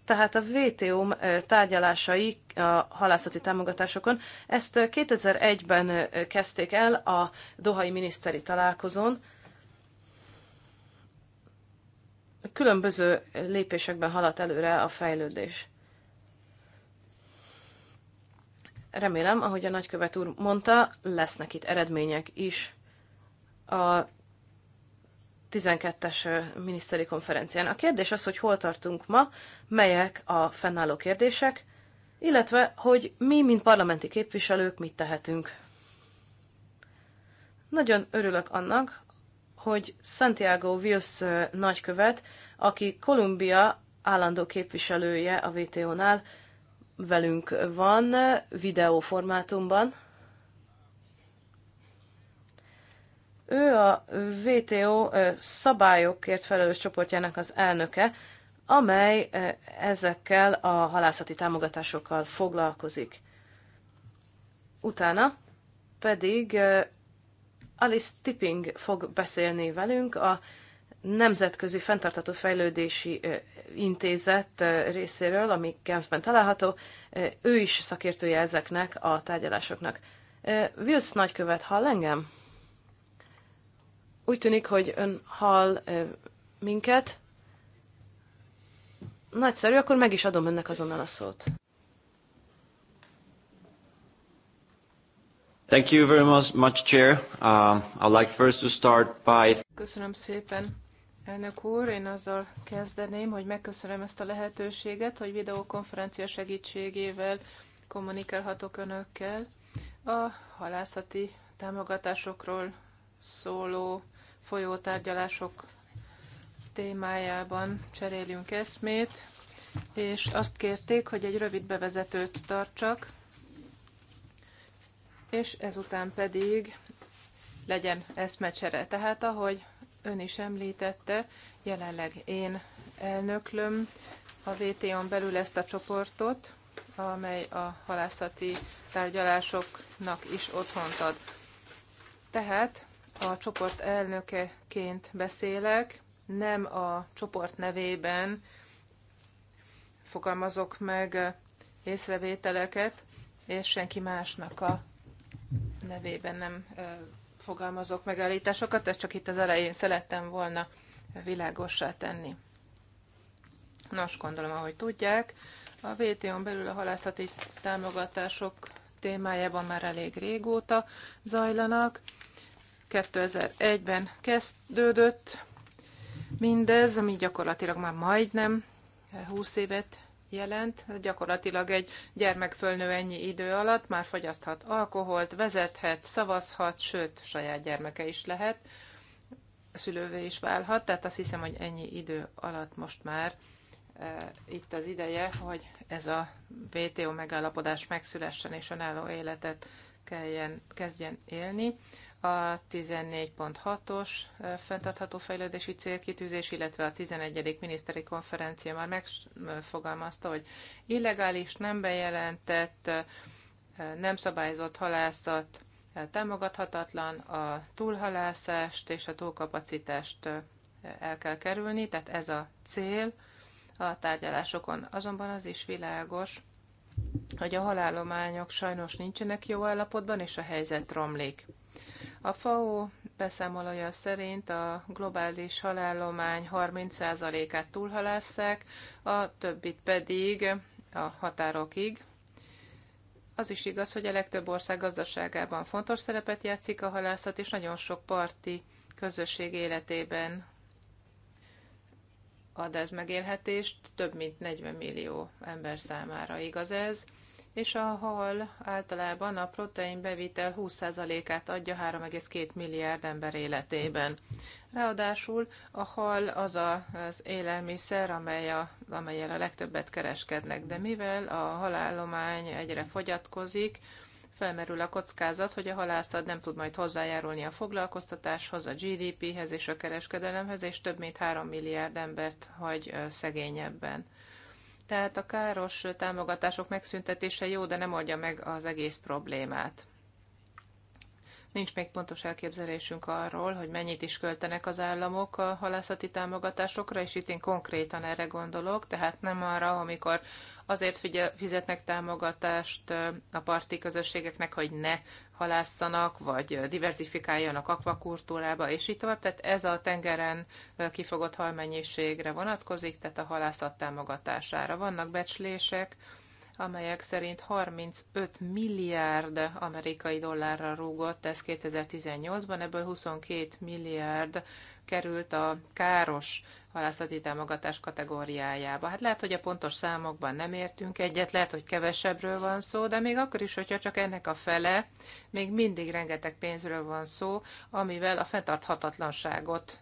Speaker 2: tehát a VTO tárgyalásai a halászati támogatásokon. Ezt 2001-ben kezdték el a Dohai miniszteri találkozón. Különböző lépésekben haladt előre a fejlődés. Remélem, ahogy a nagykövet úr mondta, lesznek itt eredmények is. A 12-es miniszteri konferencián. A kérdés az, hogy hol tartunk ma, melyek a fennálló kérdések, illetve hogy mi, mint parlamenti képviselők, mit tehetünk. Nagyon örülök annak, hogy Santiago Vios nagykövet, aki Kolumbia állandó képviselője a WTO-nál, velünk van videóformátumban, Ő a WTO szabályokért felelős csoportjának az elnöke, amely ezekkel a halászati támogatásokkal foglalkozik. Utána pedig Alice Tipping fog beszélni velünk, a Nemzetközi Fentartató Fejlődési Intézet részéről, ami Genfben található. Ő is szakértője ezeknek a tárgyalásoknak. Wills nagykövet hall engem? Úgy tűnik, hogy ön hall minket. Nagyszerű, akkor meg is adom önnek azonnal a szót.
Speaker 1: Thank you very much, much Chair. Uh, I'd like first to start by...
Speaker 3: Köszönöm szépen, elnök úr. Én azzal kezdeném, hogy megköszönöm ezt a lehetőséget, hogy videokonferencia segítségével kommunikálhatok önökkel. A halászati támogatásokról szóló folyó tárgyalások témájában cserélünk eszmét, és azt kérték, hogy egy rövid bevezetőt tartsak, és ezután pedig legyen eszmecsere. Tehát, ahogy ön is említette, jelenleg én elnöklöm a VTO-n belül ezt a csoportot, amely a halászati tárgyalásoknak is otthont ad. Tehát a csoport elnökeként beszélek, nem a csoport nevében fogalmazok meg észrevételeket, és senki másnak a nevében nem fogalmazok megállításokat, ezt csak itt az elején szerettem volna világossá tenni. Nos, gondolom, ahogy tudják, a vto n belül a halászati támogatások témájában már elég régóta zajlanak, 2001-ben kezdődött mindez, ami gyakorlatilag már majdnem 20 évet jelent, gyakorlatilag egy gyermek fölnő ennyi idő alatt már fogyaszthat alkoholt, vezethet, szavazhat, sőt, saját gyermeke is lehet, szülővé is válhat, tehát azt hiszem, hogy ennyi idő alatt most már e, itt az ideje, hogy ez a VTO megállapodás megszülessen és önálló életet kelljen, kezdjen élni a 14.6-os fenntartható fejlődési célkitűzés, illetve a 11. miniszteri konferencia már megfogalmazta, hogy illegális, nem bejelentett, nem szabályozott halászat támogathatatlan, a túlhalászást és a túlkapacitást el kell kerülni, tehát ez a cél a tárgyalásokon. Azonban az is világos, hogy a halálományok sajnos nincsenek jó állapotban, és a helyzet romlik. A FAO beszámolója szerint a globális halállomány 30%-át túlhalásszák, a többit pedig a határokig. Az is igaz, hogy a legtöbb ország gazdaságában fontos szerepet játszik a halászat, és nagyon sok parti közösség életében ad ez megélhetést több mint 40 millió ember számára. Igaz ez? és a hal általában a protein bevitel 20%-át adja 3,2 milliárd ember életében. Ráadásul a hal az az élelmiszer, amely a, amelyel a legtöbbet kereskednek, de mivel a halállomány egyre fogyatkozik, felmerül a kockázat, hogy a halászat nem tud majd hozzájárulni a foglalkoztatáshoz, a GDP-hez és a kereskedelemhez, és több mint 3 milliárd embert hagy szegényebben. Tehát a káros támogatások megszüntetése jó, de nem oldja meg az egész problémát. Nincs még pontos elképzelésünk arról, hogy mennyit is költenek az államok a halászati támogatásokra, és itt én konkrétan erre gondolok, tehát nem arra, amikor azért figyel, fizetnek támogatást a parti közösségeknek, hogy ne halásszanak, vagy diversifikáljanak akvakultúrába, és így tovább. Tehát ez a tengeren kifogott halmennyiségre vonatkozik, tehát a halászat támogatására. Vannak becslések, amelyek szerint 35 milliárd amerikai dollárra rúgott ez 2018-ban, ebből 22 milliárd került a káros halászati támogatás kategóriájába. Hát lehet, hogy a pontos számokban nem értünk egyet, lehet, hogy kevesebbről van szó, de még akkor is, hogyha csak ennek a fele, még mindig rengeteg pénzről van szó, amivel a fenntarthatatlanságot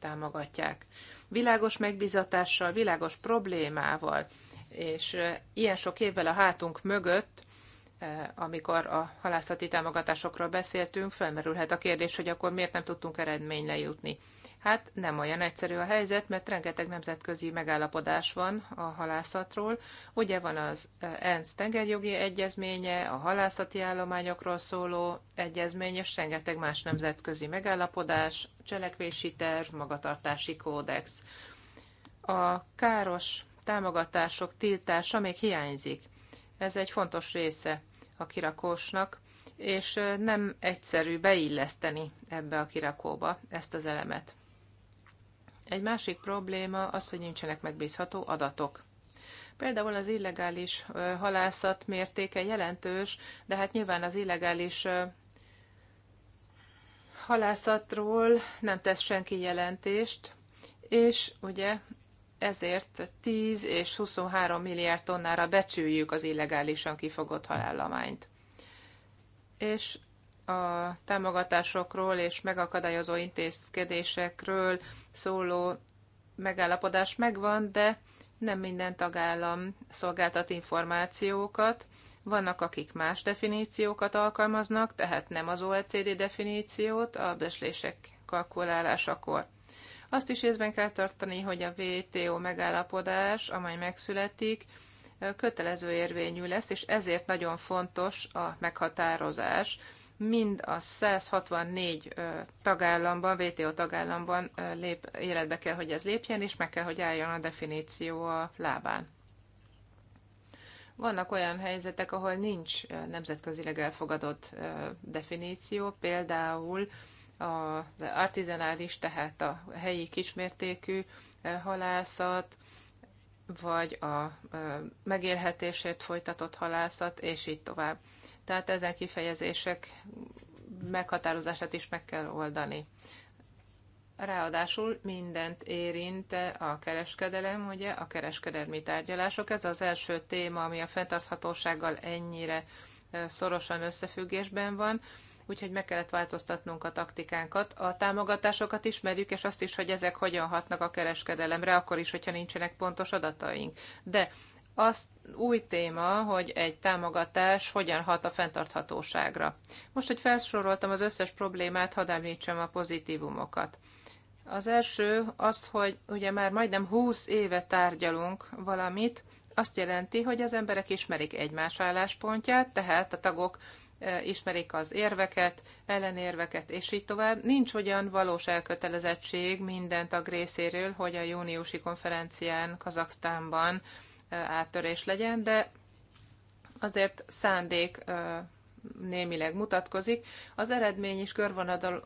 Speaker 3: támogatják. Világos megbizatással, világos problémával, és ilyen sok évvel a hátunk mögött amikor a halászati támogatásokról beszéltünk, felmerülhet a kérdés, hogy akkor miért nem tudtunk eredményre jutni. Hát nem olyan egyszerű a helyzet, mert rengeteg nemzetközi megállapodás van a halászatról. Ugye van az eh, ENSZ tengerjogi egyezménye, a halászati állományokról szóló egyezmény, és rengeteg más nemzetközi megállapodás, cselekvési terv, magatartási kódex. A káros támogatások tiltása még hiányzik. Ez egy fontos része a kirakósnak, és eh, nem egyszerű beilleszteni ebbe a kirakóba ezt az elemet. Egy másik probléma az, hogy nincsenek megbízható adatok. Például az illegális halászat mértéke jelentős, de hát nyilván az illegális halászatról nem tesz senki jelentést, és ugye ezért 10 és 23 milliárd tonnára becsüljük az illegálisan kifogott halállományt. És a támogatásokról és megakadályozó intézkedésekről szóló megállapodás megvan, de nem minden tagállam szolgáltat információkat. Vannak, akik más definíciókat alkalmaznak, tehát nem az OECD definíciót a beslések kalkulálásakor. Azt is észben kell tartani, hogy a WTO megállapodás, amely megszületik, kötelező érvényű lesz, és ezért nagyon fontos a meghatározás, mind a 164 tagállamban, WTO tagállamban lép, életbe kell, hogy ez lépjen, és meg kell, hogy álljon a definíció a lábán. Vannak olyan helyzetek, ahol nincs nemzetközileg elfogadott definíció, például az artizanális, tehát a helyi kismértékű halászat, vagy a megélhetését folytatott halászat, és így tovább. Tehát ezen kifejezések meghatározását is meg kell oldani. Ráadásul mindent érint a kereskedelem, ugye a kereskedelmi tárgyalások. Ez az első téma, ami a fenntarthatósággal ennyire szorosan összefüggésben van, úgyhogy meg kellett változtatnunk a taktikánkat. A támogatásokat ismerjük, és azt is, hogy ezek hogyan hatnak a kereskedelemre, akkor is, hogyha nincsenek pontos adataink. De az új téma, hogy egy támogatás hogyan hat a fenntarthatóságra. Most, hogy felsoroltam az összes problémát, hadd említsem a pozitívumokat. Az első az, hogy ugye már majdnem 20 éve tárgyalunk valamit, azt jelenti, hogy az emberek ismerik egymás álláspontját, tehát a tagok e, ismerik az érveket, ellenérveket, és így tovább. Nincs olyan valós elkötelezettség minden tag részéről, hogy a júniusi konferencián Kazaksztánban áttörés legyen, de azért szándék némileg mutatkozik. Az eredmény is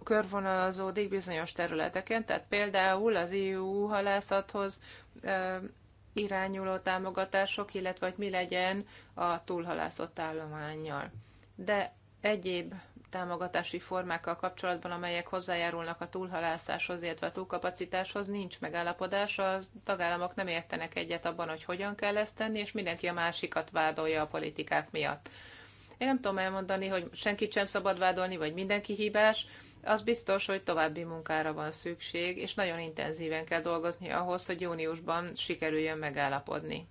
Speaker 3: körvonalazódik bizonyos területeken, tehát például az EU halászathoz irányuló támogatások, illetve hogy mi legyen a túlhalászott állományjal. De egyéb támogatási formákkal kapcsolatban, amelyek hozzájárulnak a túlhalászáshoz, illetve a túlkapacitáshoz, nincs megállapodás. A tagállamok nem értenek egyet abban, hogy hogyan kell ezt tenni, és mindenki a másikat vádolja a politikák miatt. Én nem tudom elmondani, hogy senkit sem szabad vádolni, vagy mindenki hibás, az biztos, hogy további munkára van szükség, és nagyon intenzíven kell dolgozni ahhoz, hogy júniusban sikerüljön megállapodni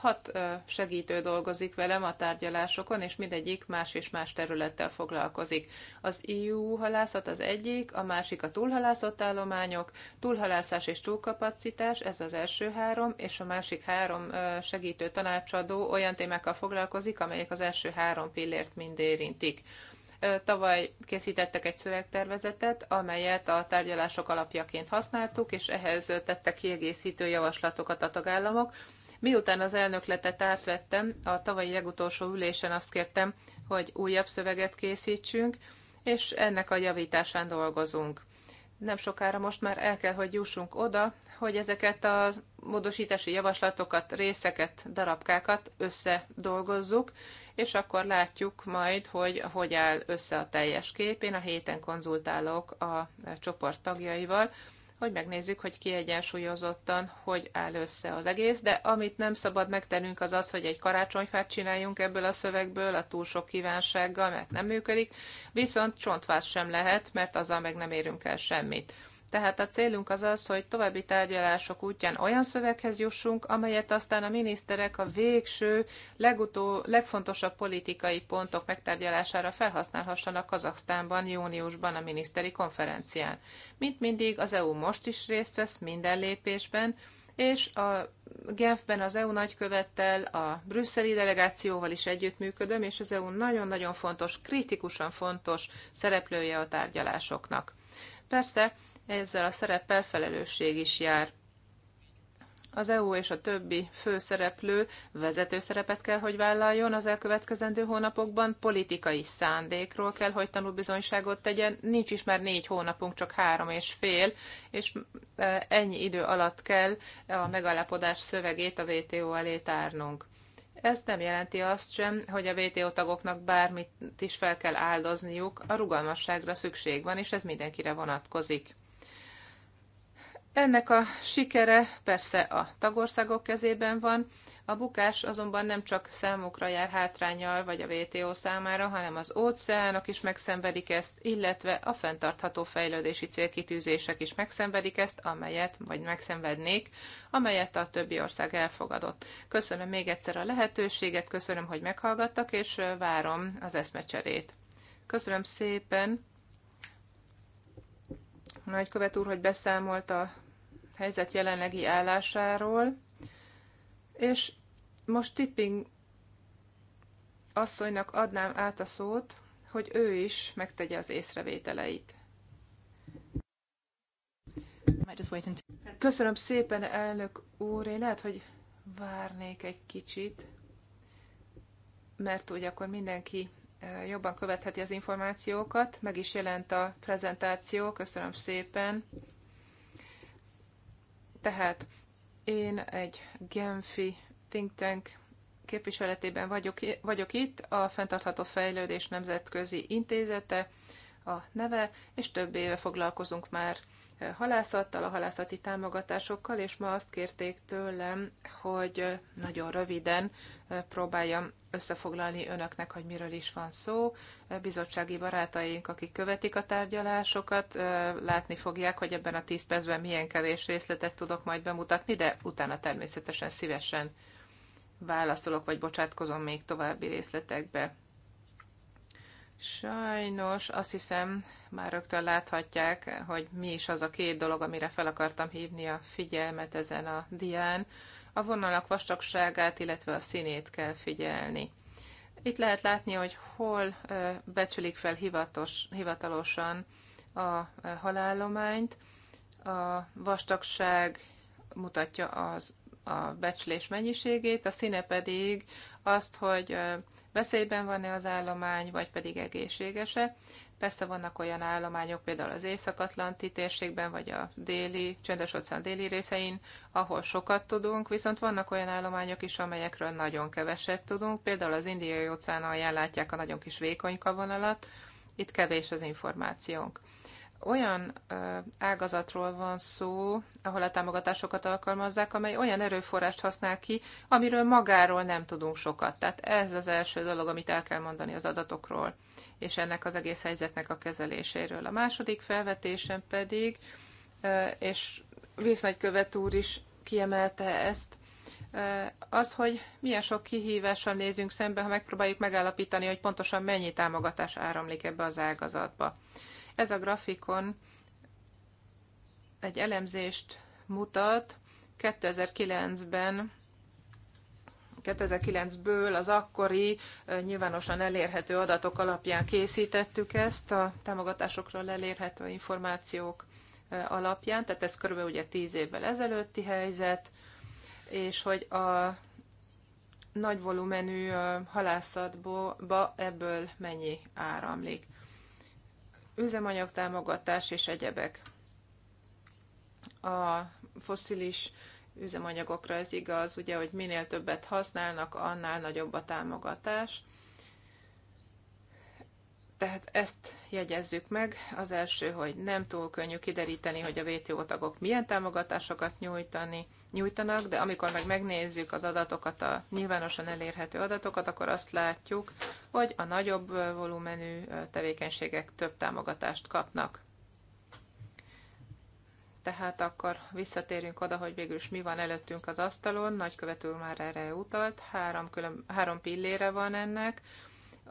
Speaker 3: hat segítő dolgozik velem a tárgyalásokon, és mindegyik más és más területtel foglalkozik. Az EU halászat az egyik, a másik a túlhalászott állományok, túlhalászás és túlkapacitás, ez az első három, és a másik három segítő tanácsadó olyan témákkal foglalkozik, amelyek az első három pillért mind érintik. Tavaly készítettek egy szövegtervezetet, amelyet a tárgyalások alapjaként használtuk, és ehhez tettek kiegészítő javaslatokat a tagállamok Miután az elnökletet átvettem, a tavalyi legutolsó ülésen azt kértem, hogy újabb szöveget készítsünk, és ennek a javításán dolgozunk. Nem sokára most már el kell, hogy jussunk oda, hogy ezeket a módosítási javaslatokat, részeket, darabkákat összedolgozzuk, és akkor látjuk majd, hogy hogy áll össze a teljes kép. Én a héten konzultálok a csoport tagjaival, hogy megnézzük, hogy kiegyensúlyozottan, hogy áll össze az egész, de amit nem szabad megtennünk az az, hogy egy karácsonyfát csináljunk ebből a szövegből, a túl sok kívánsággal, mert nem működik, viszont csontváz sem lehet, mert azzal meg nem érünk el semmit. Tehát a célunk az az, hogy további tárgyalások útján olyan szöveghez jussunk, amelyet aztán a miniszterek a végső, legutó, legfontosabb politikai pontok megtárgyalására felhasználhassanak Kazaksztánban júniusban a miniszteri konferencián. Mint mindig, az EU most is részt vesz minden lépésben, és a Genfben az EU nagykövettel, a brüsszeli delegációval is együttműködöm, és az EU nagyon-nagyon fontos, kritikusan fontos szereplője a tárgyalásoknak. Persze ezzel a szereppel felelősség is jár. Az EU és a többi főszereplő vezető szerepet kell, hogy vállaljon az elkövetkezendő hónapokban, politikai szándékról kell, hogy tanúbizonyságot tegyen. Nincs is már négy hónapunk, csak három és fél, és e, ennyi idő alatt kell a megállapodás szövegét a WTO elé tárnunk. Ez nem jelenti azt sem, hogy a WTO tagoknak bármit is fel kell áldozniuk, a rugalmasságra szükség van, és ez mindenkire vonatkozik. Ennek a sikere persze a tagországok kezében van, a bukás azonban nem csak számukra jár hátrányal vagy a WTO számára, hanem az óceánok is megszenvedik ezt, illetve a fenntartható fejlődési célkitűzések is megszenvedik ezt, amelyet, vagy megszenvednék, amelyet a többi ország elfogadott. Köszönöm még egyszer a lehetőséget, köszönöm, hogy meghallgattak, és várom az eszmecserét. Köszönöm szépen! nagykövet úr, hogy beszámolt a helyzet jelenlegi állásáról, és most Tipping asszonynak adnám át a szót, hogy ő is megtegye az észrevételeit. Köszönöm szépen, elnök úr. Én lehet, hogy várnék egy kicsit, mert úgy akkor mindenki jobban követheti az információkat. Meg is jelent a prezentáció, köszönöm szépen. Tehát én egy Genfi think tank képviseletében vagyok, vagyok itt, a Fentartható Fejlődés Nemzetközi Intézete a neve, és több éve foglalkozunk már halászattal, a halászati támogatásokkal, és ma azt kérték tőlem, hogy nagyon röviden próbáljam összefoglalni önöknek, hogy miről is van szó. Bizottsági barátaink, akik követik a tárgyalásokat, látni fogják, hogy ebben a tíz percben milyen kevés részletet tudok majd bemutatni, de utána természetesen szívesen válaszolok, vagy bocsátkozom még további részletekbe. Sajnos azt hiszem, már rögtön láthatják, hogy mi is az a két dolog, amire fel akartam hívni a figyelmet ezen a dián. A vonalak vastagságát, illetve a színét kell figyelni. Itt lehet látni, hogy hol becsülik fel hivatos, hivatalosan a halállományt. A vastagság mutatja az a becslés mennyiségét, a színe pedig azt, hogy veszélyben van-e az állomány, vagy pedig egészséges-e. Persze vannak olyan állományok, például az Észak-Atlanti térségben, vagy a déli, csendes óceán déli részein, ahol sokat tudunk, viszont vannak olyan állományok is, amelyekről nagyon keveset tudunk. Például az indiai óceán alján látják a nagyon kis vékony kavonalat, itt kevés az információnk olyan ágazatról van szó, ahol a támogatásokat alkalmazzák, amely olyan erőforrást használ ki, amiről magáról nem tudunk sokat. Tehát ez az első dolog, amit el kell mondani az adatokról, és ennek az egész helyzetnek a kezeléséről. A második felvetésem pedig, és Vésznagykövet úr is kiemelte ezt, az, hogy milyen sok kihívással nézünk szembe, ha megpróbáljuk megállapítani, hogy pontosan mennyi támogatás áramlik ebbe az ágazatba. Ez a grafikon egy elemzést mutat 2009-ben 2009-ből az akkori nyilvánosan elérhető adatok alapján készítettük ezt, a támogatásokról elérhető információk alapján, tehát ez körülbelül ugye 10 évvel ezelőtti helyzet, és hogy a nagy volumenű halászatba ebből mennyi áramlik támogatás és egyebek. A foszilis üzemanyagokra ez igaz, ugye, hogy minél többet használnak, annál nagyobb a támogatás. Tehát ezt jegyezzük meg. Az első, hogy nem túl könnyű kideríteni, hogy a WTO tagok milyen támogatásokat nyújtani, nyújtanak, de amikor meg megnézzük az adatokat, a nyilvánosan elérhető adatokat, akkor azt látjuk, hogy a nagyobb volumenű tevékenységek több támogatást kapnak. Tehát akkor visszatérünk oda, hogy végül is mi van előttünk az asztalon. Nagykövető már erre utalt. Három, külön, három pillére van ennek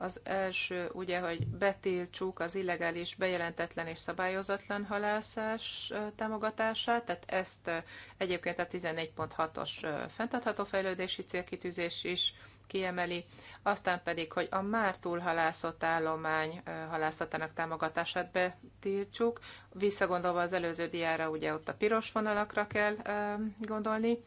Speaker 3: az első ugye, hogy betiltsuk az illegális, bejelentetlen és szabályozatlan halászás támogatását, tehát ezt egyébként a 14.6-os fenntartható fejlődési célkitűzés is kiemeli, aztán pedig, hogy a már túlhalászott állomány halászatának támogatását betiltsuk, visszagondolva az előző diára, ugye ott a piros vonalakra kell gondolni,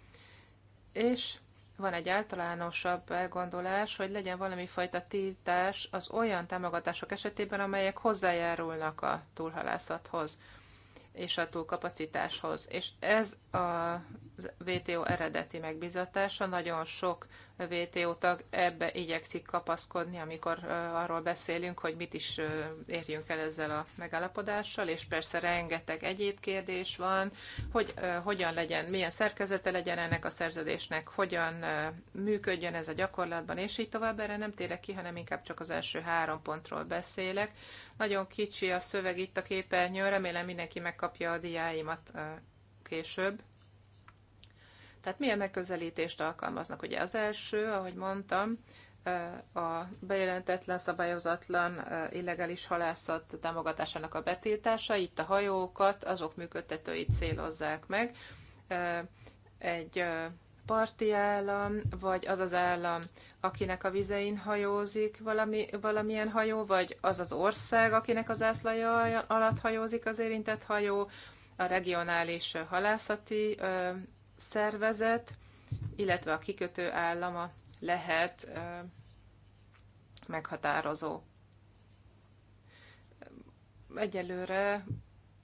Speaker 3: és van egy általánosabb elgondolás, hogy legyen valami fajta tiltás az olyan támogatások esetében, amelyek hozzájárulnak a túlhalászathoz és a túlkapacitáshoz. És ez a WTO eredeti megbizatása. Nagyon sok WTO tag ebbe igyekszik kapaszkodni, amikor arról beszélünk, hogy mit is érjünk el ezzel a megállapodással, és persze rengeteg egyéb kérdés van, hogy hogyan legyen, milyen szerkezete legyen ennek a szerződésnek, hogyan működjön ez a gyakorlatban, és így tovább. Erre nem térek ki, hanem inkább csak az első három pontról beszélek. Nagyon kicsi a szöveg itt a képernyőn, remélem mindenki megkapja a diáimat később. Tehát milyen megközelítést alkalmaznak? Ugye az első, ahogy mondtam, a bejelentetlen, szabályozatlan, illegális halászat támogatásának a betiltása. Itt a hajókat, azok működtetőit célozzák meg. Egy parti állam, vagy az az állam, akinek a vizein hajózik valami, valamilyen hajó, vagy az az ország, akinek az ászlaja alatt hajózik az érintett hajó, a regionális halászati szervezet, illetve a kikötő állama lehet meghatározó. Egyelőre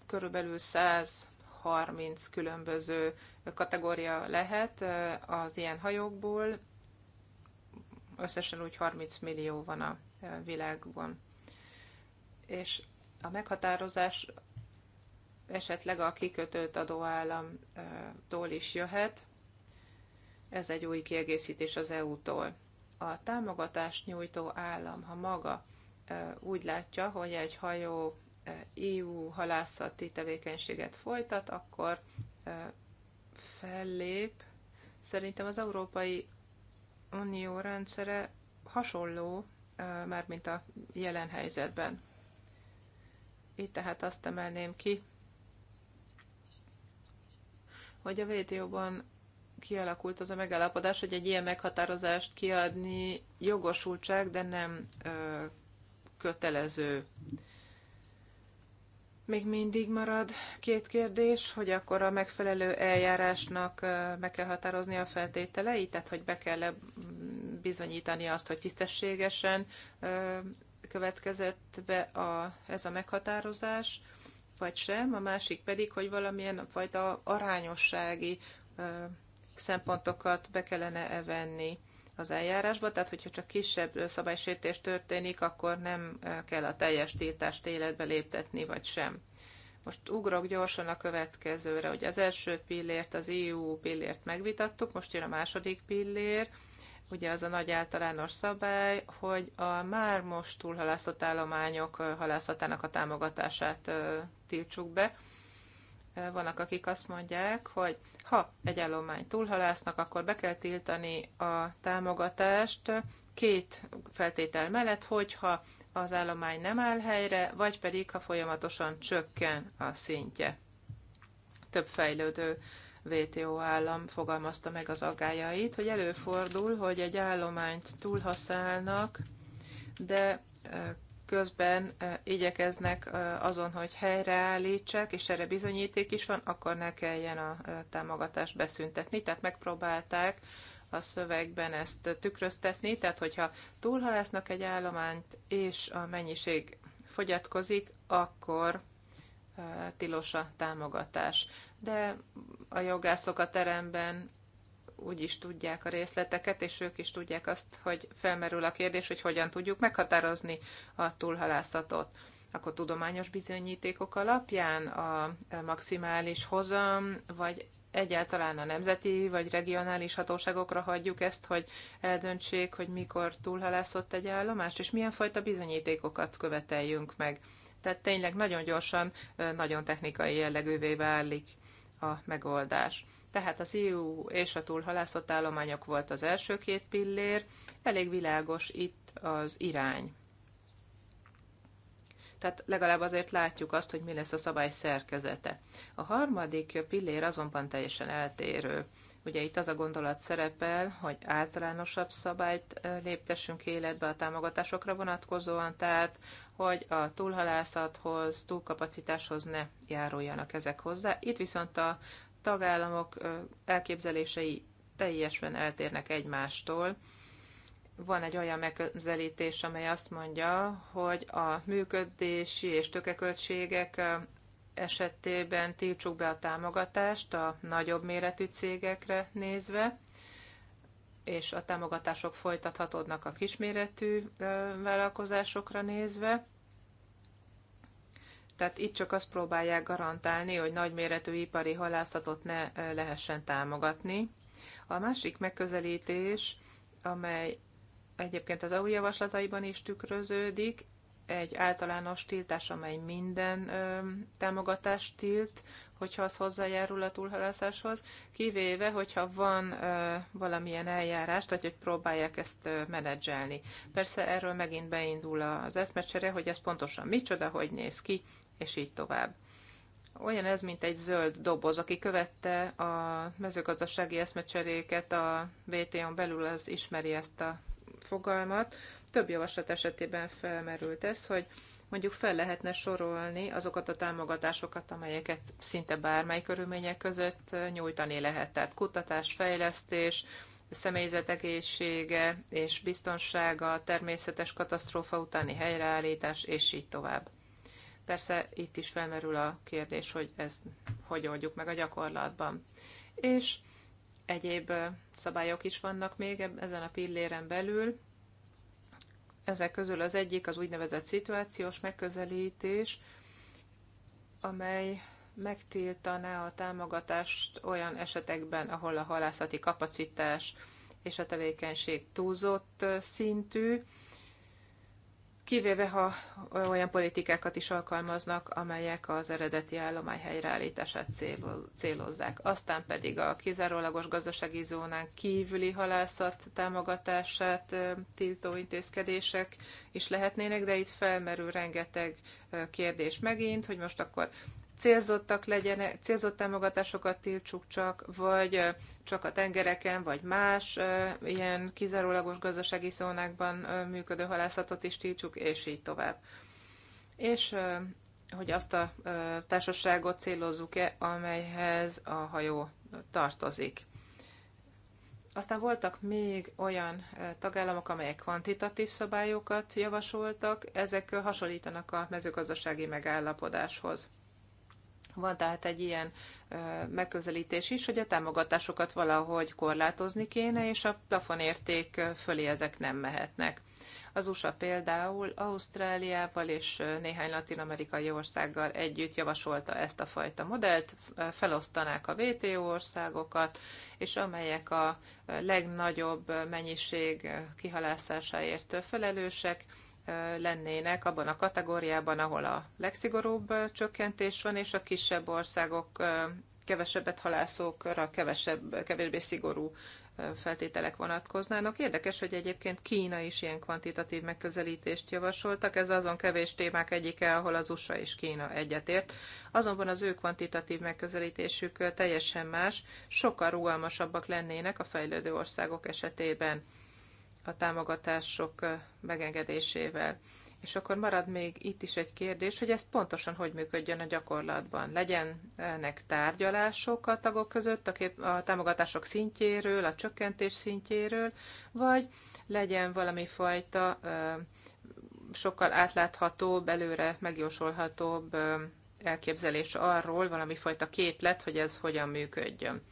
Speaker 3: körülbelül 130 különböző kategória lehet az ilyen hajókból, összesen úgy 30 millió van a világban. És a meghatározás esetleg a adó államtól is jöhet. Ez egy új kiegészítés az EU-tól. A támogatást nyújtó állam, ha maga úgy látja, hogy egy hajó EU halászati tevékenységet folytat, akkor fellép. Szerintem az Európai Unió rendszere hasonló, már mint a jelen helyzetben. Itt tehát azt emelném ki, hogy a WTO-ban kialakult az a megállapodás, hogy egy ilyen meghatározást kiadni jogosultság, de nem ö, kötelező. Még mindig marad két kérdés, hogy akkor a megfelelő eljárásnak meg kell határozni a feltételeit, tehát hogy be kell -e bizonyítani azt, hogy tisztességesen következett be a, ez a meghatározás vagy sem, a másik pedig, hogy valamilyen fajta arányossági szempontokat be kellene evenni az eljárásba, tehát hogyha csak kisebb szabálysértés történik, akkor nem kell a teljes tiltást életbe léptetni, vagy sem. Most ugrok gyorsan a következőre, hogy az első pillért, az EU pillért megvitattuk, most jön a második pillér, ugye az a nagy általános szabály, hogy a már most túlhalászott állományok halászatának a támogatását tiltsuk be. Vannak, akik azt mondják, hogy ha egy állomány túlhalásznak, akkor be kell tiltani a támogatást két feltétel mellett, hogyha az állomány nem áll helyre, vagy pedig, ha folyamatosan csökken a szintje. Több fejlődő WTO állam fogalmazta meg az agályait, hogy előfordul, hogy egy állományt túlhasználnak, de közben igyekeznek azon, hogy helyreállítsák, és erre bizonyíték is van, akkor ne kelljen a támogatást beszüntetni. Tehát megpróbálták a szövegben ezt tükröztetni, tehát hogyha túlhalásznak egy állományt, és a mennyiség fogyatkozik, akkor tilos a támogatás de a jogászok a teremben úgy is tudják a részleteket, és ők is tudják azt, hogy felmerül a kérdés, hogy hogyan tudjuk meghatározni a túlhalászatot. Akkor tudományos bizonyítékok alapján a maximális hozam, vagy egyáltalán a nemzeti vagy regionális hatóságokra hagyjuk ezt, hogy eldöntsék, hogy mikor túlhalászott egy állomás, és milyen fajta bizonyítékokat követeljünk meg. Tehát tényleg nagyon gyorsan, nagyon technikai jellegűvé válik a megoldás. Tehát az EU és a túlhalászott állományok volt az első két pillér, elég világos itt az irány. Tehát legalább azért látjuk azt, hogy mi lesz a szabály szerkezete. A harmadik pillér azonban teljesen eltérő. Ugye itt az a gondolat szerepel, hogy általánosabb szabályt léptessünk életbe a támogatásokra vonatkozóan, tehát hogy a túlhalászathoz, túlkapacitáshoz ne járuljanak ezek hozzá. Itt viszont a tagállamok elképzelései teljesen eltérnek egymástól. Van egy olyan megközelítés, amely azt mondja, hogy a működési és tökeköltségek esetében tiltsuk be a támogatást a nagyobb méretű cégekre nézve, és a támogatások folytathatódnak a kisméretű vállalkozásokra nézve. Tehát itt csak azt próbálják garantálni, hogy nagyméretű ipari halászatot ne lehessen támogatni. A másik megközelítés, amely egyébként az EU javaslataiban is tükröződik, egy általános tiltás, amely minden ö, támogatást tilt, hogyha az hozzájárul a túlhalászáshoz, kivéve, hogyha van ö, valamilyen eljárás, tehát hogy próbálják ezt ö, menedzselni. Persze erről megint beindul az eszmecsere, hogy ez pontosan micsoda, hogy néz ki, és így tovább. Olyan ez, mint egy zöld doboz, aki követte a mezőgazdasági eszmecseréket a VTO-n belül, az ismeri ezt a fogalmat. Több javaslat esetében felmerült ez, hogy mondjuk fel lehetne sorolni azokat a támogatásokat, amelyeket szinte bármely körülmények között nyújtani lehet. Tehát kutatás, fejlesztés, személyzet egészsége és biztonsága, természetes katasztrófa utáni helyreállítás, és így tovább. Persze itt is felmerül a kérdés, hogy ezt hogy oldjuk meg a gyakorlatban. És egyéb szabályok is vannak még ezen a pilléren belül, ezek közül az egyik az úgynevezett szituációs megközelítés, amely megtiltaná a támogatást olyan esetekben, ahol a halászati kapacitás és a tevékenység túlzott szintű, kivéve ha olyan politikákat is alkalmaznak, amelyek az eredeti állomány helyreállítását célozzák. Aztán pedig a kizárólagos gazdasági zónán kívüli halászat támogatását tiltó intézkedések is lehetnének, de itt felmerül rengeteg kérdés megint, hogy most akkor célzottak legyenek, célzott támogatásokat tiltsuk csak, vagy csak a tengereken, vagy más ilyen kizárólagos gazdasági szónákban működő halászatot is tiltsuk, és így tovább. És hogy azt a társaságot célozzuk-e, amelyhez a hajó tartozik. Aztán voltak még olyan tagállamok, amelyek kvantitatív szabályokat javasoltak, ezek hasonlítanak a mezőgazdasági megállapodáshoz. Van tehát egy ilyen megközelítés is, hogy a támogatásokat valahogy korlátozni kéne, és a plafonérték fölé ezek nem mehetnek. Az USA például Ausztráliával és néhány latin-amerikai országgal együtt javasolta ezt a fajta modellt, felosztanák a WTO országokat, és amelyek a legnagyobb mennyiség kihalászásáért felelősek, lennének abban a kategóriában, ahol a legszigorúbb csökkentés van, és a kisebb országok, kevesebbet halászókra kevesebb, kevésbé szigorú feltételek vonatkoznának. Érdekes, hogy egyébként Kína is ilyen kvantitatív megközelítést javasoltak. Ez azon kevés témák egyike, ahol az USA és Kína egyetért. Azonban az ő kvantitatív megközelítésük teljesen más, sokkal rugalmasabbak lennének a fejlődő országok esetében a támogatások megengedésével. És akkor marad még itt is egy kérdés, hogy ez pontosan hogy működjön a gyakorlatban. Legyenek tárgyalások a tagok között, a, kép, a támogatások szintjéről, a csökkentés szintjéről, vagy legyen valami fajta sokkal átláthatóbb, előre megjósolhatóbb elképzelés arról, valami fajta képlet, hogy ez hogyan működjön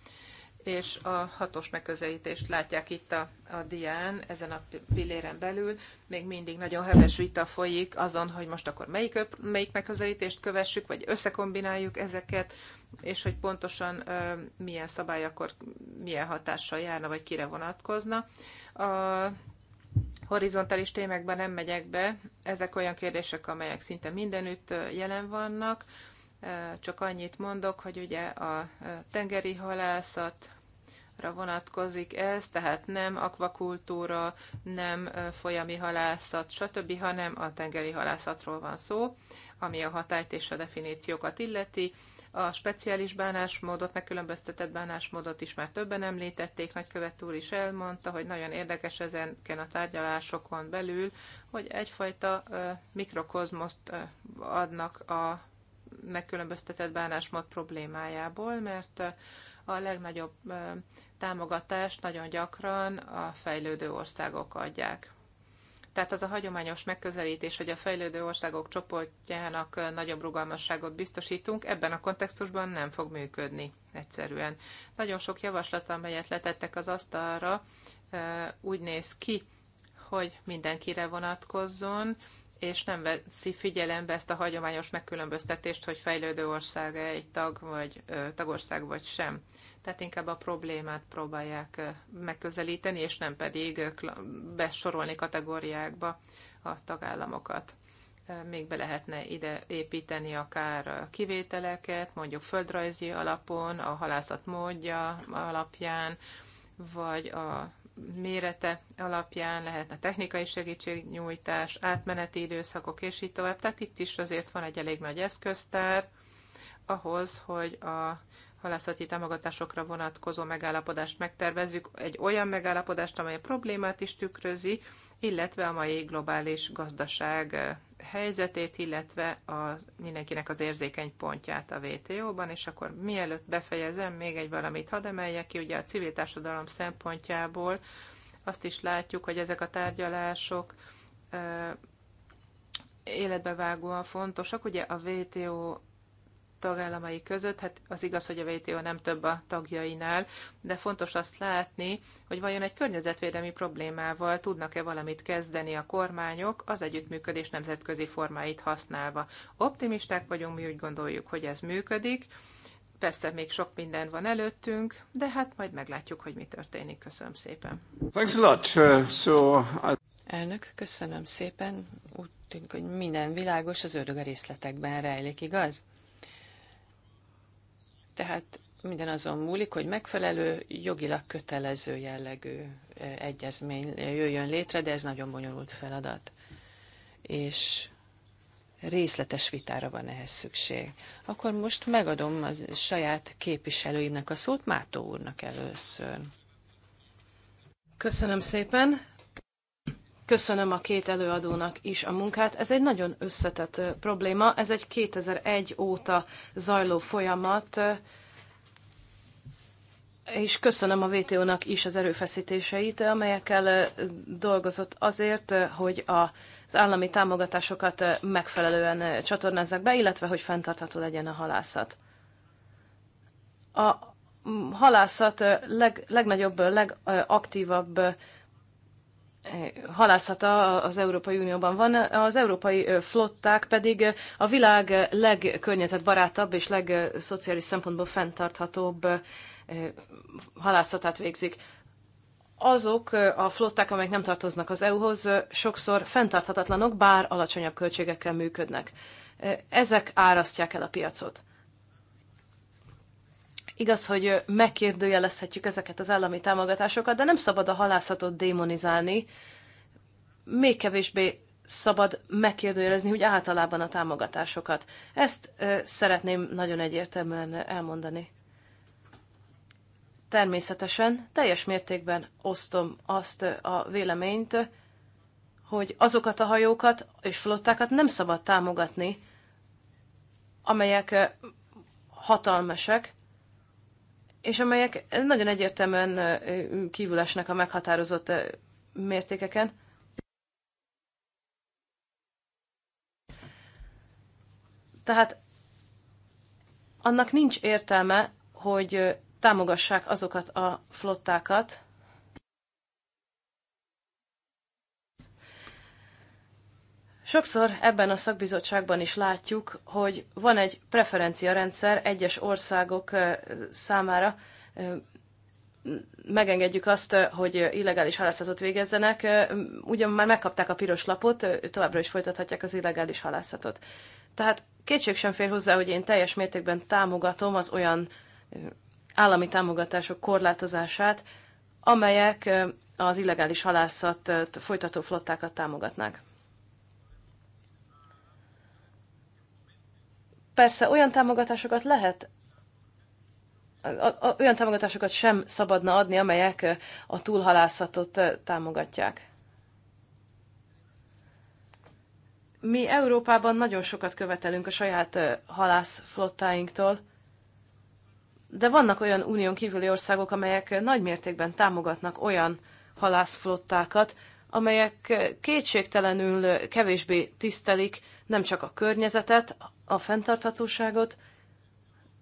Speaker 3: és a hatos megközelítést látják itt a, a dián, ezen a pilléren belül. Még mindig nagyon heves vita folyik azon, hogy most akkor melyik, melyik megközelítést kövessük, vagy összekombináljuk ezeket, és hogy pontosan ö, milyen szabály akkor milyen hatással járna, vagy kire vonatkozna. A horizontális témákban nem megyek be, ezek olyan kérdések, amelyek szinte mindenütt jelen vannak, csak annyit mondok, hogy ugye a tengeri halászat, vonatkozik ez, tehát nem akvakultúra, nem folyami halászat, stb., hanem a tengeri halászatról van szó, ami a hatályt és a definíciókat illeti. A speciális bánásmódot, megkülönböztetett bánásmódot is már többen említették, nagykövet úr is elmondta, hogy nagyon érdekes ezeken a tárgyalásokon belül, hogy egyfajta mikrokozmoszt adnak a megkülönböztetett bánásmód problémájából, mert a legnagyobb támogatást nagyon gyakran a fejlődő országok adják. Tehát az a hagyományos megközelítés, hogy a fejlődő országok csoportjának nagyobb rugalmasságot biztosítunk, ebben a kontextusban nem fog működni egyszerűen. Nagyon sok javaslat, amelyet letettek az asztalra, úgy néz ki, hogy mindenkire vonatkozzon, és nem veszi figyelembe ezt a hagyományos megkülönböztetést, hogy fejlődő ország egy tag, vagy ö, tagország, vagy sem. Tehát inkább a problémát próbálják megközelíteni, és nem pedig besorolni kategóriákba a tagállamokat. Még be lehetne ide építeni akár kivételeket, mondjuk földrajzi alapon, a halászat módja alapján, vagy a mérete alapján lehetne technikai segítségnyújtás, átmeneti időszakok, és így tovább. Tehát itt is azért van egy elég nagy eszköztár ahhoz, hogy a halászati támogatásokra vonatkozó megállapodást megtervezzük, egy olyan megállapodást, amely a problémát is tükrözi, illetve a mai globális gazdaság helyzetét, illetve a, mindenkinek az érzékeny pontját a WTO-ban, és akkor mielőtt befejezem, még egy valamit hadd emeljek ki, ugye a civil társadalom szempontjából azt is látjuk, hogy ezek a tárgyalások életbevágóan fontosak. Ugye a WTO tagállamai között. Hát az igaz, hogy a WTO nem több a tagjainál, de fontos azt látni, hogy vajon egy környezetvédelmi problémával tudnak-e valamit kezdeni a kormányok az együttműködés nemzetközi formáit használva. Optimisták vagyunk, mi úgy gondoljuk, hogy ez működik. Persze még sok minden van előttünk, de hát majd meglátjuk, hogy mi történik. Köszönöm szépen.
Speaker 1: Thanks a lot. Uh, so I... Elnök, köszönöm szépen. Úgy tűnik, hogy minden világos, az ördög a részletekben rejlik, igaz? Tehát minden azon múlik, hogy megfelelő, jogilag kötelező jellegű eh, egyezmény jöjjön létre, de ez nagyon bonyolult feladat. És részletes vitára van ehhez szükség. Akkor most megadom a
Speaker 2: saját képviselőimnek a szót, Mátó úrnak először. Köszönöm szépen. Köszönöm a két előadónak is a munkát. Ez egy nagyon összetett probléma, ez egy 2001 óta zajló folyamat, és köszönöm a VTO-nak is az erőfeszítéseit, amelyekkel dolgozott azért, hogy a az állami támogatásokat megfelelően csatornázzák be, illetve hogy fenntartható legyen a halászat. A halászat leg, legnagyobb, legaktívabb halászata az Európai Unióban van, az európai flották pedig a világ legkörnyezetbarátabb és legszociális szempontból fenntarthatóbb halászatát végzik. Azok a flották, amelyek nem tartoznak az EU-hoz, sokszor fenntarthatatlanok, bár alacsonyabb költségekkel működnek. Ezek árasztják el a piacot. Igaz, hogy megkérdőjelezhetjük ezeket az állami támogatásokat, de nem szabad a halászatot démonizálni, még kevésbé szabad megkérdőjelezni hogy általában a támogatásokat. Ezt ö, szeretném nagyon egyértelműen elmondani. Természetesen teljes mértékben osztom azt a véleményt, hogy azokat a hajókat és flottákat nem szabad támogatni, amelyek hatalmasak, és amelyek nagyon egyértelműen kívül esnek a meghatározott mértékeken. Tehát annak nincs értelme, hogy támogassák azokat a flottákat, Sokszor ebben a szakbizottságban is látjuk, hogy van egy preferenciarendszer egyes országok számára. Megengedjük azt, hogy illegális halászatot végezzenek, ugyan már megkapták a piros lapot, továbbra is folytathatják az illegális halászatot. Tehát kétség sem fér hozzá, hogy én teljes mértékben támogatom az olyan állami támogatások korlátozását, amelyek az illegális halászat folytató flottákat támogatnák. Persze olyan támogatásokat lehet, olyan támogatásokat sem szabadna adni, amelyek a túlhalászatot támogatják. Mi Európában nagyon sokat követelünk a saját halászflottáinktól, de vannak olyan unión kívüli országok, amelyek nagy mértékben támogatnak olyan halászflottákat, amelyek kétségtelenül kevésbé tisztelik nem csak a környezetet, a fenntarthatóságot,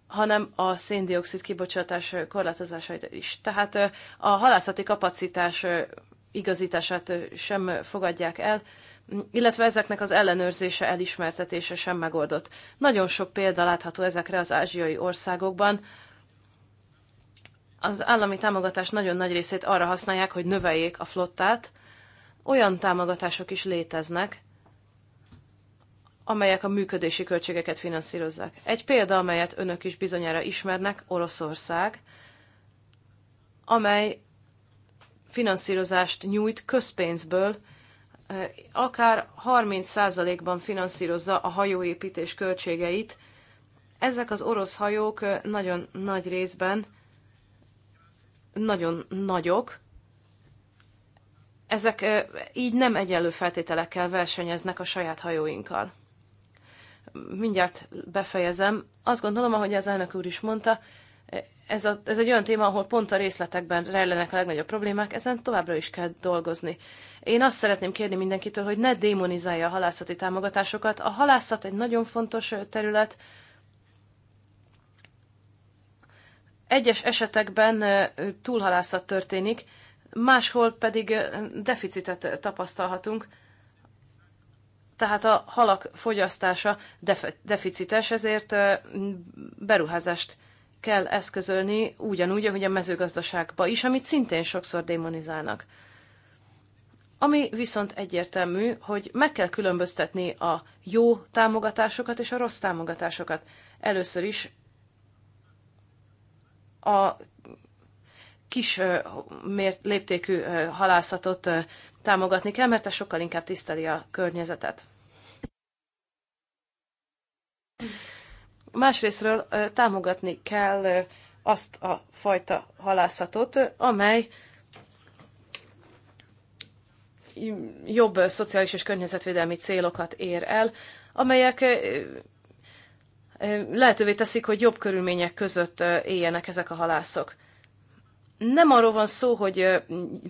Speaker 2: hanem a széndiokszid kibocsátás korlátozásait is. Tehát a halászati kapacitás igazítását sem fogadják el, illetve ezeknek az ellenőrzése, elismertetése sem megoldott. Nagyon sok példa látható ezekre az ázsiai országokban. Az állami támogatás nagyon nagy részét arra használják, hogy növeljék a flottát, olyan támogatások is léteznek, amelyek a működési költségeket finanszírozzák. Egy példa, amelyet önök is bizonyára ismernek, Oroszország, amely finanszírozást nyújt közpénzből, eh, akár 30%-ban finanszírozza a hajóépítés költségeit. Ezek az orosz hajók eh, nagyon nagy részben nagyon nagyok, ezek így nem egyenlő feltételekkel versenyeznek a saját hajóinkkal. Mindjárt befejezem. Azt gondolom, ahogy az elnök úr is mondta, ez, a, ez egy olyan téma, ahol pont a részletekben rejlenek a legnagyobb problémák, ezen továbbra is kell dolgozni. Én azt szeretném kérni mindenkitől, hogy ne démonizálja a halászati támogatásokat. A halászat egy nagyon fontos terület. Egyes esetekben túlhalászat történik, máshol pedig deficitet tapasztalhatunk, tehát a halak fogyasztása deficites, ezért beruházást kell eszközölni ugyanúgy, ahogy a mezőgazdaságba is, amit szintén sokszor démonizálnak. Ami viszont egyértelmű, hogy meg kell különböztetni a jó támogatásokat és a rossz támogatásokat. Először is a kis mért, léptékű halászatot támogatni kell, mert ez sokkal inkább tiszteli a környezetet. Másrésztről támogatni kell azt a fajta halászatot, amely jobb szociális és környezetvédelmi célokat ér el, amelyek lehetővé teszik, hogy jobb körülmények között éljenek ezek a halászok nem arról van szó, hogy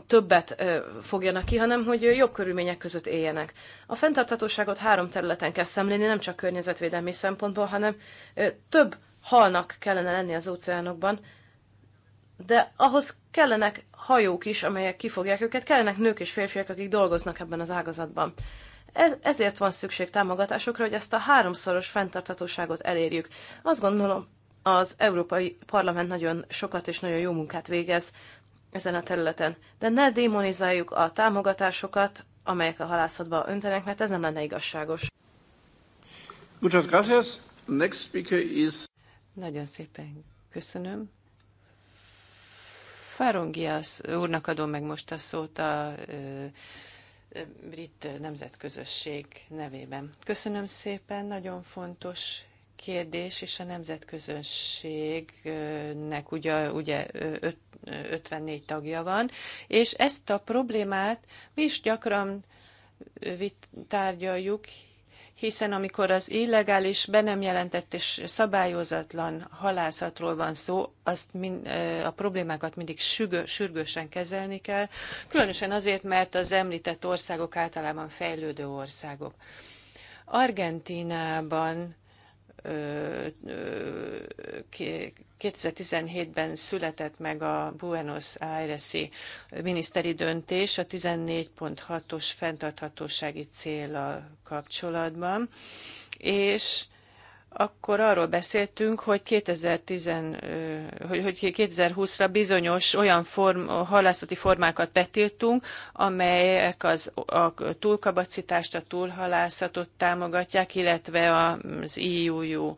Speaker 2: többet fogjanak ki, hanem hogy jobb körülmények között éljenek. A fenntarthatóságot három területen kell szemlélni, nem csak környezetvédelmi szempontból, hanem több halnak kellene lenni az óceánokban, de ahhoz kellenek hajók is, amelyek kifogják őket, kellenek nők és férfiak, akik dolgoznak ebben az ágazatban. Ez, ezért van szükség támogatásokra, hogy ezt a háromszoros fenntarthatóságot elérjük. Azt gondolom, az Európai Parlament nagyon sokat és nagyon jó munkát végez ezen a területen. De ne démonizáljuk a támogatásokat, amelyek a halászatba öntenek, mert ez nem lenne igazságos.
Speaker 3: Muchas gracias. Next speaker is...
Speaker 1: Nagyon szépen köszönöm. Farongias úrnak adom meg most a szót a ö, brit nemzetközösség nevében. Köszönöm szépen, nagyon fontos kérdés, és a nemzetközönségnek ugye, ugye 54 tagja van, és ezt a problémát mi is gyakran tárgyaljuk, hiszen amikor az illegális, be nem jelentett és szabályozatlan halászatról van szó, azt min, a problémákat mindig sügö, sürgősen kezelni kell, különösen azért, mert az említett országok általában fejlődő országok. Argentínában 2017-ben született meg a Buenos Aires-i miniszteri döntés a 14.6-os fenntarthatósági a kapcsolatban, és akkor arról beszéltünk, hogy, 2010, hogy, hogy 2020-ra bizonyos olyan form, halászati formákat betiltunk, amelyek az, a túlkapacitást, a túlhalászatot támogatják, illetve az IUU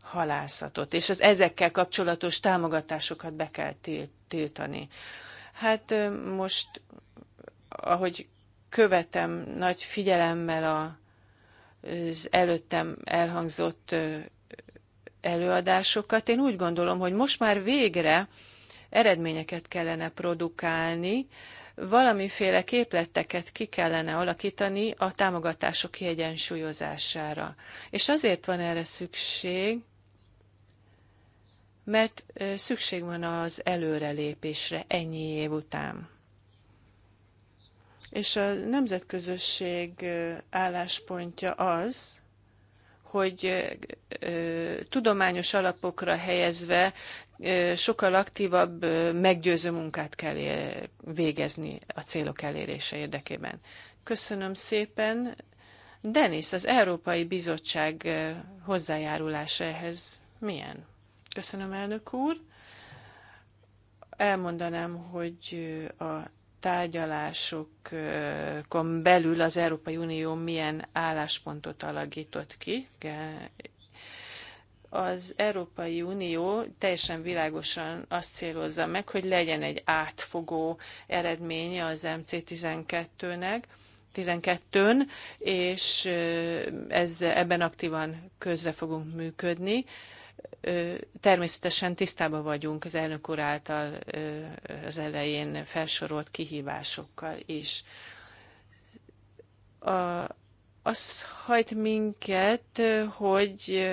Speaker 1: halászatot, és az ezekkel kapcsolatos támogatásokat be kell tiltani. Hát most, ahogy követem nagy figyelemmel a az előttem elhangzott előadásokat. Én úgy gondolom, hogy most már végre eredményeket kellene produkálni, valamiféle képleteket ki kellene alakítani a támogatások kiegyensúlyozására. És azért van erre szükség, mert szükség van az előrelépésre ennyi év után és a nemzetközösség álláspontja az, hogy tudományos alapokra helyezve sokkal aktívabb, meggyőző munkát kell végezni a célok elérése érdekében. Köszönöm szépen. Denis, az Európai Bizottság hozzájárulása ehhez milyen? Köszönöm, elnök úr. Elmondanám, hogy a tárgyalásokon belül az Európai Unió milyen álláspontot alakított ki. Az Európai Unió teljesen világosan azt célozza meg, hogy legyen egy átfogó eredménye az MC12-nek, 12 n és ez, ebben aktívan közre fogunk működni természetesen tisztában vagyunk az elnök úr által az elején felsorolt kihívásokkal is. A, az hajt minket, hogy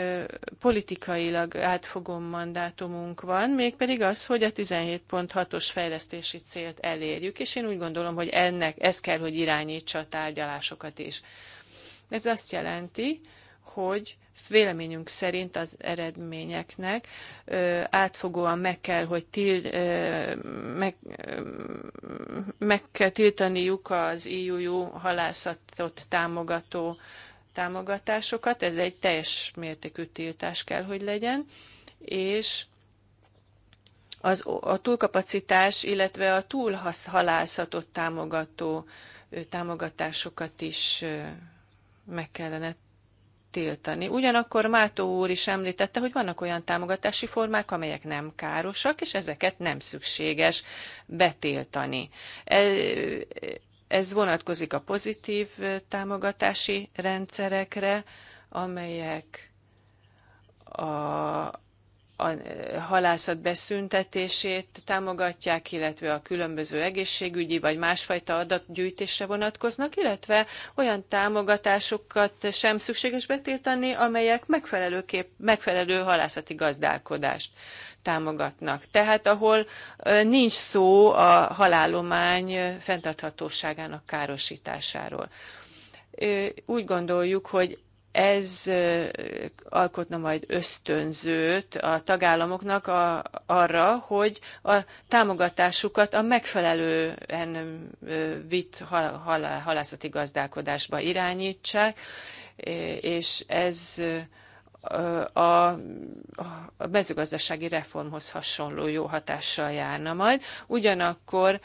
Speaker 1: politikailag átfogó mandátumunk van, mégpedig az, hogy a 17.6-os fejlesztési célt elérjük, és én úgy gondolom, hogy ennek ez kell, hogy irányítsa a tárgyalásokat is. Ez azt jelenti, hogy véleményünk szerint az eredményeknek ö, átfogóan meg kell, hogy til, ö, meg, ö, meg kell tiltaniuk az IUU halászatot támogató támogatásokat, ez egy teljes mértékű tiltás kell, hogy legyen, és az, a túlkapacitás, illetve a túlhalászatot támogató támogatásokat is meg kellene tiltani. Ugyanakkor Mátó úr is említette, hogy vannak olyan támogatási formák, amelyek nem károsak, és ezeket nem szükséges betiltani. E, ez vonatkozik a pozitív támogatási rendszerekre, amelyek a, a eh, halászat beszüntetését támogatják, illetve a különböző egészségügyi vagy másfajta adatgyűjtésre vonatkoznak, illetve olyan támogatásokat sem szükséges betiltani, amelyek megfelelőképp, megfelelő halászati gazdálkodást támogatnak. Tehát ahol eh, nincs szó a halálomány eh, fenntarthatóságának károsításáról. Úgy gondoljuk, hogy ez alkotna majd ösztönzőt a tagállamoknak a, arra, hogy a támogatásukat a megfelelően vitt hal, hal, halászati gazdálkodásba irányítsák, és ez a, mezőgazdasági reformhoz hasonló jó hatással járna majd. Ugyanakkor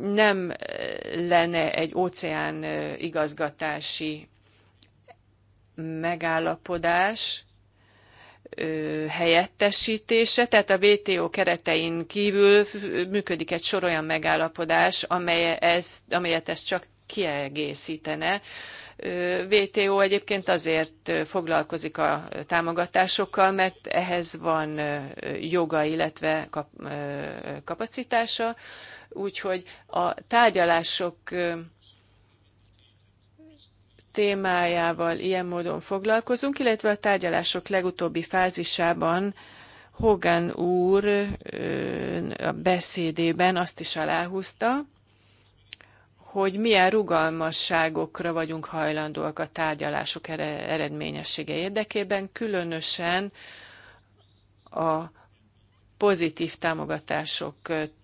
Speaker 1: nem lenne egy óceán igazgatási megállapodás helyettesítése, tehát a WTO keretein kívül működik egy sor olyan megállapodás, amely ez, amelyet ez csak kiegészítene. WTO egyébként azért foglalkozik a támogatásokkal, mert ehhez van joga, illetve kapacitása úgyhogy a tárgyalások témájával ilyen módon foglalkozunk, illetve a tárgyalások legutóbbi fázisában Hogan úr a beszédében azt is aláhúzta, hogy milyen rugalmasságokra vagyunk hajlandóak a tárgyalások eredményessége érdekében, különösen a pozitív támogatások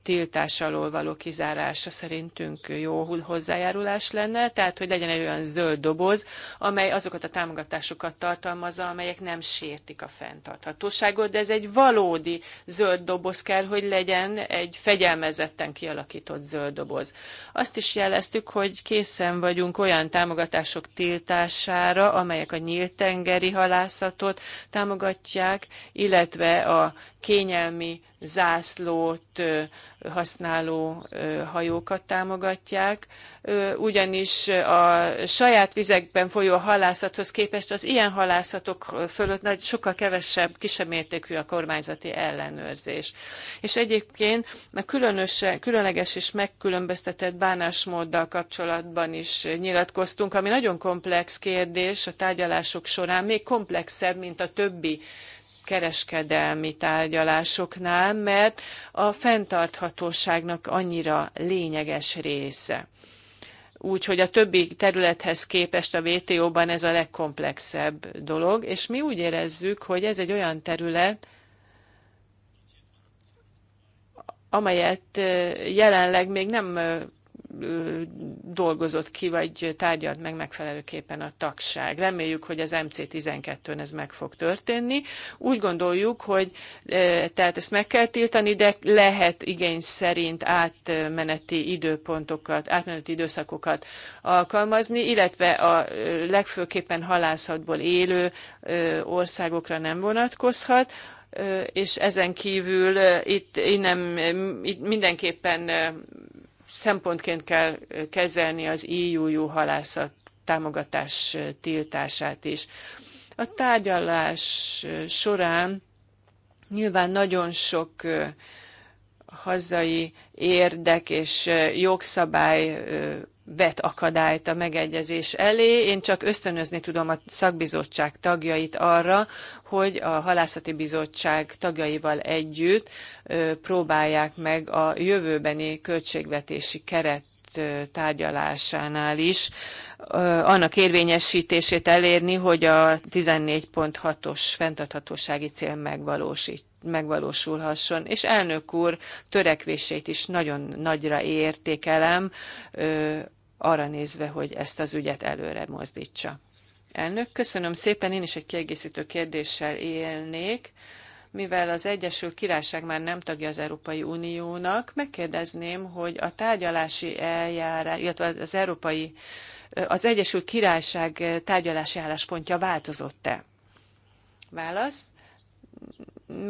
Speaker 1: tiltás alól való kizárása szerintünk jó hozzájárulás lenne, tehát hogy legyen egy olyan zöld doboz, amely azokat a támogatásokat tartalmazza, amelyek nem sértik a fenntarthatóságot, de ez egy valódi zöld doboz kell, hogy legyen egy fegyelmezetten kialakított zöld doboz. Azt is jeleztük, hogy készen vagyunk olyan támogatások tiltására, amelyek a nyílt tengeri halászatot támogatják, illetve a kényelmi zászlót használó hajókat támogatják, ugyanis a saját vizekben folyó halászathoz képest az ilyen halászatok fölött nagy, sokkal kevesebb, kisebb mértékű a kormányzati ellenőrzés. És egyébként a különösen, különleges és megkülönböztetett bánásmóddal kapcsolatban is nyilatkoztunk, ami nagyon komplex kérdés a tárgyalások során, még komplexebb, mint a többi kereskedelmi tárgyalásoknál, mert a fenntarthatóságnak annyira lényeges része. Úgyhogy a többi területhez képest a WTO-ban ez a legkomplexebb dolog, és mi úgy érezzük, hogy ez egy olyan terület, amelyet jelenleg még nem dolgozott ki, vagy tárgyalt meg megfelelőképpen a tagság. Reméljük, hogy az MC12-n ez meg fog történni. Úgy gondoljuk, hogy tehát ezt meg kell tiltani, de lehet igény szerint átmeneti időpontokat, átmeneti időszakokat alkalmazni, illetve a legfőképpen halászatból élő országokra nem vonatkozhat és ezen kívül itt, innen, itt mindenképpen szempontként kell kezelni az IUU halászat támogatás tiltását is. A tárgyalás során nyilván nagyon sok hazai érdek és jogszabály vet akadályt a megegyezés elé. Én csak ösztönözni tudom a szakbizottság tagjait arra, hogy a halászati bizottság tagjaival együtt próbálják meg a jövőbeni költségvetési keret tárgyalásánál is annak érvényesítését elérni, hogy a 14.6-os fenntarthatósági cél megvalósít, megvalósulhasson. És elnök úr törekvését is nagyon nagyra értékelem arra nézve, hogy ezt az ügyet előre mozdítsa. Elnök, köszönöm szépen, én is egy kiegészítő kérdéssel élnék. Mivel az Egyesült Királyság már nem tagja az Európai Uniónak, megkérdezném, hogy a tárgyalási eljárás, illetve az Európai, az Egyesült Királyság tárgyalási álláspontja változott-e? Válasz.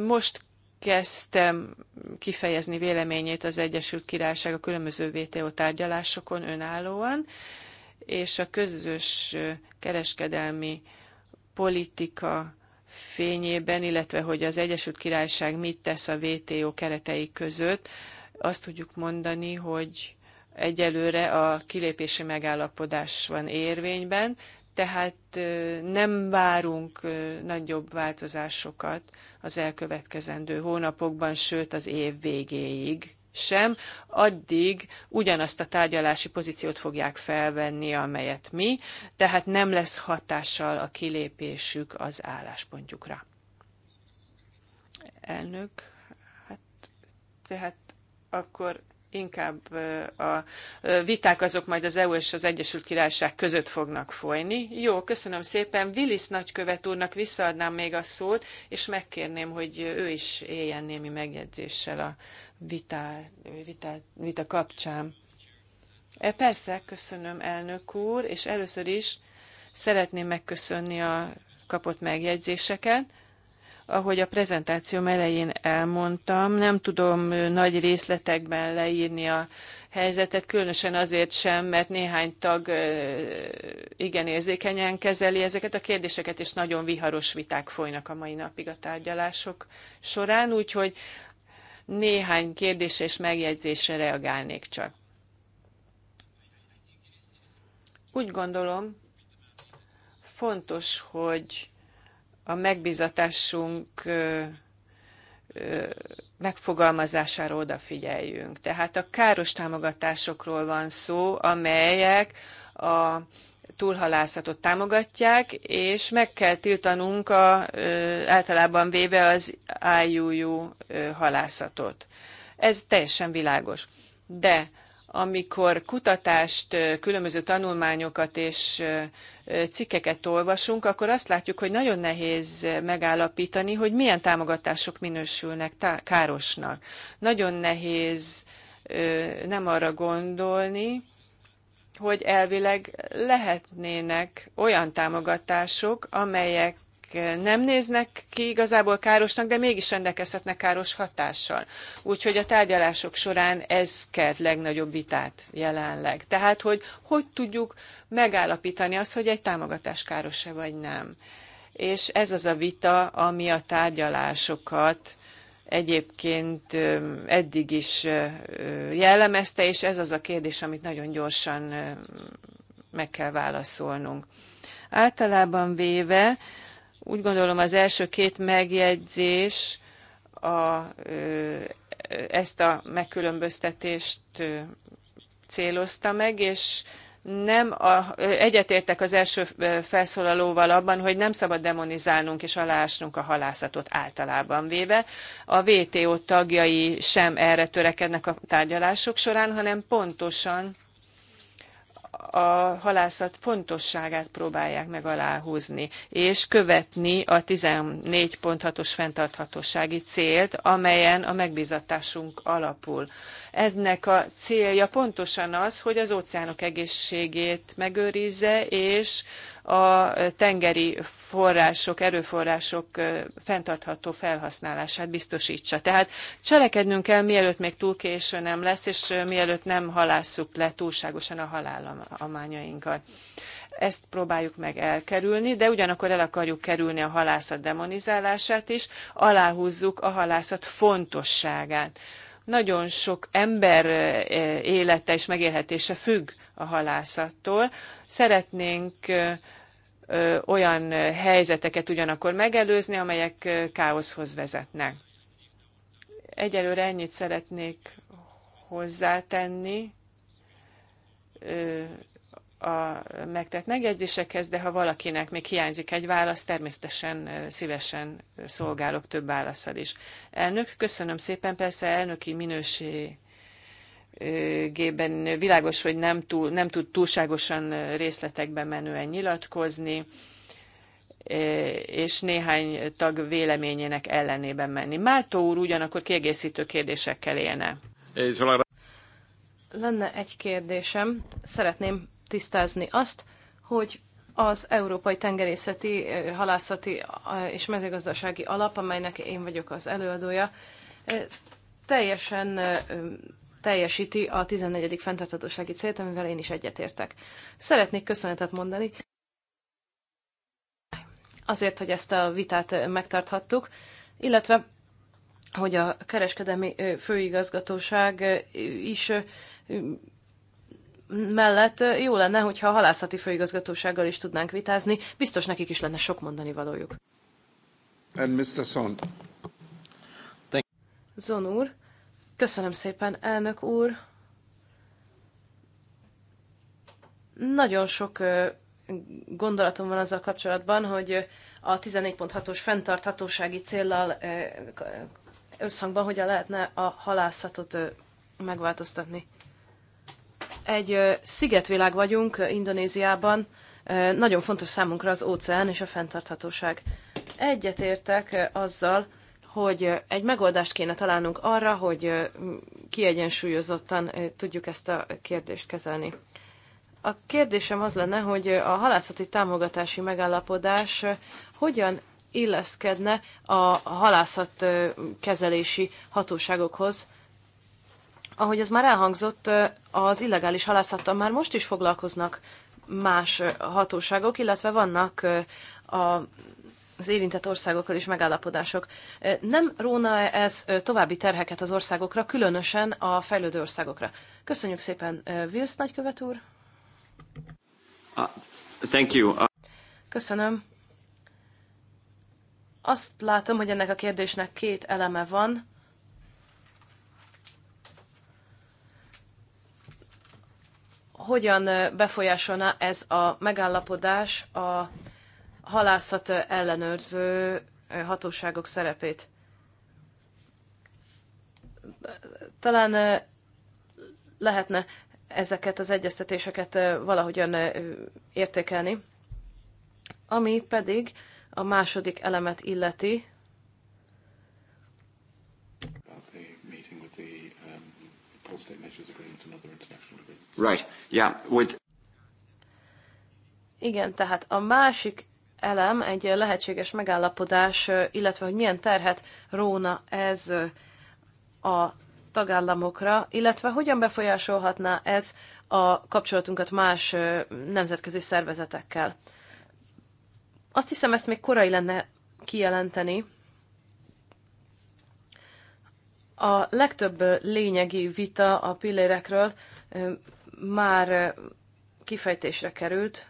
Speaker 1: Most kezdtem kifejezni véleményét az Egyesült Királyság a különböző VTO tárgyalásokon önállóan, és a közös kereskedelmi politika fényében, illetve hogy az Egyesült Királyság mit tesz a VTO keretei között, azt tudjuk mondani, hogy egyelőre a kilépési megállapodás van érvényben, tehát nem várunk nagyobb változásokat az elkövetkezendő hónapokban, sőt az év végéig sem, addig ugyanazt a tárgyalási pozíciót fogják felvenni, amelyet mi, tehát nem lesz hatással a kilépésük az álláspontjukra. Elnök, hát tehát akkor inkább a viták azok majd az EU és az Egyesült Királyság között fognak folyni. Jó, köszönöm szépen. Willis nagykövet úrnak visszaadnám még a szót, és megkérném, hogy ő is éljen némi megjegyzéssel a vita, vita, vita kapcsán. E, persze, köszönöm elnök úr, és először is szeretném megköszönni a kapott megjegyzéseket. Ahogy a prezentációm elején elmondtam, nem tudom nagy részletekben leírni a helyzetet, különösen azért sem, mert néhány tag igen érzékenyen kezeli ezeket a kérdéseket, és nagyon viharos viták folynak a mai napig a tárgyalások során, úgyhogy néhány kérdésre és megjegyzésre reagálnék csak. Úgy gondolom, fontos, hogy a megbizatásunk megfogalmazására odafigyeljünk. Tehát a káros támogatásokról van szó, amelyek a túlhalászatot támogatják, és meg kell tiltanunk a, általában véve az IUU halászatot. Ez teljesen világos. De amikor kutatást, különböző tanulmányokat és cikkeket olvasunk, akkor azt látjuk, hogy nagyon nehéz megállapítani, hogy milyen támogatások minősülnek károsnak. Nagyon nehéz nem arra gondolni, hogy elvileg lehetnének olyan támogatások, amelyek nem néznek ki igazából károsnak, de mégis rendelkezhetnek káros hatással. Úgyhogy a tárgyalások során ez kelt legnagyobb vitát jelenleg. Tehát, hogy hogy tudjuk megállapítani azt, hogy egy támogatás káros-e vagy nem. És ez az a vita, ami a tárgyalásokat egyébként eddig is jellemezte, és ez az a kérdés, amit nagyon gyorsan meg kell válaszolnunk. Általában véve úgy gondolom az első két megjegyzés a, ezt a megkülönböztetést célozta meg, és nem a, egyetértek az első felszólalóval abban, hogy nem szabad demonizálnunk és alásnunk a halászatot általában véve. A WTO tagjai sem erre törekednek a tárgyalások során, hanem pontosan a halászat fontosságát próbálják meg aláhúzni, és követni a 14.6-os fenntarthatósági célt, amelyen a megbizatásunk alapul. Eznek a célja pontosan az, hogy az óceánok egészségét megőrizze, és a tengeri források, erőforrások fenntartható felhasználását biztosítsa. Tehát cselekednünk kell, mielőtt még túl késő nem lesz, és mielőtt nem halásszuk le túlságosan a halálományainkat ezt próbáljuk meg elkerülni, de ugyanakkor el akarjuk kerülni a halászat demonizálását is, aláhúzzuk a halászat fontosságát. Nagyon sok ember élete és megélhetése függ a halászattól. Szeretnénk olyan helyzeteket ugyanakkor megelőzni, amelyek káoszhoz vezetnek. Egyelőre ennyit szeretnék hozzátenni a megtett megjegyzésekhez, de ha valakinek még hiányzik egy válasz, természetesen szívesen szolgálok több válaszsal is. Elnök, köszönöm szépen, persze elnöki minőség gében világos, hogy nem, túl, nem tud túlságosan részletekben menően nyilatkozni, és néhány tag véleményének ellenében menni. Mátó úr ugyanakkor kiegészítő kérdésekkel élne.
Speaker 2: Lenne egy kérdésem. Szeretném tisztázni azt, hogy az Európai Tengerészeti, Halászati és Mezőgazdasági Alap, amelynek én vagyok az előadója, teljesen teljesíti a 14. fenntarthatósági célt, amivel én is egyetértek. Szeretnék köszönetet mondani azért, hogy ezt a vitát megtarthattuk, illetve hogy a kereskedelmi főigazgatóság is mellett jó lenne, hogyha a halászati főigazgatósággal is tudnánk vitázni, biztos nekik is lenne sok mondani valójuk.
Speaker 1: And Mr. Son.
Speaker 2: Zon úr, Köszönöm szépen, elnök úr. Nagyon sok gondolatom van azzal kapcsolatban, hogy a 14.6-os fenntarthatósági céllal összhangban hogyan lehetne a halászatot megváltoztatni. Egy szigetvilág vagyunk Indonéziában, nagyon fontos számunkra az óceán és a fenntarthatóság. Egyetértek azzal, hogy egy megoldást kéne találnunk arra, hogy kiegyensúlyozottan tudjuk ezt a kérdést kezelni. A kérdésem az lenne, hogy a halászati támogatási megállapodás hogyan illeszkedne a halászat kezelési hatóságokhoz. Ahogy az már elhangzott, az illegális halászattal már most is foglalkoznak más hatóságok, illetve vannak a az érintett országokkal is megállapodások. Nem róna ez további terheket az országokra, különösen a fejlődő országokra? Köszönjük szépen, Vilsz nagykövet úr!
Speaker 1: Uh, thank you. Uh...
Speaker 2: Köszönöm. Azt látom, hogy ennek a kérdésnek két eleme van. Hogyan befolyásolna ez a megállapodás a halászat ellenőrző hatóságok szerepét. Talán lehetne ezeket az egyeztetéseket valahogyan értékelni, ami pedig a második elemet illeti, Right. Yeah. With... Igen, tehát a másik elem egy lehetséges megállapodás, illetve hogy milyen terhet róna ez a tagállamokra, illetve hogyan befolyásolhatná ez a kapcsolatunkat más nemzetközi szervezetekkel. Azt hiszem, ezt még korai lenne kijelenteni. A legtöbb lényegi vita a pillérekről már kifejtésre került,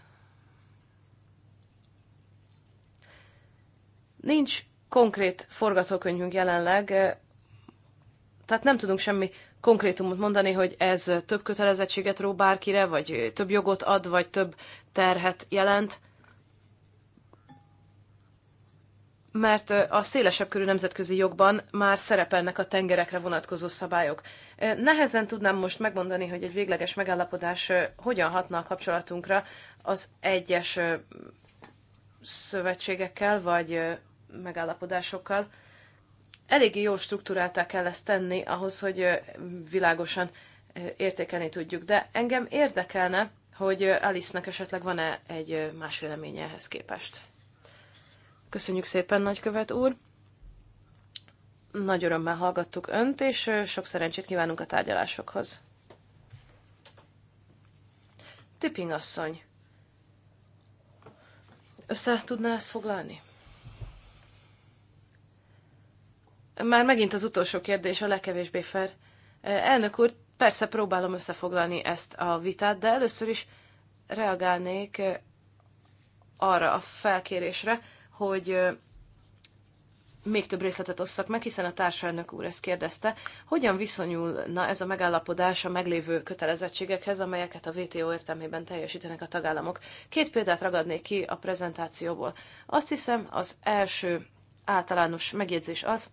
Speaker 2: Nincs konkrét forgatókönyvünk jelenleg, eh, tehát nem tudunk semmi konkrétumot mondani, hogy ez több kötelezettséget ró bárkire, vagy több jogot ad, vagy több terhet jelent. mert eh, a szélesebb körű nemzetközi jogban már szerepelnek a tengerekre vonatkozó szabályok. Eh, nehezen tudnám most megmondani, hogy egy végleges megállapodás hogyan hatna a kapcsolatunkra az egyes szövetségekkel vagy megállapodásokkal. Eléggé jó struktúráltá kell ezt tenni ahhoz, hogy világosan értékelni tudjuk, de engem érdekelne, hogy Alice-nek esetleg van-e egy más véleménye ehhez képest. Köszönjük szépen, nagykövet úr! Nagy örömmel hallgattuk önt, és sok szerencsét kívánunk a tárgyalásokhoz. Tipping asszony, össze tudná ezt foglalni? Már megint az utolsó kérdés, a legkevésbé fair. Elnök úr, persze próbálom összefoglalni ezt a vitát, de először is reagálnék arra a felkérésre, hogy még több részletet osszak meg, hiszen a társelnök úr ezt kérdezte, hogyan viszonyulna ez a megállapodás a meglévő kötelezettségekhez, amelyeket a VTO értelmében teljesítenek a tagállamok. Két példát ragadnék ki a prezentációból. Azt hiszem, az első általános megjegyzés az,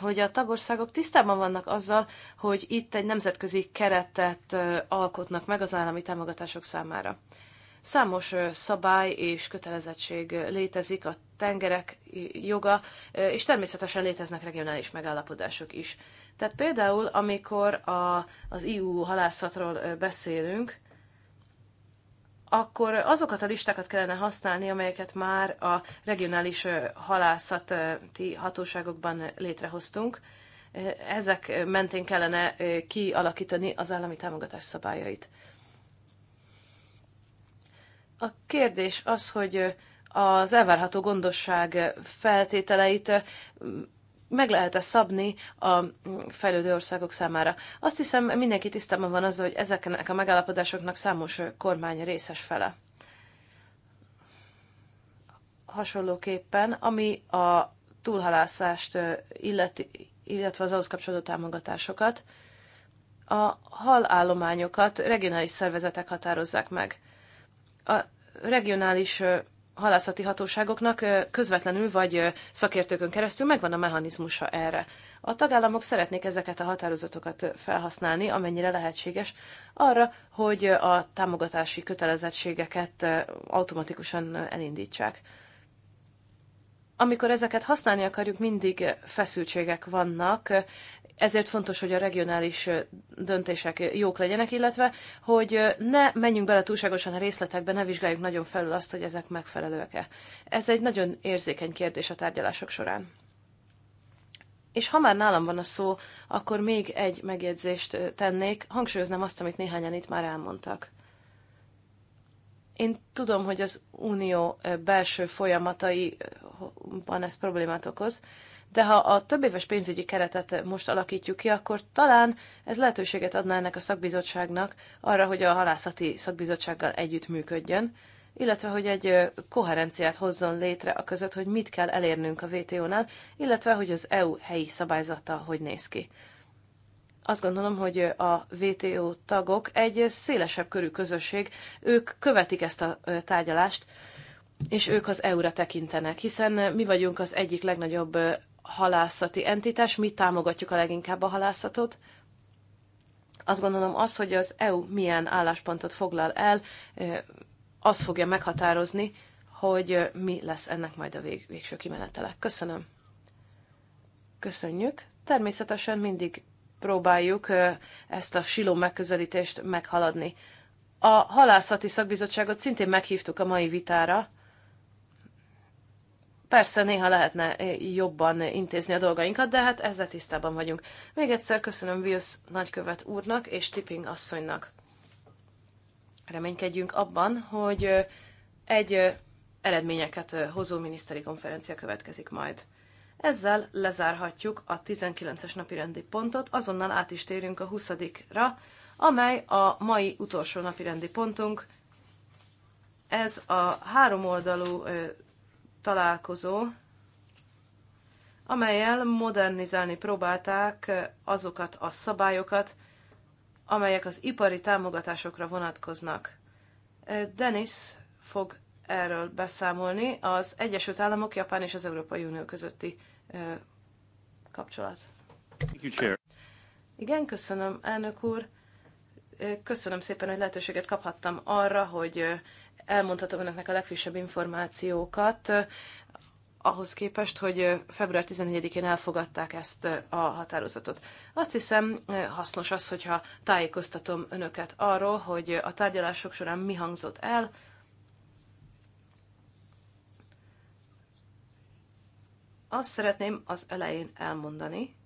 Speaker 2: hogy a tagországok tisztában vannak azzal, hogy itt egy nemzetközi keretet alkotnak meg az állami támogatások számára. Számos szabály és kötelezettség létezik, a tengerek joga, és természetesen léteznek regionális megállapodások is. Tehát például, amikor a, az EU halászatról beszélünk, akkor azokat a listákat kellene használni, amelyeket már a regionális halászati hatóságokban létrehoztunk. Ezek mentén kellene kialakítani az állami támogatás szabályait. A kérdés az, hogy az elvárható gondosság feltételeit meg lehet-e szabni a mm, fejlődő országok számára. Azt hiszem, mindenki tisztában van azzal, hogy ezeknek a megállapodásoknak számos kormány részes fele. Hasonlóképpen, ami a túlhalászást illeti, illetve az ahhoz kapcsolódó támogatásokat, a halállományokat regionális szervezetek határozzák meg. A regionális halászati hatóságoknak közvetlenül vagy szakértőkön keresztül megvan a mechanizmusa erre. A tagállamok szeretnék ezeket a határozatokat felhasználni, amennyire lehetséges, arra, hogy a támogatási kötelezettségeket automatikusan elindítsák. Amikor ezeket használni akarjuk, mindig feszültségek vannak, ezért fontos, hogy a regionális döntések jók legyenek, illetve, hogy ne menjünk bele túlságosan a részletekbe, ne vizsgáljuk nagyon felül azt, hogy ezek megfelelőek-e. Ez egy nagyon érzékeny kérdés a tárgyalások során. És ha már nálam van a szó, akkor még egy megjegyzést tennék, hangsúlyoznám azt, amit néhányan itt már elmondtak. Én tudom, hogy az unió belső folyamataiban ez problémát okoz, de ha a több éves pénzügyi keretet most alakítjuk ki, akkor talán ez lehetőséget adná ennek a szakbizottságnak arra, hogy a halászati szakbizottsággal együtt működjön, illetve hogy egy koherenciát hozzon létre a között, hogy mit kell elérnünk a WTO-nál, illetve hogy az EU helyi szabályzata hogy néz ki. Azt gondolom, hogy a WTO tagok egy szélesebb körű közösség, ők követik ezt a tárgyalást, és ők az EU-ra tekintenek, hiszen mi vagyunk az egyik legnagyobb halászati entitás, mi támogatjuk a leginkább a halászatot. Azt gondolom az, hogy az EU milyen álláspontot foglal el, az fogja meghatározni, hogy mi lesz ennek majd a vég, végső kimenetele. Köszönöm. Köszönjük. Természetesen mindig próbáljuk ezt a silom megközelítést meghaladni. A halászati szakbizottságot szintén meghívtuk a mai vitára, Persze, néha lehetne eh, jobban intézni a dolgainkat, de hát ezzel tisztában vagyunk. Még egyszer köszönöm Wills nagykövet úrnak és Tipping asszonynak. Reménykedjünk abban, hogy eh, egy eh, eredményeket hozó miniszteri konferencia következik majd. Ezzel lezárhatjuk a 19-es napi rendi pontot, azonnal át is térünk a 20-ra, amely a mai utolsó napi rendi pontunk. Ez a háromoldalú találkozó, amelyel modernizálni próbálták azokat a szabályokat, amelyek az ipari támogatásokra vonatkoznak. Dennis fog erről beszámolni az Egyesült Államok, Japán és az Európai Unió közötti kapcsolat. Igen, köszönöm, elnök úr. Köszönöm szépen, hogy lehetőséget kaphattam arra, hogy elmondhatom önöknek a legfrissebb információkat, eh, ahhoz képest, hogy eh, február 14-én elfogadták ezt eh, a határozatot. Azt hiszem hasznos az, hogyha tájékoztatom önöket arról, hogy a tárgyalások során mi hangzott el, Azt szeretném az elején elmondani,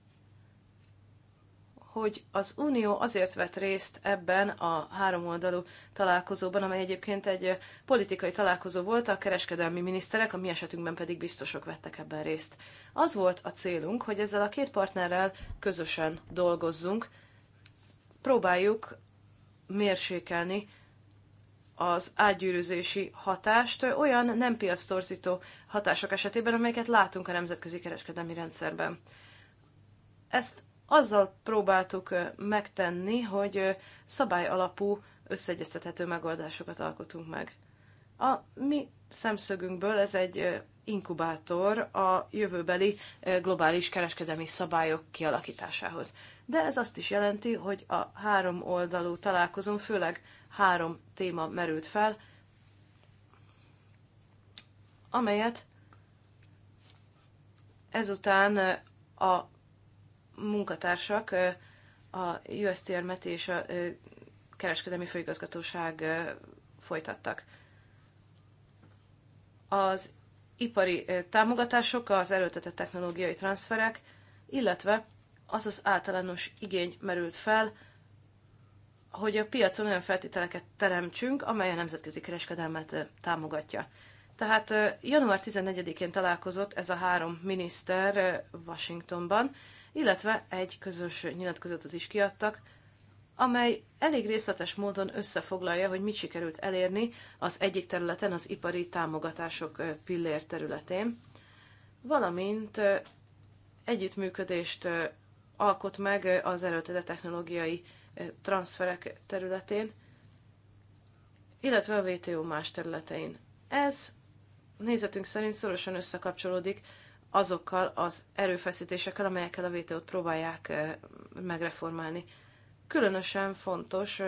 Speaker 2: hogy az Unió azért vett részt ebben a háromoldalú találkozóban, amely egyébként egy politikai találkozó volt, a kereskedelmi miniszterek, a mi esetünkben pedig biztosok vettek ebben részt. Az volt a célunk, hogy ezzel a két partnerrel közösen dolgozzunk, próbáljuk mérsékelni az átgyűrűzési hatást olyan nem piasztorzító hatások esetében, amelyeket látunk a nemzetközi kereskedelmi rendszerben. Ezt azzal próbáltuk megtenni, hogy szabály alapú összeegyeztethető megoldásokat alkotunk meg. A mi szemszögünkből ez egy inkubátor a jövőbeli globális kereskedelmi szabályok kialakításához. De ez azt is jelenti, hogy a három oldalú találkozón főleg három téma merült fel, amelyet ezután a munkatársak a USTR-met e és a kereskedelmi főigazgatóság folytattak. Az ipari támogatások, az erőltetett technológiai transferek, illetve az az általános igény merült fel, hogy a piacon olyan feltételeket teremtsünk, amely a nemzetközi kereskedelmet támogatja. Tehát január 14-én találkozott ez a három miniszter Washingtonban, illetve egy közös nyilatkozatot is kiadtak, amely elég részletes módon összefoglalja, hogy mit sikerült elérni az egyik területen, az ipari támogatások pillér területén, valamint együttműködést alkot meg az erőltető technológiai transferek területén, illetve a WTO más területein. Ez nézetünk szerint szorosan összekapcsolódik azokkal az erőfeszítésekkel, amelyekkel a WTO-t próbálják megreformálni. Különösen fontos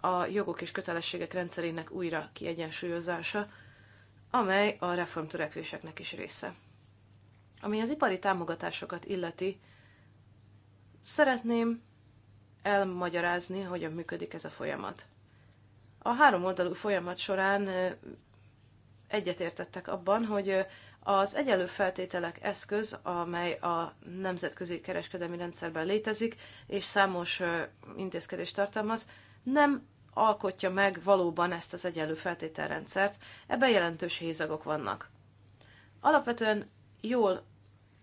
Speaker 2: a jogok és kötelességek rendszerének újra kiegyensúlyozása, amely a reformtörekvéseknek is része. Ami az ipari támogatásokat illeti, szeretném elmagyarázni, hogyan működik ez a folyamat. A három oldalú folyamat során egyetértettek abban, hogy az egyenlő feltételek eszköz, amely a nemzetközi kereskedelmi rendszerben létezik, és számos intézkedést tartalmaz, nem alkotja meg valóban ezt az egyenlő feltételrendszert, ebben jelentős hézagok vannak. Alapvetően jól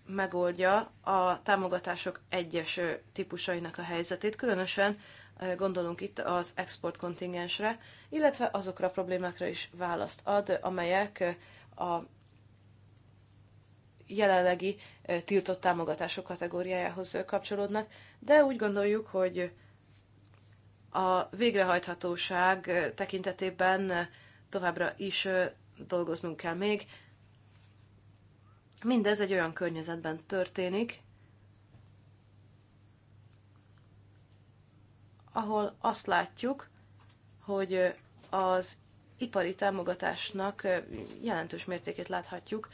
Speaker 2: megoldja a támogatások egyes típusainak a helyzetét, különösen gondolunk itt az export kontingensre, illetve azokra a problémákra is választ ad, amelyek a jelenlegi tiltott támogatások kategóriájához kapcsolódnak, de úgy gondoljuk, hogy a végrehajthatóság tekintetében továbbra is dolgoznunk kell még. Mindez egy olyan környezetben történik, ahol azt látjuk, hogy az ipari támogatásnak jelentős mértékét láthatjuk,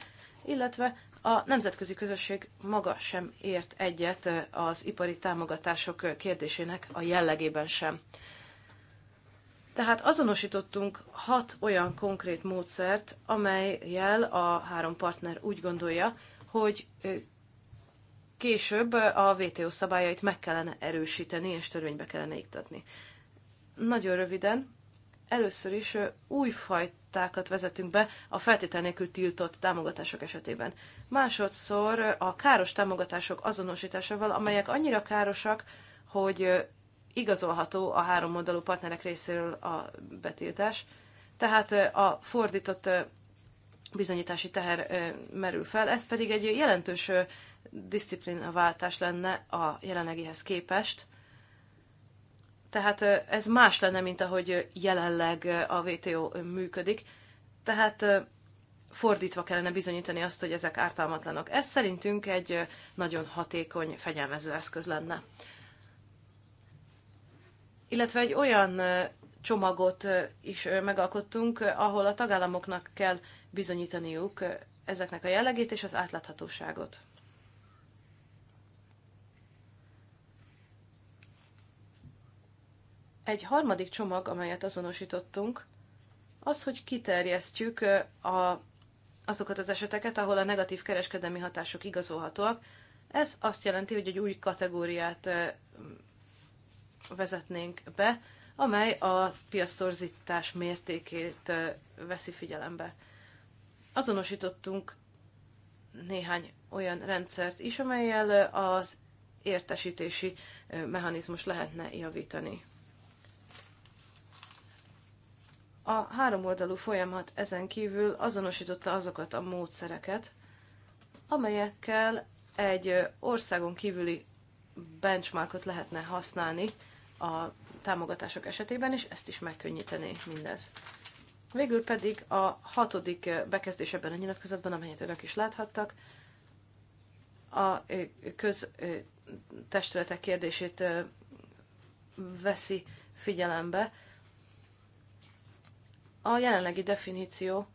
Speaker 2: illetve a nemzetközi közösség maga sem ért egyet az ipari támogatások kérdésének a jellegében sem. Tehát azonosítottunk hat olyan konkrét módszert, amelyel a három partner úgy gondolja, hogy később a WTO szabályait meg kellene erősíteni és törvénybe kellene iktatni. Nagyon röviden, először is újfajta kvótákat vezetünk be a feltétel nélkül tiltott támogatások esetében. Másodszor a káros támogatások azonosításával, amelyek annyira károsak, hogy igazolható a három oldalú partnerek részéről a betiltás. Tehát a fordított bizonyítási teher merül fel, ez pedig egy jelentős disziplinaváltás lenne a jelenlegihez képest – tehát ez más lenne, mint ahogy jelenleg a WTO működik. Tehát fordítva kellene bizonyítani azt, hogy ezek ártalmatlanok. Ez szerintünk egy nagyon hatékony fegyelmező eszköz lenne. Illetve egy olyan csomagot is megalkottunk, ahol a tagállamoknak kell bizonyítaniuk ezeknek a jellegét és az átláthatóságot. Egy harmadik csomag, amelyet azonosítottunk, az, hogy kiterjesztjük a, azokat az eseteket, ahol a negatív kereskedelmi hatások igazolhatóak. Ez azt jelenti, hogy egy új kategóriát vezetnénk be, amely a piasztorzítás mértékét veszi figyelembe. Azonosítottunk néhány olyan rendszert is, amelyel az értesítési mechanizmus lehetne javítani. A háromoldalú folyamat ezen kívül azonosította azokat a módszereket, amelyekkel egy országon kívüli benchmarkot lehetne használni a támogatások esetében, és ezt is megkönnyítené mindez. Végül pedig a hatodik bekezdés ebben a nyilatkozatban, amelyet önök is láthattak, a köztestületek kérdését veszi figyelembe, a jelenlegi definíció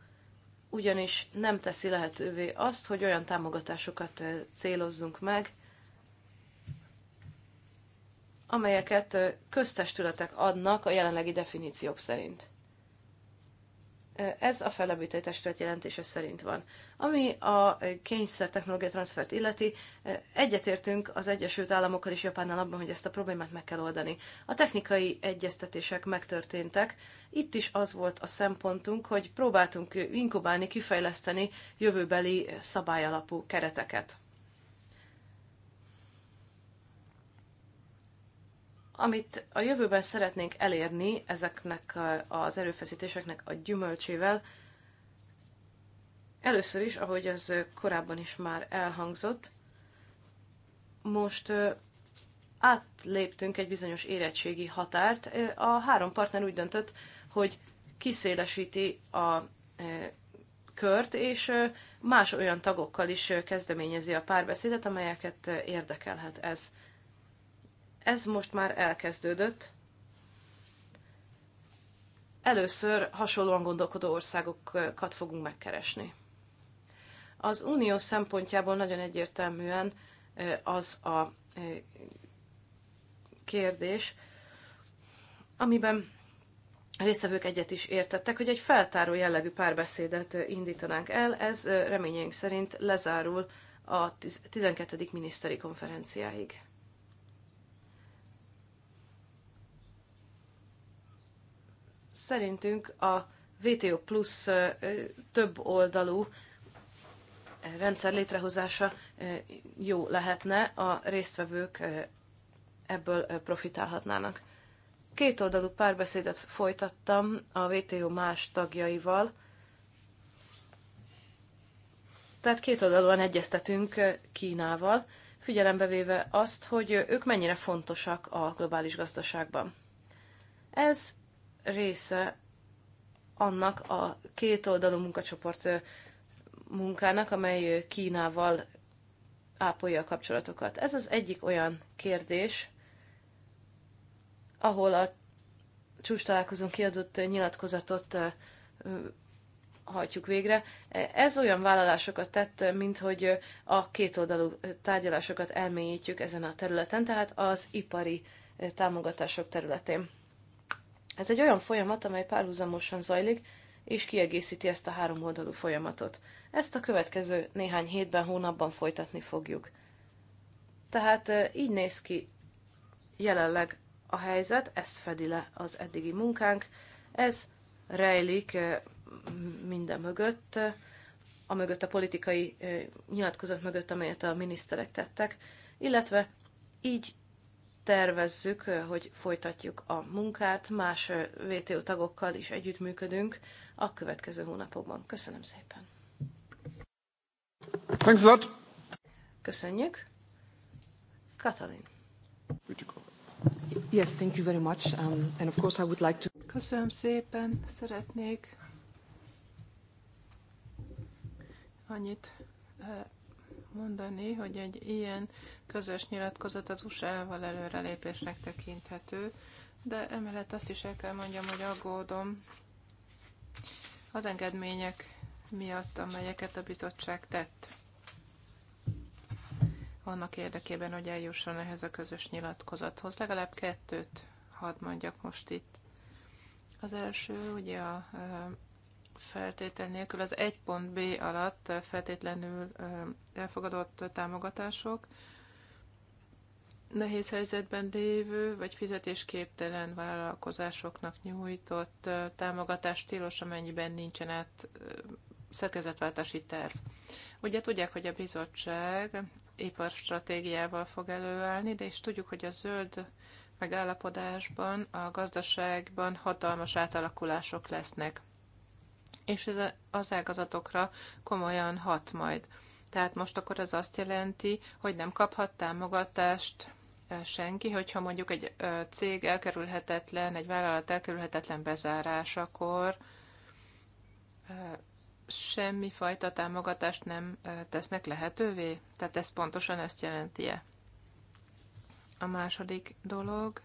Speaker 2: ugyanis nem teszi lehetővé azt, hogy olyan támogatásokat eh, célozzunk meg, amelyeket eh, köztestületek adnak a jelenlegi definíciók szerint. Eh, ez a felebítő testület jelentése szerint van. Ami a kényszer technológia transfert illeti, egyetértünk az Egyesült Államokkal és Japánnal abban, hogy ezt a problémát meg kell oldani. A technikai egyeztetések megtörténtek, itt is az volt a szempontunk, hogy próbáltunk inkubálni, kifejleszteni jövőbeli szabályalapú kereteket. Amit a jövőben szeretnénk elérni ezeknek az erőfeszítéseknek a gyümölcsével, először is, ahogy ez korábban is már elhangzott, most átléptünk egy bizonyos érettségi határt. A három partner úgy döntött, hogy kiszélesíti a e, kört, és e, más olyan tagokkal is e, kezdeményezi a párbeszédet, amelyeket érdekelhet ez. Ez most már elkezdődött. Először hasonlóan gondolkodó országokat fogunk megkeresni. Az unió szempontjából nagyon egyértelműen az a kérdés, amiben részevők egyet is értettek, hogy egy feltáró jellegű párbeszédet indítanánk el, ez reményeink szerint lezárul a 12. miniszteri konferenciáig. Szerintünk a VTO Plus több oldalú rendszer létrehozása jó lehetne, a résztvevők ebből profitálhatnának. Kétoldalú párbeszédet folytattam a WTO más tagjaival, tehát kétoldalúan egyeztetünk Kínával, figyelembe véve azt, hogy ők mennyire fontosak a globális gazdaságban. Ez része annak a kétoldalú munkacsoport munkának, amely Kínával ápolja a kapcsolatokat. Ez az egyik olyan kérdés, ahol a csúcs találkozón kiadott nyilatkozatot hajtjuk végre. Ez olyan vállalásokat tett, mint hogy a kétoldalú tárgyalásokat elmélyítjük ezen a területen, tehát az ipari támogatások területén. Ez egy olyan folyamat, amely párhuzamosan zajlik, és kiegészíti ezt a három oldalú folyamatot. Ezt a következő néhány hétben, hónapban folytatni fogjuk. Tehát így néz ki jelenleg a helyzet, ez fedi le az eddigi munkánk, ez rejlik eh, minden mögött, eh, a mögött a politikai eh, nyilatkozat mögött, amelyet a miniszterek tettek, illetve így tervezzük, hogy folytatjuk a munkát, más VTO tagokkal is együttműködünk a következő hónapokban. Köszönöm szépen! Thanks a lot. Köszönjük! Katalin.
Speaker 3: Bütikofer. Yes, thank you very much. Um,
Speaker 2: and of course I would like to...
Speaker 3: Köszönöm szépen, szeretnék annyit mondani, hogy egy ilyen közös nyilatkozat az USA-val előrelépésnek tekinthető, de emellett azt is el kell mondjam, hogy aggódom az engedmények miatt, amelyeket a bizottság tett annak érdekében, hogy eljusson ehhez a közös nyilatkozathoz. Legalább kettőt hadd mondjak most itt. Az első ugye a feltétel nélkül az 1.b alatt feltétlenül elfogadott támogatások, nehéz helyzetben lévő vagy fizetésképtelen vállalkozásoknak nyújtott támogatás tilos, amennyiben nincsen át szerkezetváltási terv. Ugye tudják, hogy a bizottság iparstratégiával fog előállni, de is tudjuk, hogy a zöld megállapodásban a gazdaságban hatalmas átalakulások lesznek. És ez az ágazatokra komolyan hat majd. Tehát most akkor ez azt jelenti, hogy nem kaphat támogatást eh, senki, hogyha mondjuk egy eh, cég elkerülhetetlen, egy vállalat elkerülhetetlen bezárásakor eh, fajta támogatást nem tesznek lehetővé? Tehát ez pontosan ezt jelenti-e? A második dolog,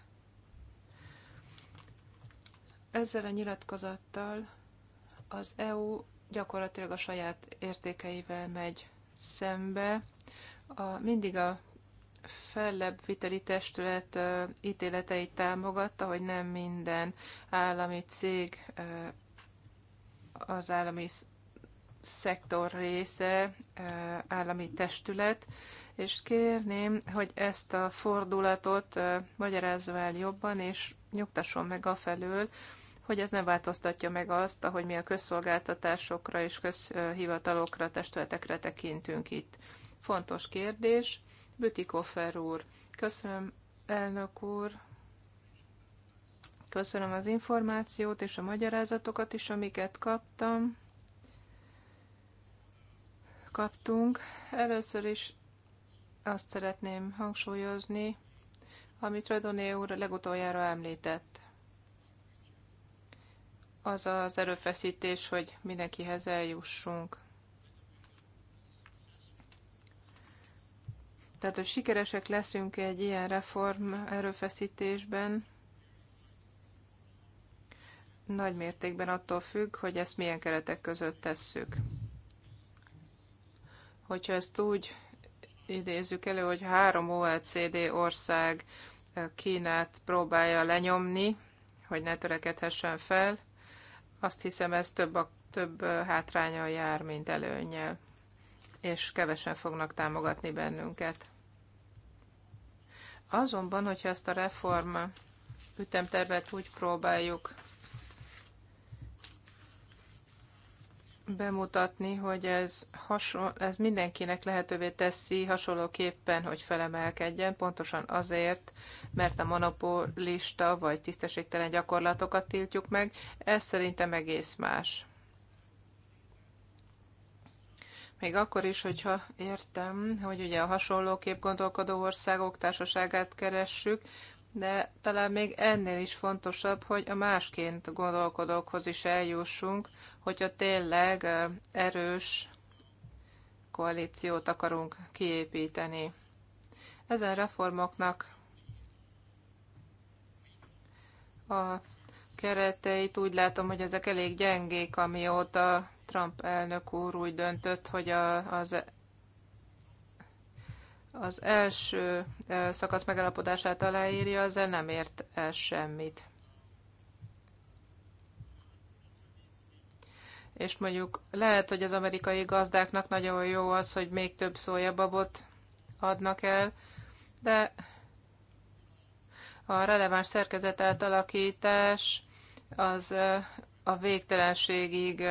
Speaker 3: ezzel a nyilatkozattal az EU gyakorlatilag a saját értékeivel megy szembe. A, mindig a fellebb viteli testület ö, ítéleteit támogatta, hogy nem minden állami cég ö, az állami szektor része, állami testület, és kérném, hogy ezt a fordulatot magyarázva el jobban, és nyugtasson meg a felől, hogy ez nem változtatja meg azt, ahogy mi a közszolgáltatásokra és közhivatalokra, testületekre tekintünk itt. Fontos kérdés. Bütikofer úr. Köszönöm, elnök úr. Köszönöm az információt és a magyarázatokat is, amiket kaptam kaptunk. Először is azt szeretném hangsúlyozni, amit Radoné úr legutoljára említett. Az az erőfeszítés, hogy mindenkihez eljussunk. Tehát, hogy sikeresek leszünk egy ilyen reform erőfeszítésben, nagy mértékben attól függ, hogy ezt milyen keretek között tesszük hogyha ezt úgy idézzük elő, hogy három OECD ország eh, Kínát próbálja lenyomni, hogy ne törekedhessen fel, azt hiszem ez több, a, több eh, hátrányal jár, mint előnyel, és kevesen fognak támogatni bennünket. Azonban, hogyha ezt a reform ütemtervet úgy próbáljuk bemutatni, hogy ez, hasonl- ez mindenkinek lehetővé teszi hasonlóképpen, hogy felemelkedjen, pontosan azért, mert a monopolista vagy tisztességtelen gyakorlatokat tiltjuk meg. Ez szerintem egész más. Még akkor is, hogyha értem, hogy ugye a hasonlóképp gondolkodó országok társaságát keressük, de talán még ennél is fontosabb, hogy a másként gondolkodókhoz is eljussunk, hogyha tényleg erős koalíciót akarunk kiépíteni. Ezen reformoknak a kereteit úgy látom, hogy ezek elég gyengék, amióta Trump elnök úr úgy döntött, hogy a, az az első szakasz megállapodását aláírja, az nem ért el semmit. És mondjuk lehet, hogy az amerikai gazdáknak nagyon jó az, hogy még több szójababot adnak el, de a releváns szerkezet átalakítás az a végtelenségig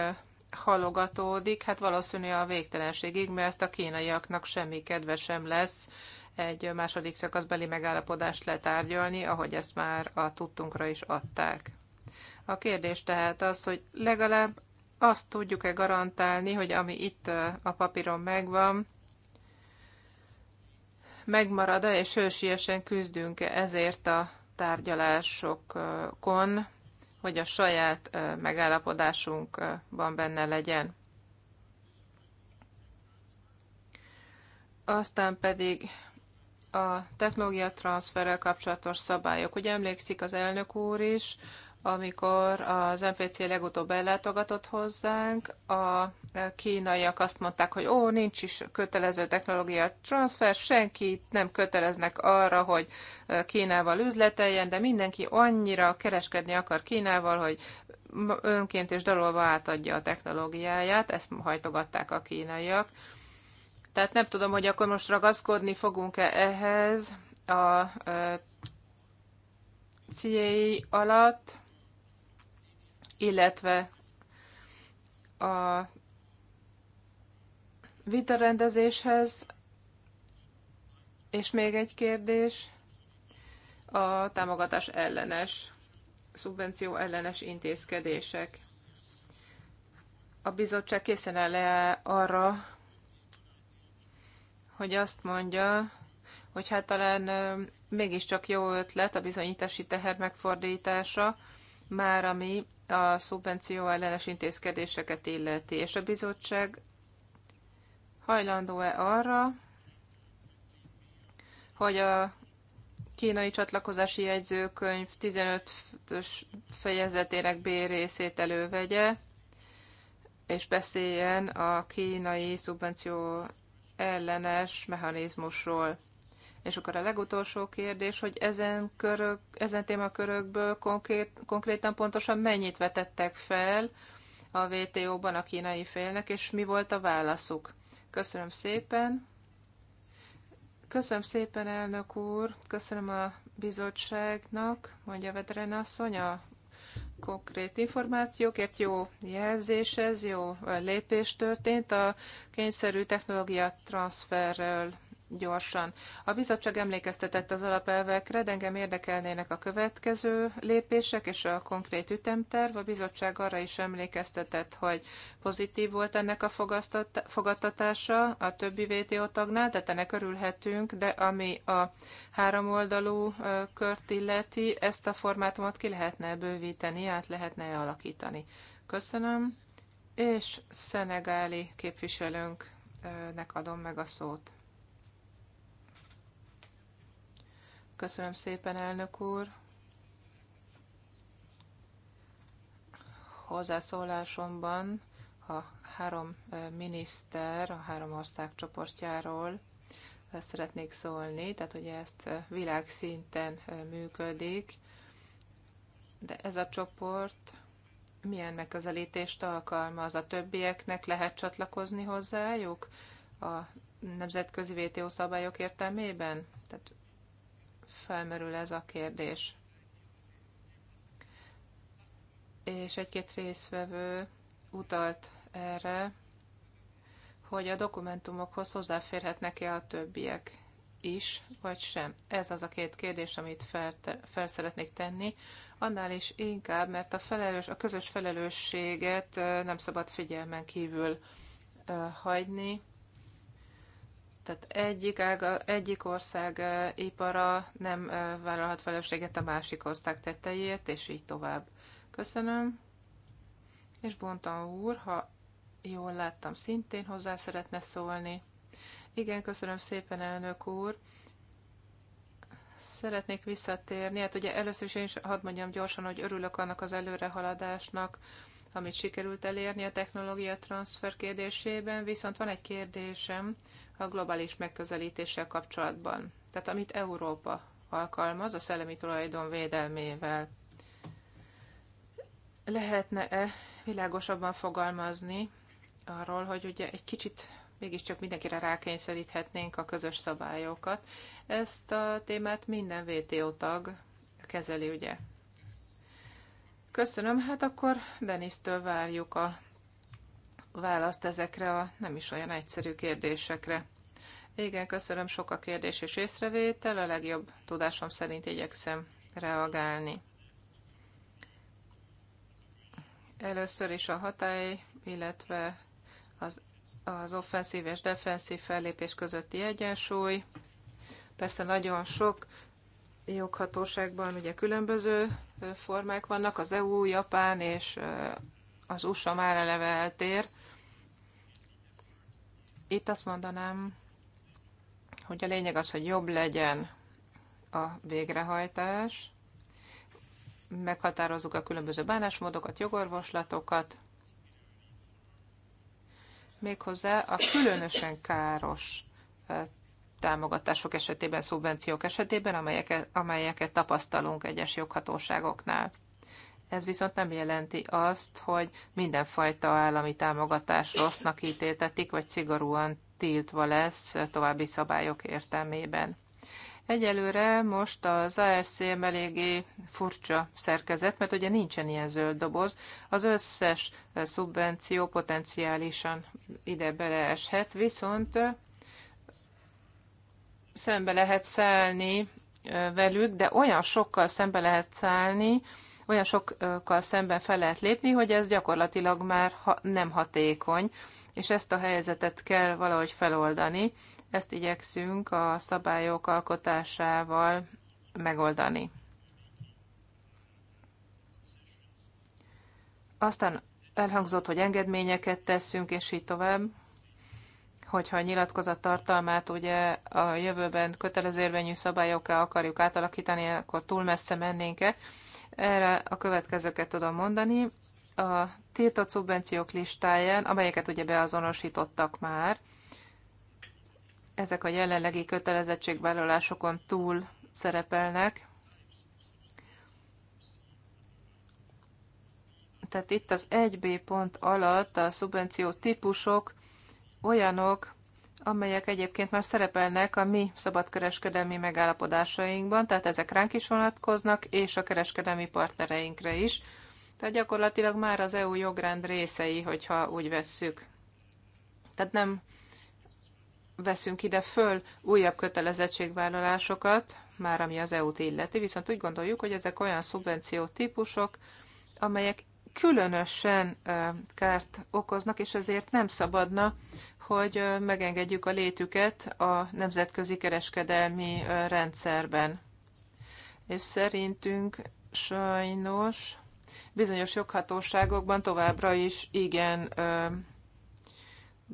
Speaker 3: halogatódik, hát valószínű a végtelenségig, mert a kínaiaknak semmi kedve sem lesz egy második szakaszbeli megállapodást letárgyalni, ahogy ezt már a tudtunkra is adták. A kérdés tehát az, hogy legalább azt tudjuk-e garantálni, hogy ami itt a papíron megvan, megmarad-e, és hősiesen küzdünk-e ezért a tárgyalásokon, hogy a saját megállapodásunkban benne legyen. Aztán pedig a technológia transferrel kapcsolatos szabályok. Ugye emlékszik az elnök úr is, amikor az MPC legutóbb ellátogatott hozzánk, a kínaiak azt mondták, hogy ó, nincs is kötelező technológia transfer, senkit nem köteleznek arra, hogy Kínával üzleteljen, de mindenki annyira kereskedni akar Kínával, hogy önként és dalolva átadja a technológiáját, ezt hajtogatták a kínaiak. Tehát nem tudom, hogy akkor most ragaszkodni fogunk-e ehhez a ciei alatt, illetve a vitarendezéshez, és még egy kérdés, a támogatás ellenes, szubvenció ellenes intézkedések. A bizottság készen áll -e arra, hogy azt mondja, hogy hát talán mégiscsak jó ötlet a bizonyítási teher megfordítása, már ami a szubvenció ellenes intézkedéseket illeti, és a bizottság hajlandó-e arra, hogy a kínai csatlakozási jegyzőkönyv 15-ös fejezetének B részét elővegye, és beszéljen a kínai szubvenció ellenes mechanizmusról. És akkor a legutolsó kérdés, hogy ezen, körök, ezen témakörökből konkrét, konkrétan pontosan mennyit vetettek fel a WTO-ban a kínai félnek, és mi volt a válaszuk? Köszönöm szépen. Köszönöm szépen, elnök úr. Köszönöm a bizottságnak, mondja Vedren asszony, a konkrét információkért, jó jelzés ez, jó lépés történt. A kényszerű technológia transferről gyorsan. A bizottság emlékeztetett az alapelvekre, de engem érdekelnének a következő lépések és a konkrét ütemterv. A bizottság arra is emlékeztetett, hogy pozitív volt ennek a fogadtatása a többi VTO tagnál, tehát ennek örülhetünk, de ami a háromoldalú kört illeti, ezt a formátumot ki lehetne bővíteni, át lehetne alakítani. Köszönöm, és szenegáli képviselőnknek adom meg a szót. Köszönöm szépen, elnök úr. Hozzászólásomban a három miniszter, a három ország csoportjáról szeretnék szólni, tehát ugye ezt világszinten működik, de ez a csoport milyen megközelítést alkalmaz? A többieknek lehet csatlakozni hozzájuk a nemzetközi WTO szabályok értelmében? Tehát felmerül ez a kérdés. És egy-két részvevő utalt erre, hogy a dokumentumokhoz hozzáférhetnek-e a többiek is, vagy sem. Ez az a két kérdés, amit fel, fel szeretnék tenni. Annál is inkább, mert a, felelős, a közös felelősséget nem szabad figyelmen kívül hagyni. Tehát egyik, ága, egyik ország ipara nem vállalhat felelősséget a másik ország tetteiért, és így tovább. Köszönöm. És Bontan úr, ha jól láttam, szintén hozzá szeretne szólni. Igen, köszönöm szépen, elnök úr. Szeretnék visszatérni. Hát ugye először is én is hadd mondjam gyorsan, hogy örülök annak az előrehaladásnak, amit sikerült elérni a technológia transfer kérdésében, viszont van egy kérdésem, a globális megközelítéssel kapcsolatban. Tehát amit Európa alkalmaz a szellemi tulajdon védelmével. Lehetne-e világosabban fogalmazni arról, hogy ugye egy kicsit mégiscsak mindenkire rákényszeríthetnénk a közös szabályokat. Ezt a témát minden WTO tag kezeli, ugye? Köszönöm, hát akkor Denisztől várjuk a választ ezekre a nem is olyan egyszerű kérdésekre. Igen, köszönöm sok a kérdés és észrevétel, a legjobb tudásom szerint igyekszem reagálni. Először is a hatály, illetve az, az offenszív és defenszív fellépés közötti egyensúly. Persze nagyon sok joghatóságban ugye különböző formák vannak, az EU, Japán és az USA már eleve eltér itt azt mondanám, hogy a lényeg az, hogy jobb legyen a végrehajtás, meghatározzuk a különböző bánásmódokat, jogorvoslatokat, méghozzá a különösen káros támogatások esetében, szubvenciók esetében, amelyeket, amelyeket tapasztalunk egyes joghatóságoknál. Ez viszont nem jelenti azt, hogy mindenfajta állami támogatás rossznak ítéltetik, vagy szigorúan tiltva lesz további szabályok értelmében. Egyelőre most az ARCM eléggé furcsa szerkezet, mert ugye nincsen ilyen zöld doboz. Az összes szubvenció potenciálisan ide beleeshet, viszont szembe lehet szállni velük, de olyan sokkal szembe lehet szállni, olyan sokkal szemben fel lehet lépni, hogy ez gyakorlatilag már nem hatékony, és ezt a helyzetet kell valahogy feloldani. Ezt igyekszünk a szabályok alkotásával megoldani. Aztán elhangzott, hogy engedményeket teszünk, és így tovább hogyha a nyilatkozat tartalmát ugye a jövőben kötelező érvényű szabályokká akarjuk átalakítani, akkor túl messze mennénk-e. Erre a következőket tudom mondani. A tiltott szubvenciók listáján, amelyeket ugye beazonosítottak már, ezek a jelenlegi kötelezettségvállalásokon túl szerepelnek. Tehát itt az 1B pont alatt a szubvenció típusok olyanok, amelyek egyébként már szerepelnek a mi szabadkereskedelmi megállapodásainkban, tehát ezek ránk is vonatkoznak, és a kereskedelmi partnereinkre is. Tehát gyakorlatilag már az EU jogrend részei, hogyha úgy vesszük. Tehát nem veszünk ide föl újabb kötelezettségvállalásokat, már ami az EU-t illeti, viszont úgy gondoljuk, hogy ezek olyan szubvenció típusok, amelyek különösen kárt okoznak, és ezért nem szabadna hogy megengedjük a létüket a nemzetközi kereskedelmi rendszerben. És szerintünk sajnos bizonyos joghatóságokban továbbra is igen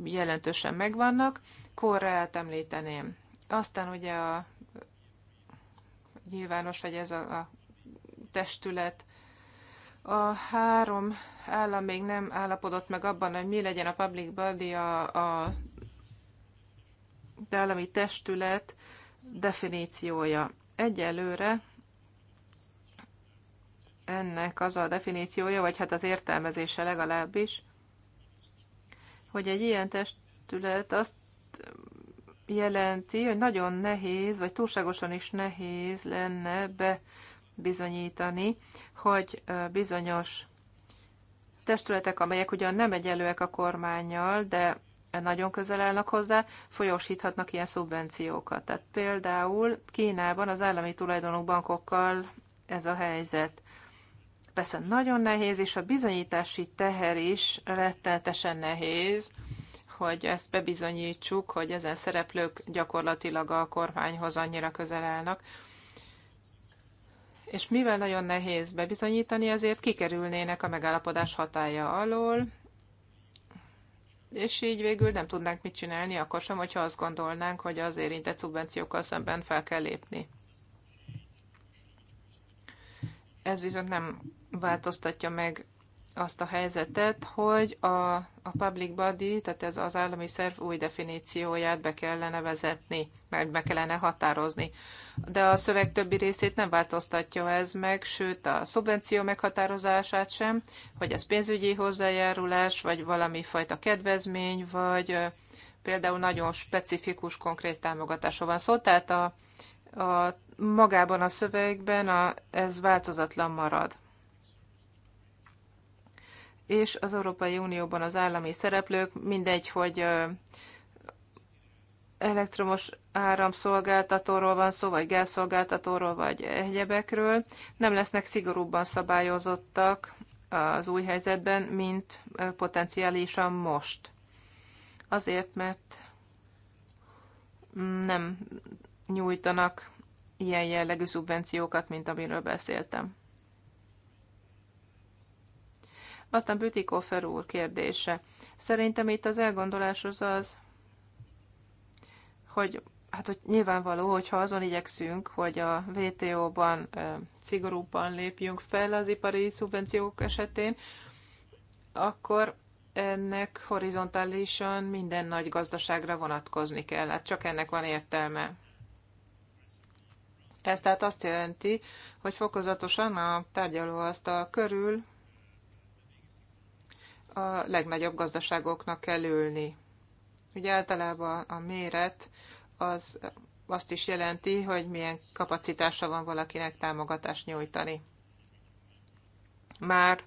Speaker 3: jelentősen megvannak. Korreát említeném. Aztán ugye a nyilvános, vagy ez a, a testület a három állam még nem állapodott meg abban, hogy mi legyen a public body, a, a állami testület definíciója. Egyelőre ennek az a definíciója, vagy hát az értelmezése legalábbis, hogy egy ilyen testület azt jelenti, hogy nagyon nehéz, vagy túlságosan is nehéz lenne be bizonyítani, hogy bizonyos testületek, amelyek ugyan nem egyelőek a kormányjal, de nagyon közel állnak hozzá, folyósíthatnak ilyen szubvenciókat. Tehát például Kínában az állami tulajdonú bankokkal ez a helyzet. Persze nagyon nehéz, és a bizonyítási teher is retteltesen nehéz, hogy ezt bebizonyítsuk, hogy ezen szereplők gyakorlatilag a kormányhoz annyira közel állnak és mivel nagyon nehéz bebizonyítani, ezért kikerülnének a megállapodás hatája alól, és így végül nem tudnánk mit csinálni, akkor sem, hogyha azt gondolnánk, hogy az érintett szubvenciókkal szemben fel kell lépni. Ez viszont nem változtatja meg azt a helyzetet, hogy a, a public body, tehát ez az állami szerv új definícióját be kellene vezetni, meg be kellene határozni. De a szöveg többi részét nem változtatja ez meg, sőt a szubvenció meghatározását sem, hogy ez pénzügyi hozzájárulás, vagy valami fajta kedvezmény, vagy például nagyon specifikus, konkrét támogatásról van szó. Szóval, tehát a, a magában a szövegben a, ez változatlan marad és az Európai Unióban az állami szereplők, mindegy, hogy elektromos áramszolgáltatóról van szó, vagy gázszolgáltatóról, vagy egyebekről, nem lesznek szigorúbban szabályozottak az új helyzetben, mint potenciálisan most. Azért, mert nem nyújtanak ilyen jellegű szubvenciókat, mint amiről beszéltem. Aztán Bütikofer úr kérdése. Szerintem itt az elgondolás az az, hogy hát hogy nyilvánvaló, hogyha azon igyekszünk, hogy a WTO-ban szigorúbban lépjünk fel az ipari szubvenciók esetén, akkor ennek horizontálisan minden nagy gazdaságra vonatkozni kell. Hát csak ennek van értelme. Ez tehát azt jelenti, hogy fokozatosan a tárgyalóasztal körül a legnagyobb gazdaságoknak kell ülni. Ugye általában a méret az azt is jelenti, hogy milyen kapacitása van valakinek támogatást nyújtani. Már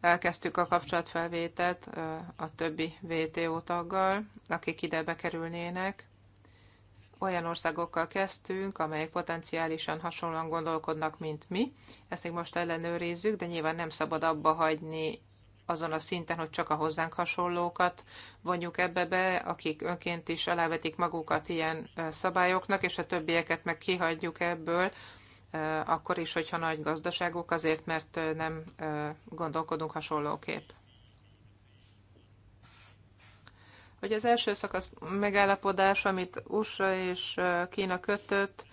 Speaker 3: elkezdtük a kapcsolatfelvételt a többi VTO taggal, akik ide bekerülnének. Olyan országokkal kezdtünk, amelyek potenciálisan hasonlóan gondolkodnak, mint mi. Ezt még most ellenőrizzük, de nyilván nem szabad abba hagyni azon a szinten, hogy csak a hozzánk hasonlókat vonjuk ebbe be, akik önként is alávetik magukat ilyen szabályoknak, és a többieket meg kihagyjuk ebből, akkor is, hogyha nagy gazdaságok, azért, mert nem gondolkodunk hasonlóképp. Hogy az első szakasz megállapodás, amit USA és Kína kötött,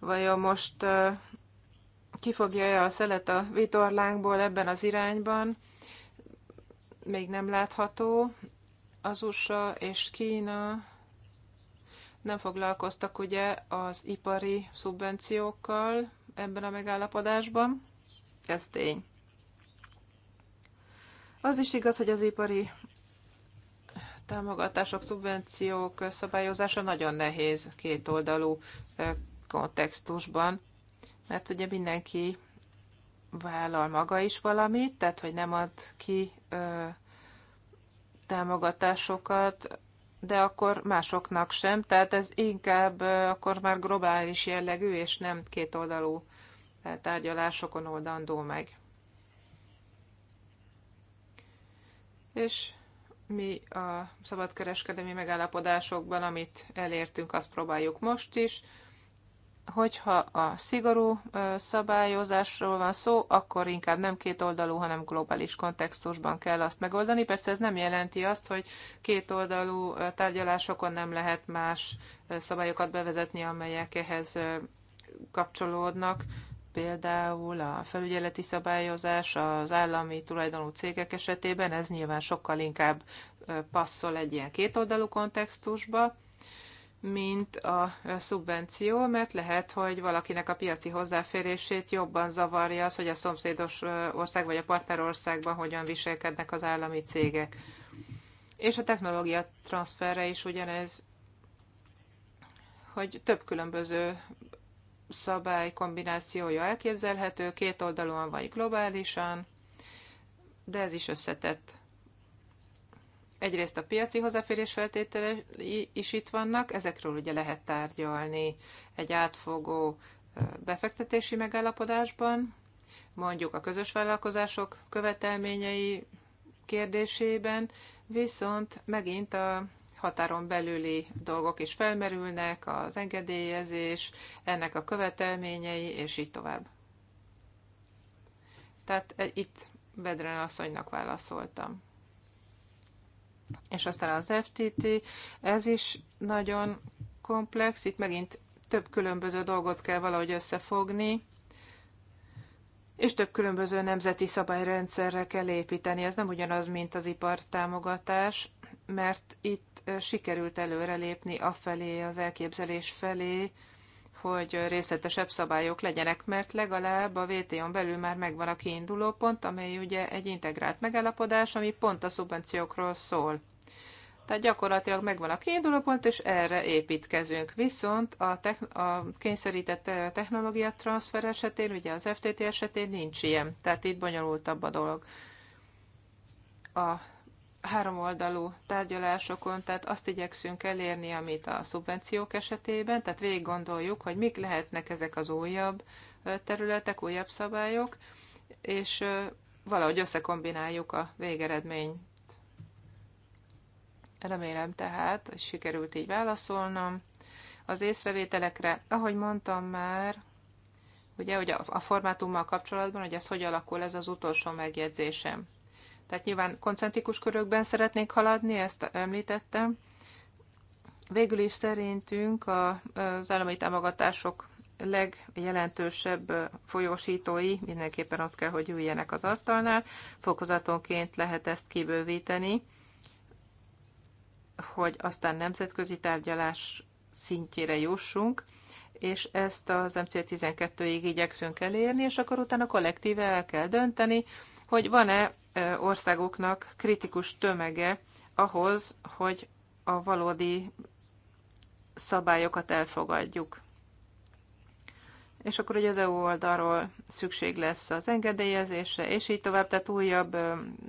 Speaker 3: vajon most kifogja-e a szelet a vitorlánkból ebben az irányban, még nem látható. Az USA és Kína nem foglalkoztak ugye az ipari szubvenciókkal ebben a megállapodásban. Ez tény. Az is igaz, hogy az ipari támogatások, szubvenciók szabályozása nagyon nehéz kétoldalú eh, kontextusban, mert ugye mindenki vállal maga is valamit, tehát hogy nem ad ki ö, támogatásokat, de akkor másoknak sem. Tehát ez inkább ö, akkor már globális jellegű, és nem kétoldalú tárgyalásokon oldandó meg. És mi a szabadkereskedelmi megállapodásokban, amit elértünk, azt próbáljuk most is hogyha a szigorú szabályozásról van szó, akkor inkább nem kétoldalú, hanem globális kontextusban kell azt megoldani. Persze ez nem jelenti azt, hogy kétoldalú tárgyalásokon nem lehet más szabályokat bevezetni, amelyek ehhez kapcsolódnak, például a felügyeleti szabályozás az állami tulajdonú cégek esetében, ez nyilván sokkal inkább passzol egy ilyen kétoldalú kontextusba, mint a szubvenció, mert lehet, hogy valakinek a piaci hozzáférését jobban zavarja az, hogy a szomszédos ország vagy a partnerországban hogyan viselkednek az állami cégek. És a technológia transferre is ugyanez, hogy több különböző szabály kombinációja elképzelhető, két oldalon vagy globálisan, de ez is összetett Egyrészt a piaci hozzáférés feltételei is itt vannak, ezekről ugye lehet tárgyalni egy átfogó befektetési megállapodásban, mondjuk a közös vállalkozások követelményei kérdésében, viszont megint a határon belüli dolgok is felmerülnek, az engedélyezés, ennek a követelményei, és így tovább. Tehát e, itt Bedren asszonynak válaszoltam. És aztán az FTT, ez is nagyon komplex, itt megint több különböző dolgot kell valahogy összefogni, és több különböző nemzeti szabályrendszerre kell építeni. Ez nem ugyanaz, mint az ipartámogatás, mert itt sikerült előrelépni afelé, az elképzelés felé, hogy részletesebb szabályok legyenek, mert legalább a VTO-n belül már megvan a kiinduló pont, amely ugye egy integrált megállapodás, ami pont a szubvenciókról szól. Tehát gyakorlatilag megvan a kiinduló pont, és erre építkezünk. Viszont a, techn- a kényszerített eh, technológia transfer esetén, ugye az FTT esetén nincs ilyen, tehát itt bonyolultabb a dolog. A háromoldalú tárgyalásokon, tehát azt igyekszünk elérni, amit a szubvenciók esetében, tehát végig gondoljuk, hogy mik lehetnek ezek az újabb területek, újabb szabályok, és valahogy összekombináljuk a végeredményt. Remélem tehát, hogy sikerült így válaszolnom. Az észrevételekre, ahogy mondtam már, ugye, hogy a formátummal kapcsolatban, hogy ez hogy alakul, ez az utolsó megjegyzésem. Tehát nyilván koncentrikus körökben szeretnék haladni, ezt említettem. Végül is szerintünk az állami támogatások legjelentősebb folyósítói mindenképpen ott kell, hogy üljenek az asztalnál. Fokozatonként lehet ezt kibővíteni, hogy aztán nemzetközi tárgyalás szintjére jussunk, és ezt az MC12-ig igyekszünk elérni, és akkor utána kollektíve el kell dönteni, hogy van-e országoknak kritikus tömege ahhoz, hogy a valódi szabályokat elfogadjuk. És akkor ugye az EU oldalról szükség lesz az engedélyezésre, és így tovább, tehát újabb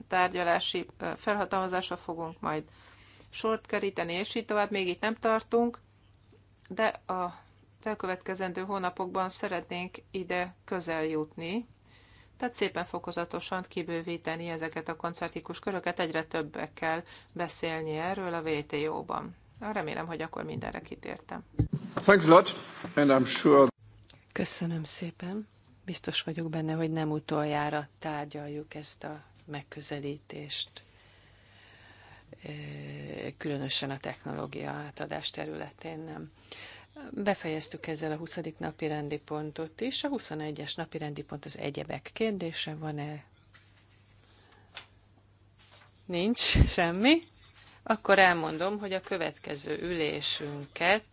Speaker 3: tárgyalási felhatalmazásra fogunk majd sort keríteni, és így tovább, még itt nem tartunk, de a elkövetkezendő hónapokban szeretnénk ide közel jutni, tehát szépen fokozatosan kibővíteni ezeket a koncertikus köröket, egyre többekkel beszélni erről a WTO-ban. Remélem, hogy akkor mindenre kitértem.
Speaker 2: Thanks a lot, and I'm
Speaker 1: sure... Köszönöm
Speaker 3: szépen. Biztos vagyok benne, hogy nem utoljára tárgyaljuk
Speaker 1: ezt a megközelítést, eh, különösen a technológia átadás területén nem. Befejeztük ezzel a 20. napi rendi pontot is. A 21-es napi rendi pont az egyebek kérdése. Van-e? Nincs semmi. Akkor elmondom, hogy a következő ülésünket